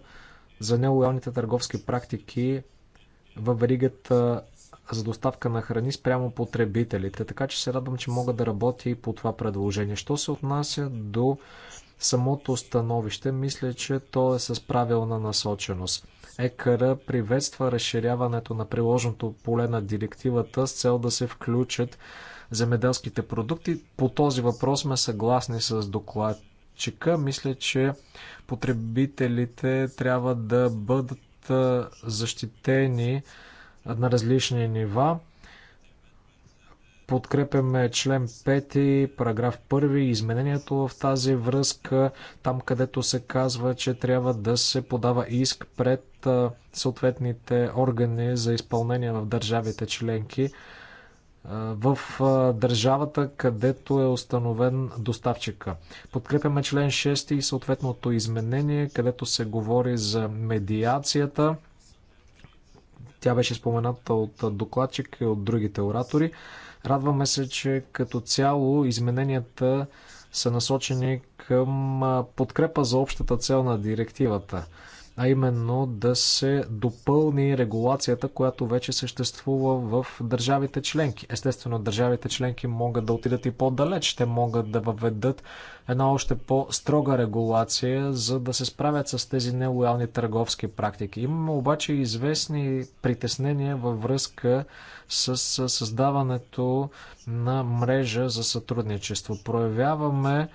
за нелоялните търговски практики във веригата за доставка на храни спрямо потребителите. Така че се радвам, че мога да работя и по това предложение. Що се отнася до самото становище, мисля, че то е с правилна насоченост. ЕКР приветства разширяването на приложното поле на директивата с цел да се включат земеделските продукти. По този въпрос сме съгласни с докладчика. Мисля, че потребителите трябва да бъдат защитени на различни нива подкрепяме член 5, параграф 1, изменението в тази връзка, там където се казва, че трябва да се подава иск пред съответните органи за изпълнение в държавите членки в държавата, където е установен доставчика. Подкрепяме член 6 и съответното изменение, където се говори за медиацията. Тя беше спомената от докладчик и от другите оратори. Радваме се, че като цяло измененията са насочени към подкрепа за общата цел на директивата а именно да се допълни регулацията, която вече съществува в държавите членки. Естествено, държавите членки могат да отидат и по-далеч. Те могат да въведат една още по-строга регулация, за да се справят с тези нелоялни търговски практики. Имаме обаче известни притеснения във връзка с създаването на мрежа за сътрудничество. Проявяваме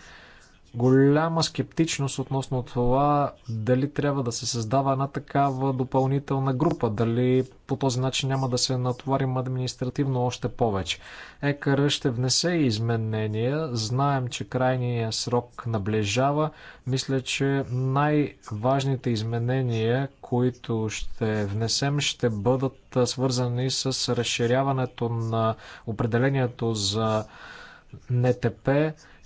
голяма скептичност относно това дали трябва да се създава една такава допълнителна група, дали по този начин няма да се натоварим административно още повече. ЕКР ще внесе изменения, знаем, че крайният срок наближава. Мисля, че най-важните изменения, които ще внесем, ще бъдат свързани с разширяването на определението за НТП,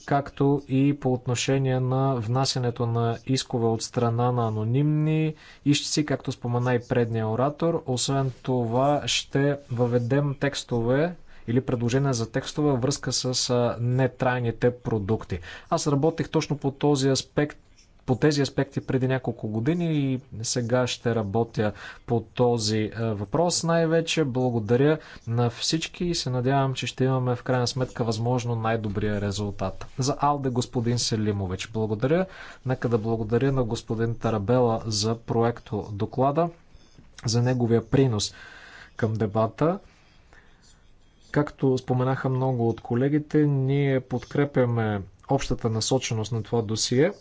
както и по отношение на внасянето на искове от страна на анонимни ищци, както спомена и предния оратор. Освен това ще въведем текстове или предложения за текстове във връзка с нетрайните продукти. Аз работех точно по този аспект по тези аспекти преди няколко години и сега ще работя по този е, въпрос. Най-вече благодаря на всички и се надявам, че ще имаме в крайна сметка възможно най-добрия резултат. За Алде господин Селимович благодаря. Нека да благодаря на господин Тарабела за проекто доклада, за неговия принос към дебата. Както споменаха много от колегите, ние подкрепяме общата насоченост на това досие.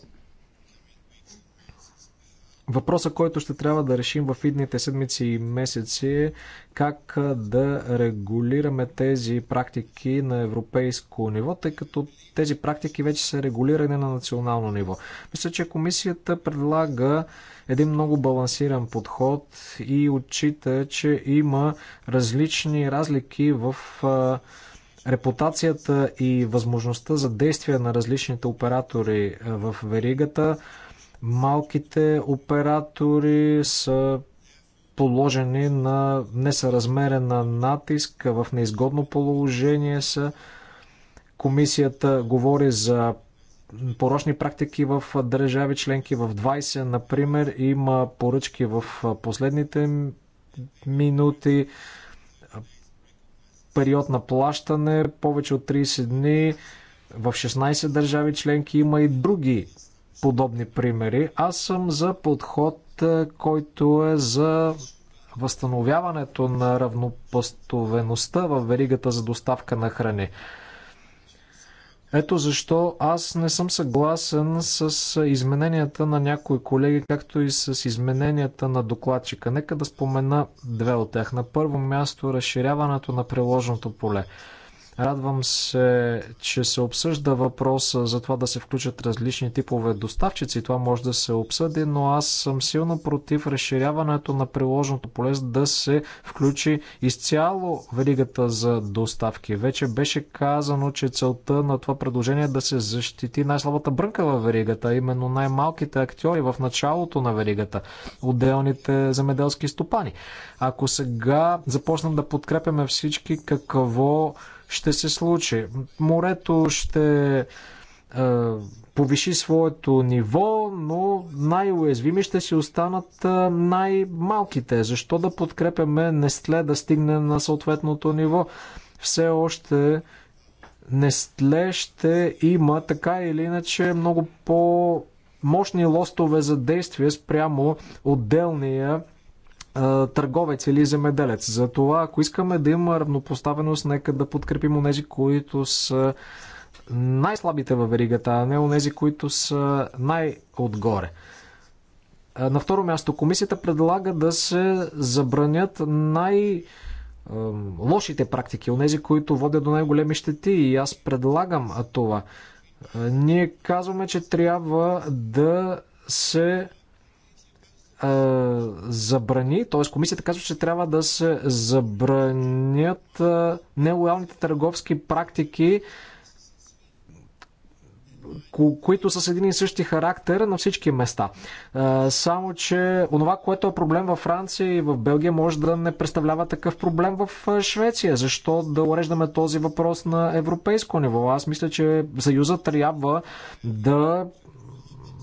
Въпросът, който ще трябва да решим в идните седмици и месеци е как да регулираме тези практики на европейско ниво, тъй като тези практики вече са регулирани на национално ниво. Мисля, че комисията предлага един много балансиран подход и отчита, че има различни разлики в репутацията и възможността за действие на различните оператори в веригата малките оператори са подложени на несъразмерен натиск, в неизгодно положение са. Комисията говори за порочни практики в държави членки. В 20, например, има поръчки в последните минути, период на плащане повече от 30 дни. В 16 държави членки има и други подобни примери. Аз съм за подход, е, който е за възстановяването на равнопоставеността в веригата за доставка на храни. Ето защо аз не съм съгласен с измененията на някои колеги, както и с измененията на докладчика. Нека да спомена две от тях. На първо място разширяването на приложното поле. Радвам се, че се обсъжда въпроса за това да се включат различни типове доставчици. Това може да се обсъди, но аз съм силно против разширяването на приложното поле да се включи изцяло веригата за доставки. Вече беше казано, че целта на това предложение е да се защити най-слабата брънка във веригата, именно най-малките актьори в началото на веригата, отделните земеделски стопани. Ако сега започнем да подкрепяме всички, какво ще се случи. Морето ще е, повиши своето ниво, но най-уязвими ще си останат е, най-малките. Защо да подкрепяме Нестле да стигне на съответното ниво? Все още Нестле ще има така или иначе много по мощни лостове за действие спрямо отделния е, търговец или земеделец. Затова, ако искаме да има равнопоставеност, нека да подкрепим онези, които са най-слабите във веригата, а не онези, които са най-отгоре. Е, на второ място, комисията предлага да се забранят най- е, лошите практики, онези, които водят до най-големи щети и аз предлагам това. Ние казваме, че трябва да се забрани, т.е. комисията казва, че трябва да се забранят нелоялните търговски практики, които са с един и същи характер на всички места. Само, че онова, което е проблем във Франция и в Белгия, може да не представлява такъв проблем в Швеция. Защо да уреждаме този въпрос на европейско ниво? Аз мисля, че Съюза трябва да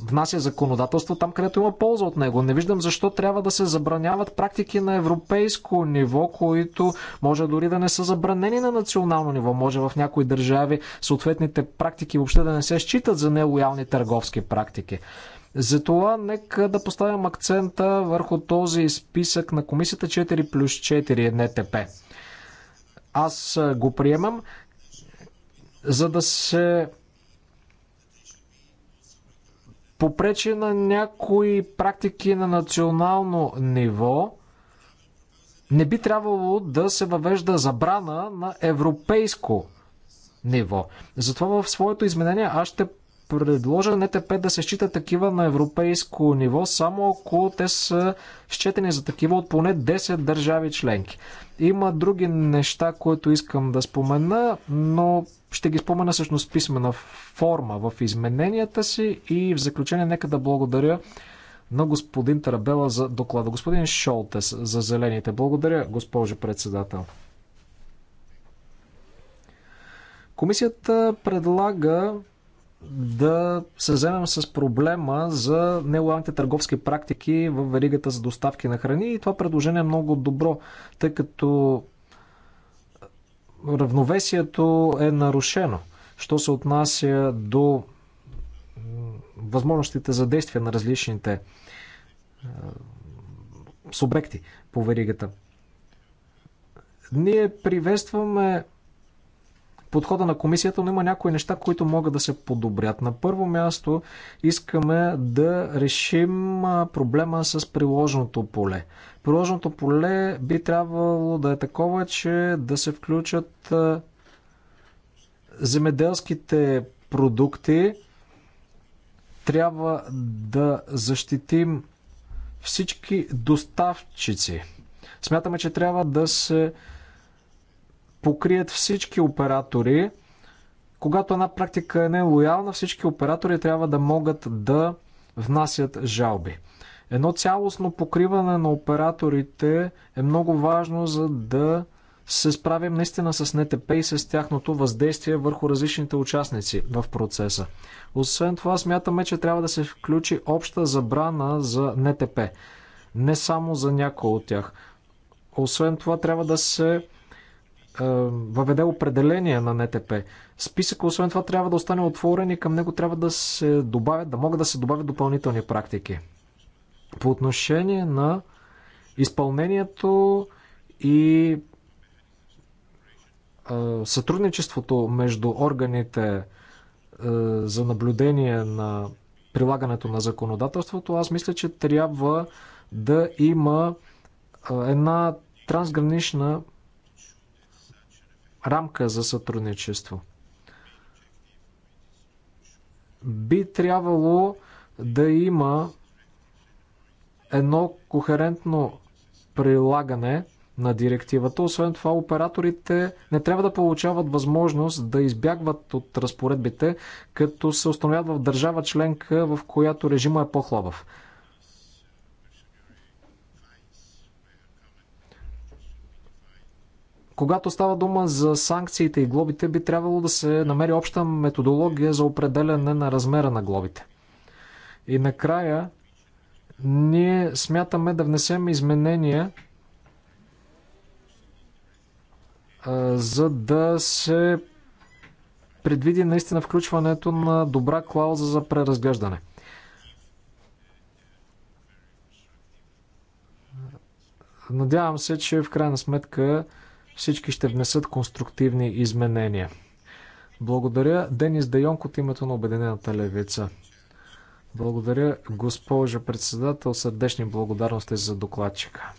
внася законодателство там, където има полза от него. Не виждам защо трябва да се забраняват практики на европейско ниво, които може дори да не са забранени на национално ниво. Може в някои държави съответните практики въобще да не се считат за нелоялни търговски практики. Затова нека да поставим акцента върху този списък на комисията 4 плюс 4 НТП. Аз го приемам, за да се попречи на някои практики на национално ниво, не би трябвало да се въвежда забрана на европейско ниво. Затова в своето изменение аз ще предложа НТП да се счита такива на европейско ниво, само ако те са счетени за такива от поне 10 държави членки. Има други неща, които искам да спомена, но ще ги спомена всъщност писмена форма в измененията си и в заключение нека да благодаря на господин Тарабела за доклада. Господин Шолтес за зелените. Благодаря, госпожо председател. Комисията предлага да се вземем с проблема за нелоялните търговски практики в веригата за доставки на храни и това предложение е много добро, тъй като равновесието е нарушено, що се отнася до възможностите за действие на различните субекти по веригата. Ние приветстваме подхода на комисията, но има някои неща, които могат да се подобрят. На първо място искаме да решим проблема с приложното поле. Приложеното поле би трябвало да е такова, че да се включат земеделските продукти. Трябва да защитим всички доставчици. Смятаме, че трябва да се покрият всички оператори. Когато една практика е нелоялна, всички оператори трябва да могат да внасят жалби. Едно цялостно покриване на операторите е много важно, за да се справим наистина с НТП и с тяхното въздействие върху различните участници в процеса. Освен това, смятаме, че трябва да се включи обща забрана за НТП, не само за някои от тях. Освен това, трябва да се е, въведе определение на НТП. Списъка, освен това, трябва да остане отворен и към него трябва да се добавят, да могат да се добавят допълнителни практики. По отношение на изпълнението и е, сътрудничеството между органите е, за наблюдение на прилагането на законодателството, аз мисля, че трябва да има една трансгранична рамка за сътрудничество. Би трябвало да има едно кохерентно прилагане на директивата. Освен това, операторите не трябва да получават възможност да избягват от разпоредбите, като се установят в държава членка, в която режима е по-хлабав. Когато става дума за санкциите и глобите, би трябвало да се намери обща методология за определяне на размера на глобите. И накрая, ние смятаме да внесем изменения, за да се предвиди наистина включването на добра клауза за преразглеждане. Надявам се, че в крайна сметка всички ще внесат конструктивни изменения. Благодаря Денис Дайонк от името на Обединената левица. Благодаря, госпожа председател. Сърдечни благодарности за докладчика.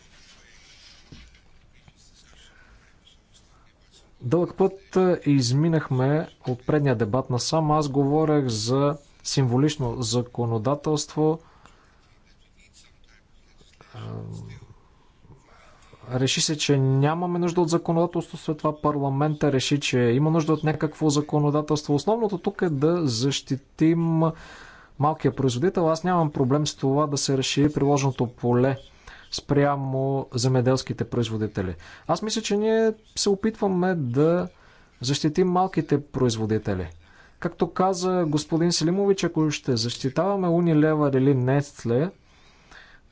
Дълъг път изминахме от предния дебат на сам. Аз говорех за символично законодателство. Реши се, че нямаме нужда от законодателство, след това парламента реши, че има нужда от някакво законодателство. Основното тук е да защитим малкия производител. Аз нямам проблем с това да се реши приложеното поле спрямо земеделските производители. Аз мисля, че ние се опитваме да защитим малките производители. Както каза господин Селимович, ако ще защитаваме Unilever или Nestle,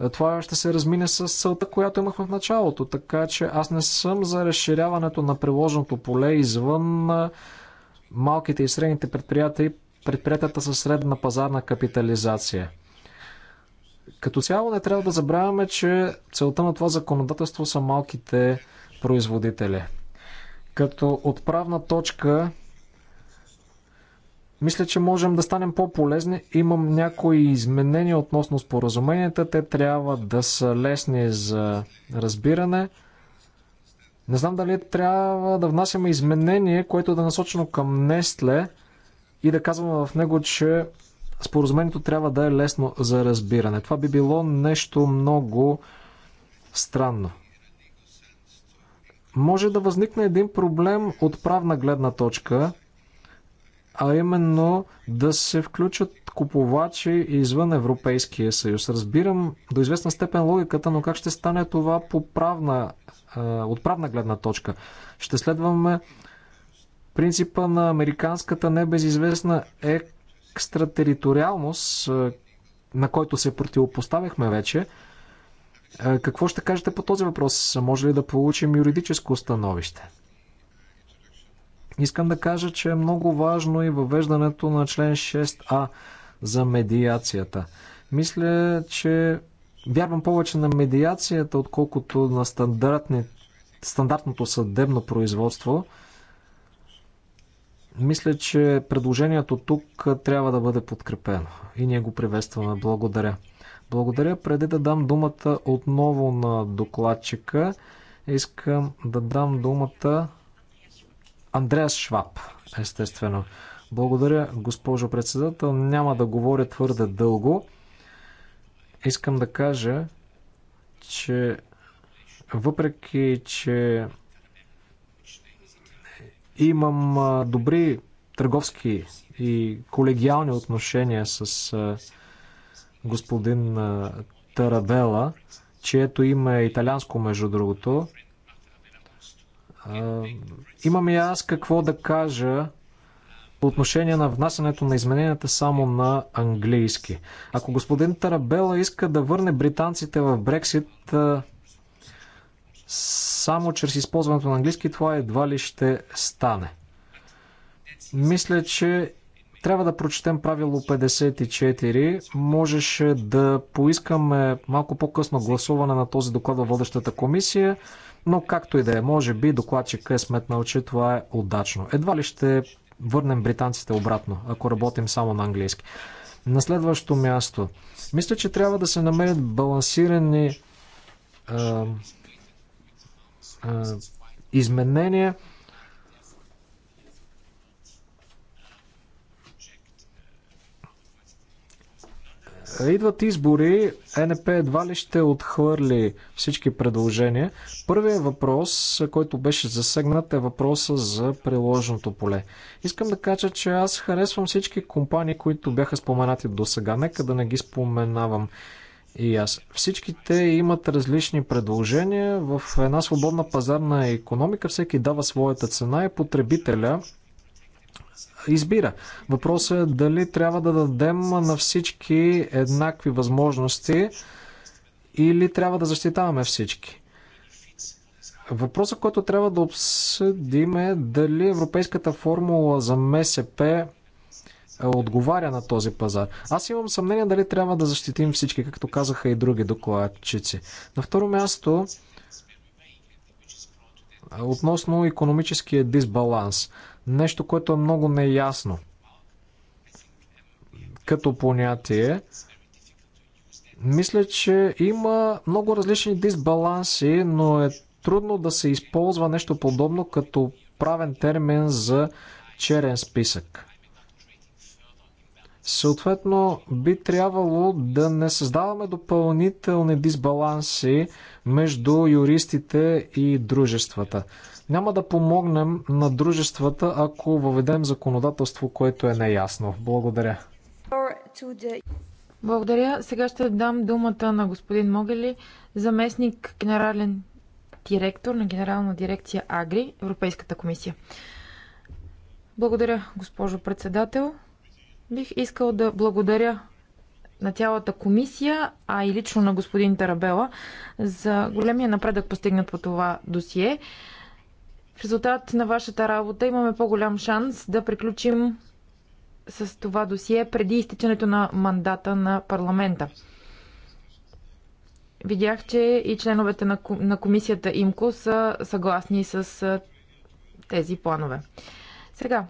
е, това ще се размине с целта, която имах в началото. Така че аз не съм за разширяването на приложеното поле извън е, малките и средните предприятия и предприятията със средна пазарна капитализация. Като цяло не трябва да забравяме, че целта на това законодателство са малките производители. Като отправна точка мисля, че можем да станем по-полезни. Имам някои изменения относно споразуменията. Те трябва да са лесни за разбиране. Не знам дали трябва да внасяме изменение, което да е насочено към Нестле и да казваме в него, че споразумението трябва да е лесно за разбиране. Това би било нещо много странно. Може да възникне един проблем от правна гледна точка – а именно да се включат купувачи извън Европейския съюз. Разбирам до известна степен логиката, но как ще стане това по правна, от правна гледна точка? Ще следваме принципа на американската небезизвестна екстратериториалност, на който се противопоставяхме вече. Какво ще кажете по този въпрос? Може ли да получим юридическо становище? Искам да кажа, че е много важно и въвеждането на член 6а за медиацията. Мисля, че вярвам повече на медиацията, отколкото на стандартното съдебно производство. Мисля, че предложението тук трябва да бъде подкрепено и ние го приветстваме. Благодаря. Благодаря. Преди да дам думата отново на докладчика, искам да дам думата Андреас Шваб, естествено. Благодаря, госпожо председател. Няма да говоря твърде дълго. Искам да кажа, че въпреки, че имам добри търговски и колегиални отношения с господин Тарабела, чието име е италианско, между другото, Имам и аз какво да кажа по отношение на внасянето на измененията само на английски. Ако господин Тарабела иска да върне британците в Брексит само чрез използването на английски, това едва ли ще стане. Мисля, че трябва да прочетем правило 54. Можеше да поискаме малко по-късно гласуване на този доклад във водещата комисия. Но както и да е, може би докладчика е сметнал, че това е удачно. Едва ли ще върнем британците обратно, ако работим само на английски. На следващо място, мисля, че трябва да се намерят балансирани а, а, изменения идват избори, НП едва ли ще отхвърли всички предложения. Първият въпрос, който беше засегнат, е въпроса за приложното поле. Искам да кажа, че аз харесвам всички компании, които бяха споменати до сега. Нека да не ги споменавам и аз. Всичките имат различни предложения. В една свободна пазарна економика всеки дава своята цена и потребителя избира. Въпросът е дали трябва да дадем на всички еднакви възможности или трябва да защитаваме всички. Въпросът, който трябва да обсъдим е дали европейската формула за МСП е, отговаря на този пазар. Аз имам съмнение дали трябва да защитим всички, както казаха и други докладчици. На второ място, е, относно економическия дисбаланс нещо, което е много неясно като понятие. Мисля, че има много различни дисбаланси, но е трудно да се използва нещо подобно като правен термин за черен списък. Съответно, би трябвало да не създаваме допълнителни дисбаланси между юристите и дружествата. Няма да помогнем на дружествата, ако въведем законодателство, което е неясно. Благодаря. Благодаря. Сега ще дам думата на господин Могели, заместник генерален директор на Генерална дирекция Агри, Европейската комисия. Благодаря, госпожо председател. Бих искал да благодаря на цялата комисия, а и лично на господин Тарабела за големия напредък постигнат по това досие. В резултат на вашата работа имаме по-голям шанс да приключим с това досие преди изтичането на мандата на парламента. Видях, че и членовете на, комисията ИМКО са съгласни с тези планове. Сега,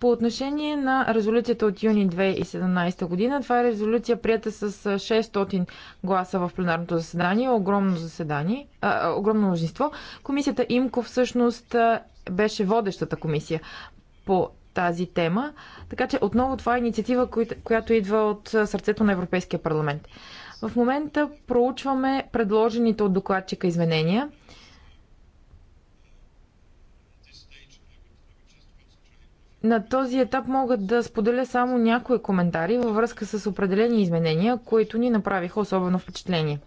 по отношение на резолюцията от юни 2017 година, това е резолюция прията с 600 гласа в пленарното заседание, огромно заседание, а, огромно множество. Комисията ИМКО всъщност беше водещата комисия по тази тема. Така че отново това е инициатива, която идва от сърцето на Европейския парламент. В момента проучваме предложените от докладчика изменения – На този етап мога да споделя само някои коментари във връзка с определени изменения, които ни направиха особено впечатление.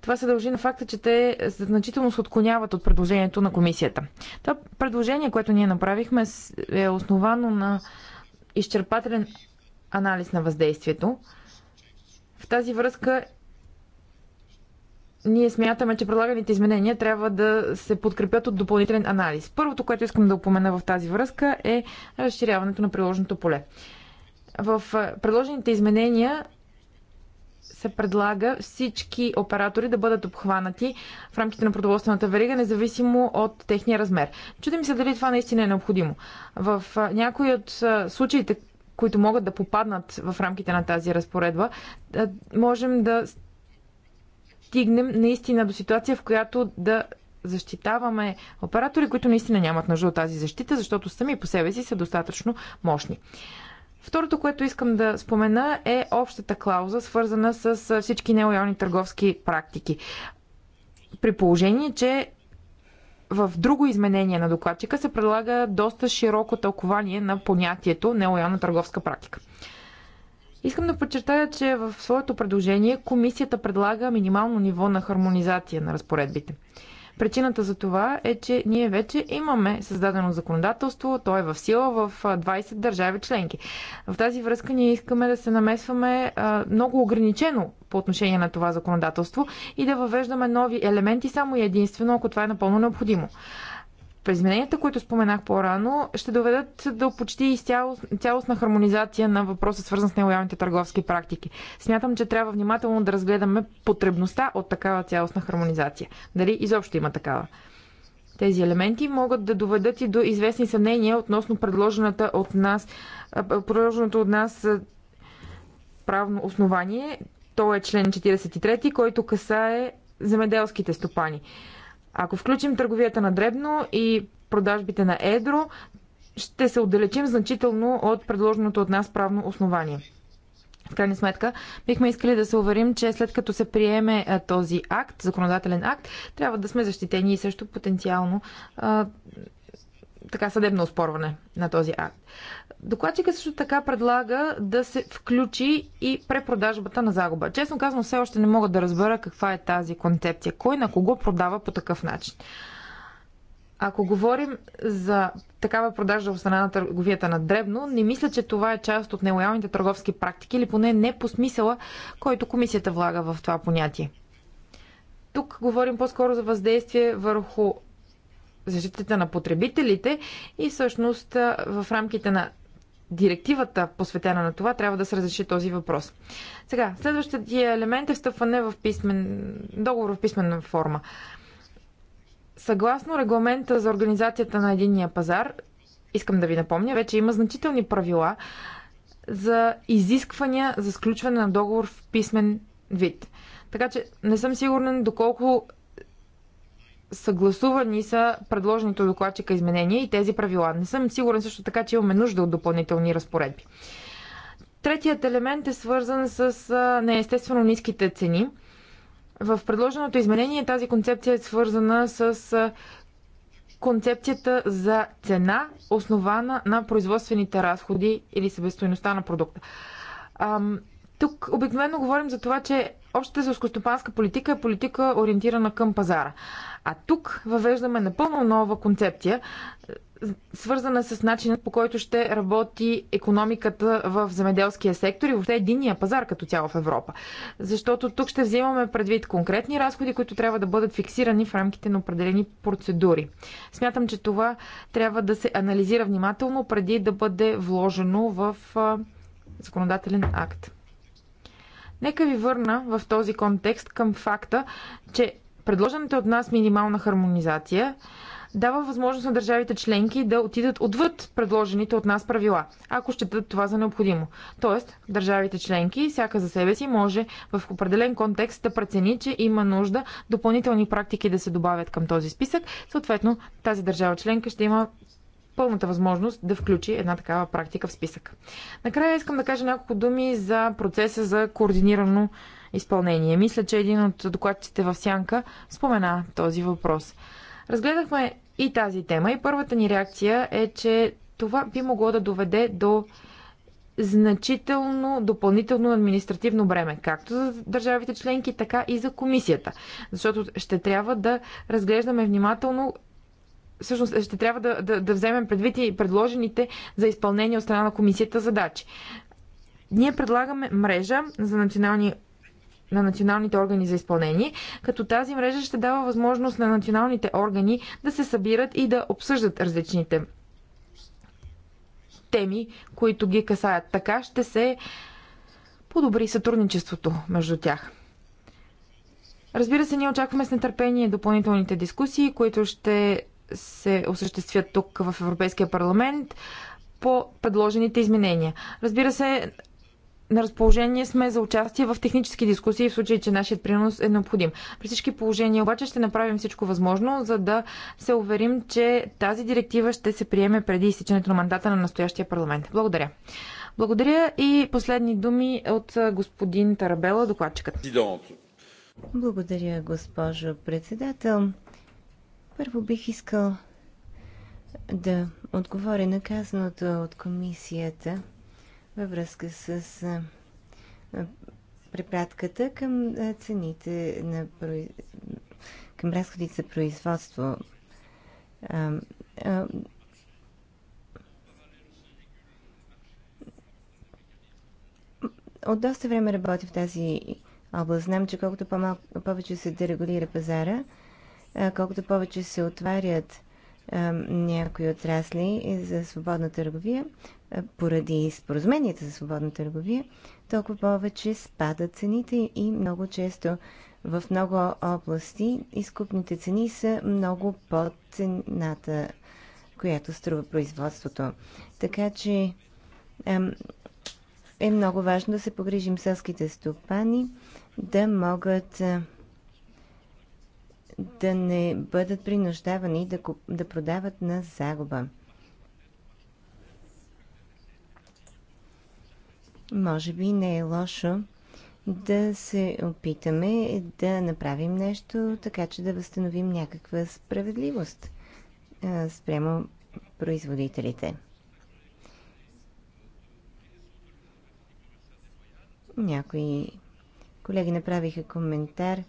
Това се дължи на факта, че те значително се отклоняват от предложението на комисията. Това предложение, което ние направихме, е основано на изчерпателен анализ на въздействието. В тази връзка ние смятаме, че предлаганите изменения трябва да се подкрепят от допълнителен анализ. Първото, което искам да упомена в тази връзка е разширяването на приложното поле. В предложените изменения се предлага всички оператори да бъдат обхванати в рамките на продоволствената верига, независимо от техния размер. Чудим се дали това наистина е необходимо. В някои от случаите, които могат да попаднат в рамките на тази разпоредба, можем да стигнем наистина до ситуация, в която да защитаваме оператори, които наистина нямат нужда от тази защита, защото сами по себе си са достатъчно мощни. Второто, което искам да спомена е общата клауза, свързана с всички нелоялни търговски практики. При положение, че в друго изменение на докладчика се предлага доста широко тълкование на понятието нелоялна търговска практика. Искам да подчертая, че в своето предложение комисията предлага минимално ниво на хармонизация на разпоредбите. Причината за това е, че ние вече имаме създадено законодателство, то е в сила в 20 държави членки. В тази връзка ние искаме да се намесваме много ограничено по отношение на това законодателство и да въвеждаме нови елементи само и единствено, ако това е напълно необходимо измененията, които споменах по-рано, ще доведат до почти цялостна хармонизация на въпроса, свързан с нелоялните търговски практики. Смятам, че трябва внимателно да разгледаме потребността от такава цялостна хармонизация. Дали изобщо има такава. Тези елементи могат да доведат и до известни съмнения относно предложената от нас, предложеното от нас правно основание. То е член 43, който касае земеделските стопани. Ако включим търговията на дребно и продажбите на едро, ще се отдалечим значително от предложеното от нас правно основание. В крайна сметка, бихме искали да се уверим, че след като се приеме този акт, законодателен акт, трябва да сме защитени и също потенциално а, така съдебно оспорване на този акт. Докладчика също така предлага да се включи и препродажбата на загуба. Честно казвам, все още не мога да разбера каква е тази концепция. Кой на кого продава по такъв начин? Ако говорим за такава продажа в страна на търговията на дребно, не мисля, че това е част от нелоялните търговски практики или поне не по смисъла, който комисията влага в това понятие. Тук говорим по-скоро за въздействие върху защитата на потребителите и всъщност в рамките на директивата, посветена на това, трябва да се разреши този въпрос. Сега, следващия елемент е встъпване в писмен, договор в писменна форма. Съгласно регламента за организацията на единния пазар, искам да ви напомня, вече има значителни правила за изисквания за сключване на договор в писмен вид. Така че не съм сигурен доколко съгласувани са предложените докладчика изменения и тези правила. Не съм сигурен също така, че имаме нужда от допълнителни разпоредби. Третият елемент е свързан с неестествено ниските цени. В предложеното изменение тази концепция е свързана с концепцията за цена, основана на производствените разходи или себестоеността на продукта. Тук обикновено говорим за това, че Общата селскостопанска политика е политика ориентирана към пазара. А тук въвеждаме напълно нова концепция, свързана с начинът по който ще работи економиката в земеделския сектор и въобще единния пазар като цяло в Европа. Защото тук ще взимаме предвид конкретни разходи, които трябва да бъдат фиксирани в рамките на определени процедури. Смятам, че това трябва да се анализира внимателно преди да бъде вложено в законодателен акт. Нека ви върна в този контекст към факта, че предложената от нас минимална хармонизация дава възможност на държавите членки да отидат отвъд предложените от нас правила, ако ще дадат това за необходимо. Тоест, държавите членки, всяка за себе си, може в определен контекст да прецени, че има нужда допълнителни практики да се добавят към този списък. Съответно, тази държава членка ще има пълната възможност да включи една такава практика в списък. Накрая искам да кажа няколко думи за процеса за координирано изпълнение. Мисля, че един от докладчите в Сянка спомена този въпрос. Разгледахме и тази тема и първата ни реакция е, че това би могло да доведе до значително допълнително административно бреме, както за държавите членки, така и за комисията. Защото ще трябва да разглеждаме внимателно всъщност ще трябва да, да, да вземем предвид и предложените за изпълнение от страна на комисията задачи. Ние предлагаме мрежа за национални на националните органи за изпълнение, като тази мрежа ще дава възможност на националните органи да се събират и да обсъждат различните теми, които ги касаят. Така ще се подобри сътрудничеството между тях. Разбира се, ние очакваме с нетърпение допълнителните дискусии, които ще се осъществят тук в Европейския парламент по предложените изменения. Разбира се, на разположение сме за участие в технически дискусии в случай, че нашият принос е необходим. При всички положения обаче ще направим всичко възможно, за да се уверим, че тази директива ще се приеме преди изтичането на мандата на настоящия парламент. Благодаря. Благодаря и последни думи от господин Тарабела, докладчикът. Благодаря, госпожо председател. Първо бих искал да отговоря на казаното от комисията във връзка с препратката към цените на към разходите за производство. А, а, от доста време работя в тази област. Знам, че колкото повече се дерегулира пазара, колкото повече се отварят някои отрасли за свободна търговия, поради споразуменията за свободна търговия, толкова повече спадат цените и много често в много области изкупните цени са много под цената, която струва производството. Така че е много важно да се погрижим селските стопани да могат да не бъдат принуждавани да, куп... да продават на загуба. Може би не е лошо да се опитаме да направим нещо, така че да възстановим някаква справедливост а, спрямо производителите. Някои колеги направиха коментар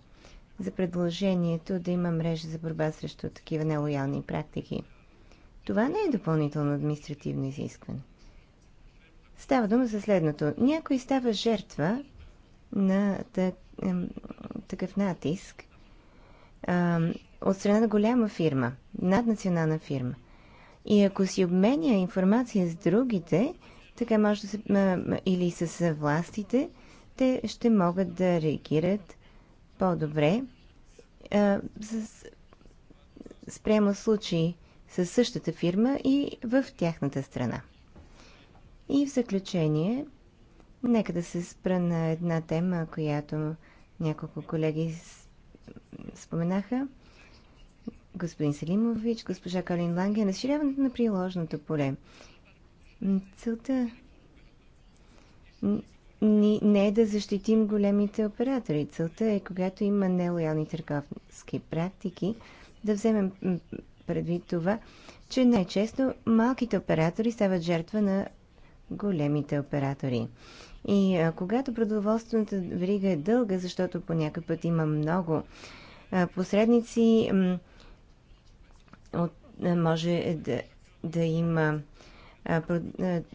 за предложението да има мрежа за борба срещу такива нелоялни практики. Това не е допълнително административно изискване. Става дума за следното. Някой става жертва на такъв натиск от страна на голяма фирма, наднационална фирма. И ако си обменя информация с другите, така може да се, или с властите, те ще могат да реагират по-добре спрямо случаи със същата фирма и в тяхната страна. И в заключение, нека да се спра на една тема, която няколко колеги споменаха. Господин Селимович, госпожа Калин Ланге, е разширяването на приложното поле. Целта ни не е да защитим големите оператори. Целта е, когато има нелоялни търговски практики, да вземем предвид това, че най-често малките оператори стават жертва на големите оператори. И а, когато продоволствената верига е дълга, защото по някакъв път има много а, посредници, от, а, може да, да има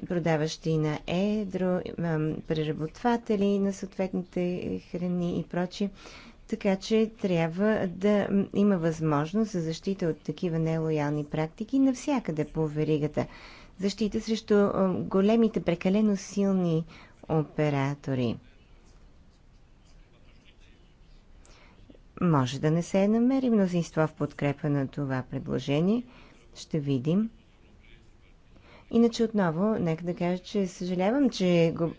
продаващи на едро, преработватели на съответните храни и прочи. Така че трябва да има възможност за защита от такива нелоялни практики навсякъде по веригата. Защита срещу големите, прекалено силни оператори. Може да не се намери мнозинство в подкрепа на това предложение. Ще видим. Иначе отново, нека да кажа, че съжалявам, че го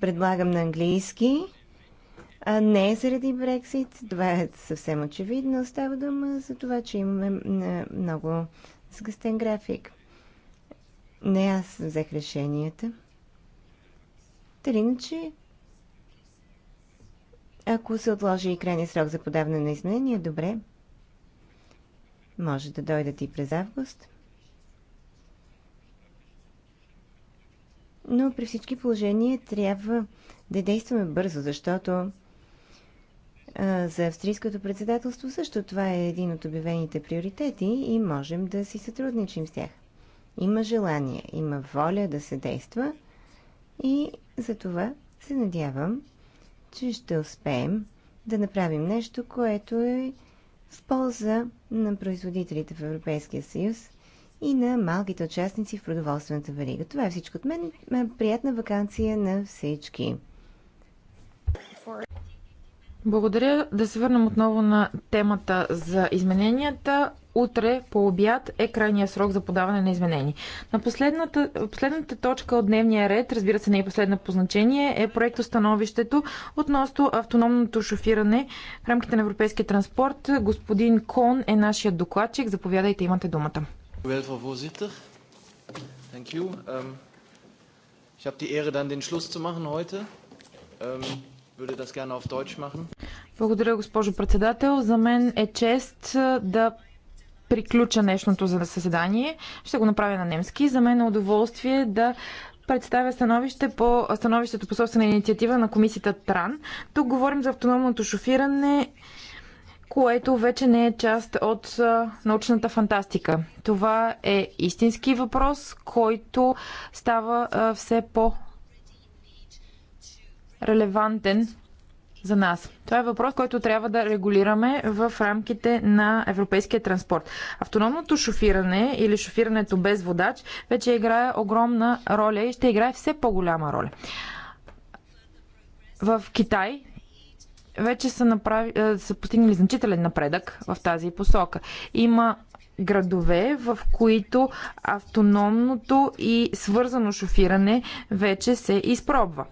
предлагам на английски. А не заради Брексит, това е съвсем очевидно. Става дума за това, че имаме е, много сгъстен график. Не аз взех решенията. Та иначе, ако се отложи и крайния срок за подаване на изменения, добре. Може да дойдат и през август. но при всички положения трябва да действаме бързо, защото за австрийското председателство също това е един от обявените приоритети и можем да си сътрудничим с тях. Има желание, има воля да се действа и за това се надявам, че ще успеем да направим нещо, което е в полза на производителите в Европейския съюз и на малките участници в продоволствената верига. Това е всичко от мен. Приятна вакансия на всички! Благодаря. Да се върнем отново на темата за измененията. Утре по обяд е крайния срок за подаване на изменения. На последната, последната точка от дневния ред, разбира се не е последна по значение, е проекто становището относно автономното шофиране в рамките на европейския транспорт. Господин Кон е нашия докладчик. Заповядайте, имате думата. Well, Frau Vorsitter. Thank you. Ähm, ich habe die Ehre, dann den Schluss zu machen heute. Ähm, würde das gerne auf Deutsch machen. Благодаря, госпожо председател. За мен е чест да приключа днешното заседание. Ще го направя на немски. За мен е удоволствие да представя становище по становището по собствена инициатива на комисията ТРАН. Тук говорим за автономното шофиране което вече не е част от научната фантастика. Това е истински въпрос, който става все по- релевантен за нас. Това е въпрос, който трябва да регулираме в рамките на европейския транспорт. Автономното шофиране или шофирането без водач вече играе огромна роля и ще играе все по-голяма роля. В Китай вече са, направи, е, са постигнали значителен напредък в тази посока. Има градове, в които автономното и свързано шофиране вече се изпробва.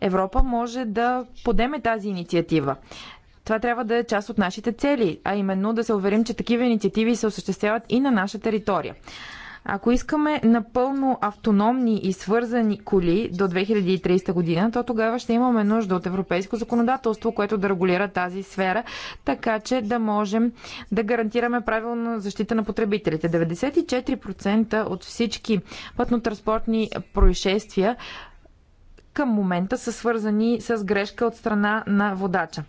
Европа може да подеме тази инициатива. Това трябва да е част от нашите цели, а именно да се уверим, че такива инициативи се осъществяват и на наша територия. Ако искаме напълно автономни и свързани коли до 2030 година, то тогава ще имаме нужда от европейско законодателство, което да регулира тази сфера, така че да можем да гарантираме правилна защита на потребителите. 94% от всички пътно-транспортни происшествия към момента са свързани с грешка от страна на водача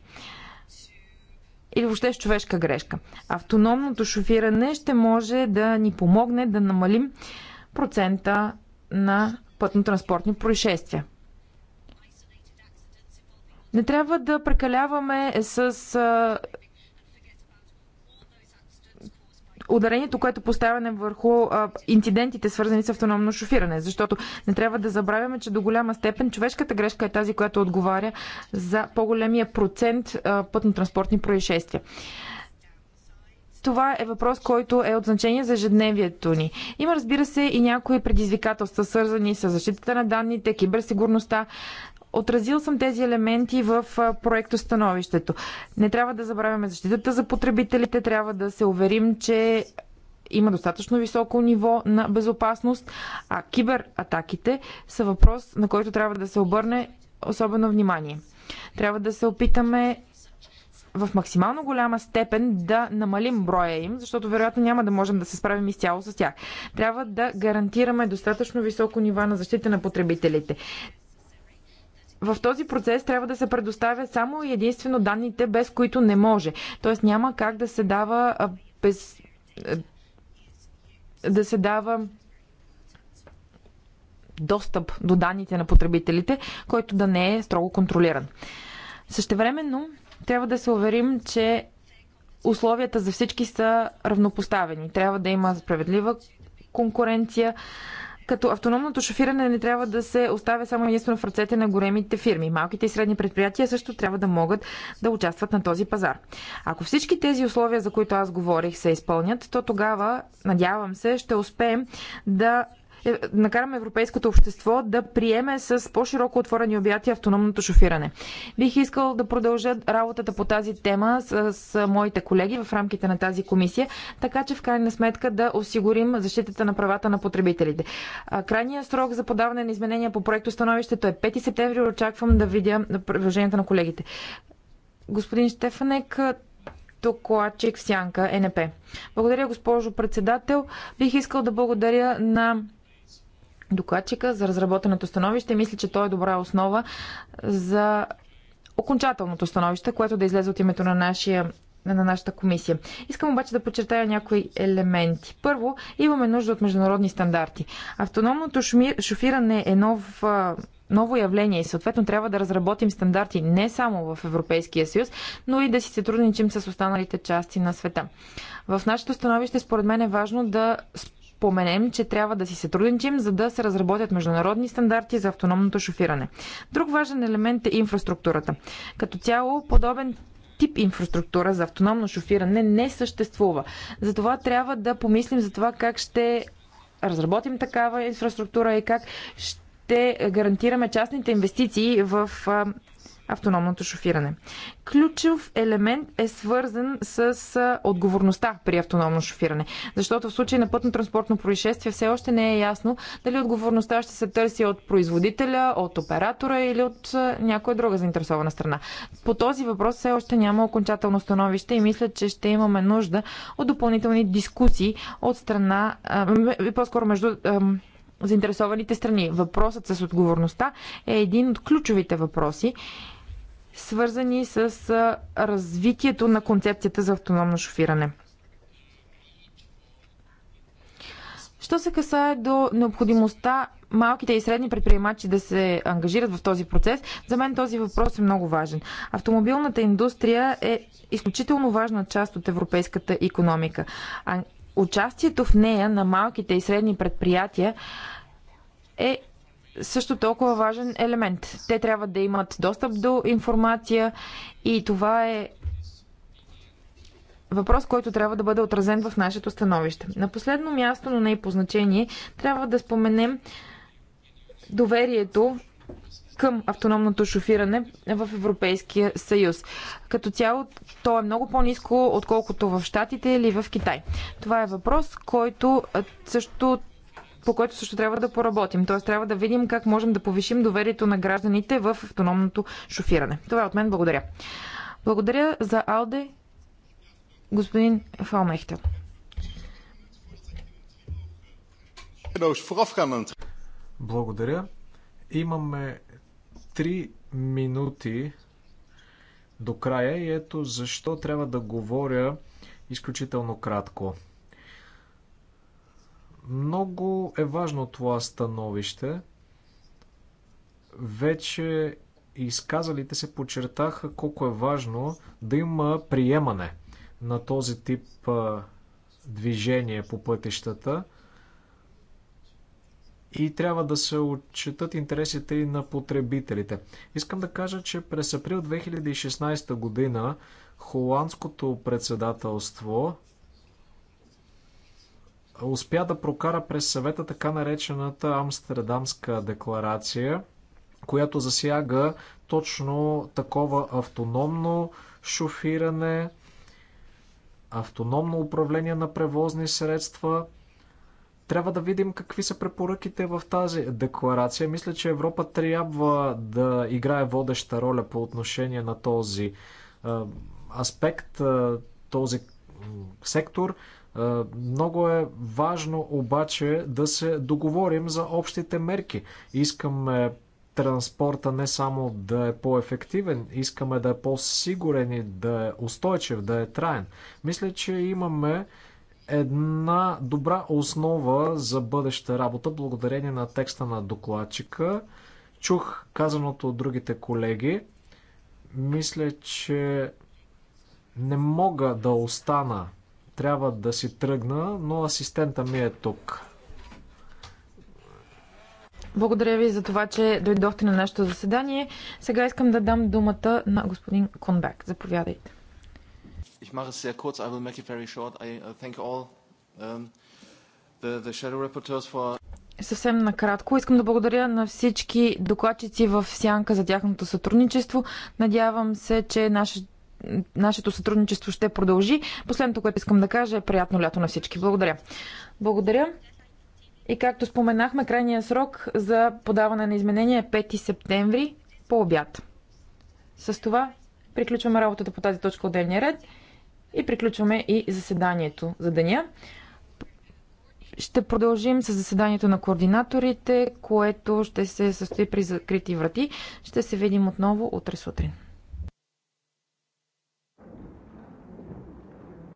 или въобще с човешка грешка. Автономното шофиране ще може да ни помогне да намалим процента на пътно-транспортни происшествия. Не трябва да прекаляваме с ударението, което поставяне върху инцидентите, свързани с автономно шофиране. Защото не трябва да забравяме, че до голяма степен човешката грешка е тази, която отговаря за по-големия процент пътно-транспортни происшествия. Това е въпрос, който е от значение за ежедневието ни. Има, разбира се, и някои предизвикателства, свързани с защитата на данните, киберсигурността, Отразил съм тези елементи в становището. Не трябва да забравяме защитата за потребителите, трябва да се уверим, че има достатъчно високо ниво на безопасност, а кибератаките са въпрос, на който трябва да се обърне особено внимание. Трябва да се опитаме в максимално голяма степен да намалим броя им, защото вероятно няма да можем да се справим изцяло с тях. Трябва да гарантираме достатъчно високо нива на защита на потребителите в този процес трябва да се предоставят само и единствено данните, без които не може. Тоест няма как да се дава без, да се дава достъп до данните на потребителите, който да не е строго контролиран. Същевременно трябва да се уверим, че условията за всички са равнопоставени. Трябва да има справедлива конкуренция, като автономното шофиране не трябва да се оставя само единствено в ръцете на големите фирми. Малките и средни предприятия също трябва да могат да участват на този пазар. Ако всички тези условия, за които аз говорих, се изпълнят, то тогава, надявам се, ще успеем да е, накараме европейското общество да приеме с по-широко отворени обятия автономното шофиране. Бих искал да продължа работата по тази тема с, с моите колеги в рамките на тази комисия, така че в крайна сметка да осигурим защитата на правата на потребителите. Крайният срок за подаване на изменения по проекто становището е 5 септември. Очаквам да видя предложенията на колегите. Господин Штефанек, Токоачик Сянка, НП. Благодаря, госпожо председател. Бих искал да благодаря на докладчика за разработеното становище. Мисля, че той е добра основа за окончателното становище, което да излезе от името на нашия на нашата комисия. Искам обаче да подчертая някои елементи. Първо, имаме нужда от международни стандарти. Автономното шофиране е нов ново явление и съответно трябва да разработим стандарти не само в Европейския съюз, но и да си сътрудничим с останалите части на света. В нашето становище според мен е важно да споменем, че трябва да си трудничим, за да се разработят международни стандарти за автономното шофиране. Друг важен елемент е инфраструктурата. Като цяло, подобен тип инфраструктура за автономно шофиране не съществува. Затова трябва да помислим за това как ще разработим такава инфраструктура и как ще гарантираме частните инвестиции в автономното шофиране. Ключов елемент е свързан с отговорността при автономно шофиране, защото в случай на пътно-транспортно происшествие все още не е ясно дали отговорността ще се търси от производителя, от оператора или от някоя друга заинтересована страна. По този въпрос все още няма окончателно становище и мисля, че ще имаме нужда от допълнителни дискусии от страна, по-скоро между заинтересованите страни. Въпросът с отговорността е един от ключовите въпроси свързани с развитието на концепцията за автономно шофиране. Що се касае до необходимостта малките и средни предприемачи да се ангажират в този процес, за мен този въпрос е много важен. Автомобилната индустрия е изключително важна част от европейската економика. А участието в нея на малките и средни предприятия е също толкова важен елемент. Те трябва да имат достъп до информация и това е въпрос, който трябва да бъде отразен в нашето становище. На последно място, но не и по значение, трябва да споменем доверието към автономното шофиране в Европейския съюз. Като цяло, то е много по-низко, отколкото в Штатите или в Китай. Това е въпрос, който също по което също трябва да поработим. Тоест трябва да видим как можем да повишим доверието на гражданите в автономното шофиране. Това е от мен. Благодаря. Благодаря за Алде, господин Фалмехтел. Благодаря. Имаме три минути до края и ето защо трябва да говоря изключително кратко. Много е важно това становище. Вече изказалите се подчертаха колко е важно да има приемане на този тип движение по пътищата и трябва да се отчитат интересите и на потребителите. Искам да кажа, че през април 2016 година холандското председателство успя да прокара през съвета така наречената Амстердамска декларация, която засяга точно такова автономно шофиране, автономно управление на превозни средства. Трябва да видим какви са препоръките в тази декларация. Мисля, че Европа трябва да играе водеща роля по отношение на този аспект, този сектор. Е, много е важно обаче да се договорим за общите мерки. Искаме транспорта не само да е по-ефективен, искаме да е по-сигурен и да е устойчив, да е траен. Мисля, че имаме една добра основа за бъдеща работа, благодарение на текста на докладчика. Чух казаното от другите колеги. Мисля, че не мога да остана трябва да си тръгна, но асистента ми е тук. Благодаря ви за това, че дойдохте на нашето заседание. Сега искам да дам думата на господин Конбек. Заповядайте. Ich mache es sehr kurz. I will make it very short. I uh, thank all um, the, the shadow for съвсем накратко. Искам да благодаря на всички докладчици в Сянка за тяхното сътрудничество. Надявам се, че нашето нашето сътрудничество ще продължи. Последното, което искам да кажа е приятно лято на всички. Благодаря. Благодаря. И както споменахме, крайния срок за подаване на изменения е 5 септември по обяд. С това приключваме работата по тази точка от дневния ред и приключваме и заседанието за деня. Ще продължим с заседанието на координаторите, което ще се състои при закрити врати. Ще се видим отново утре сутрин.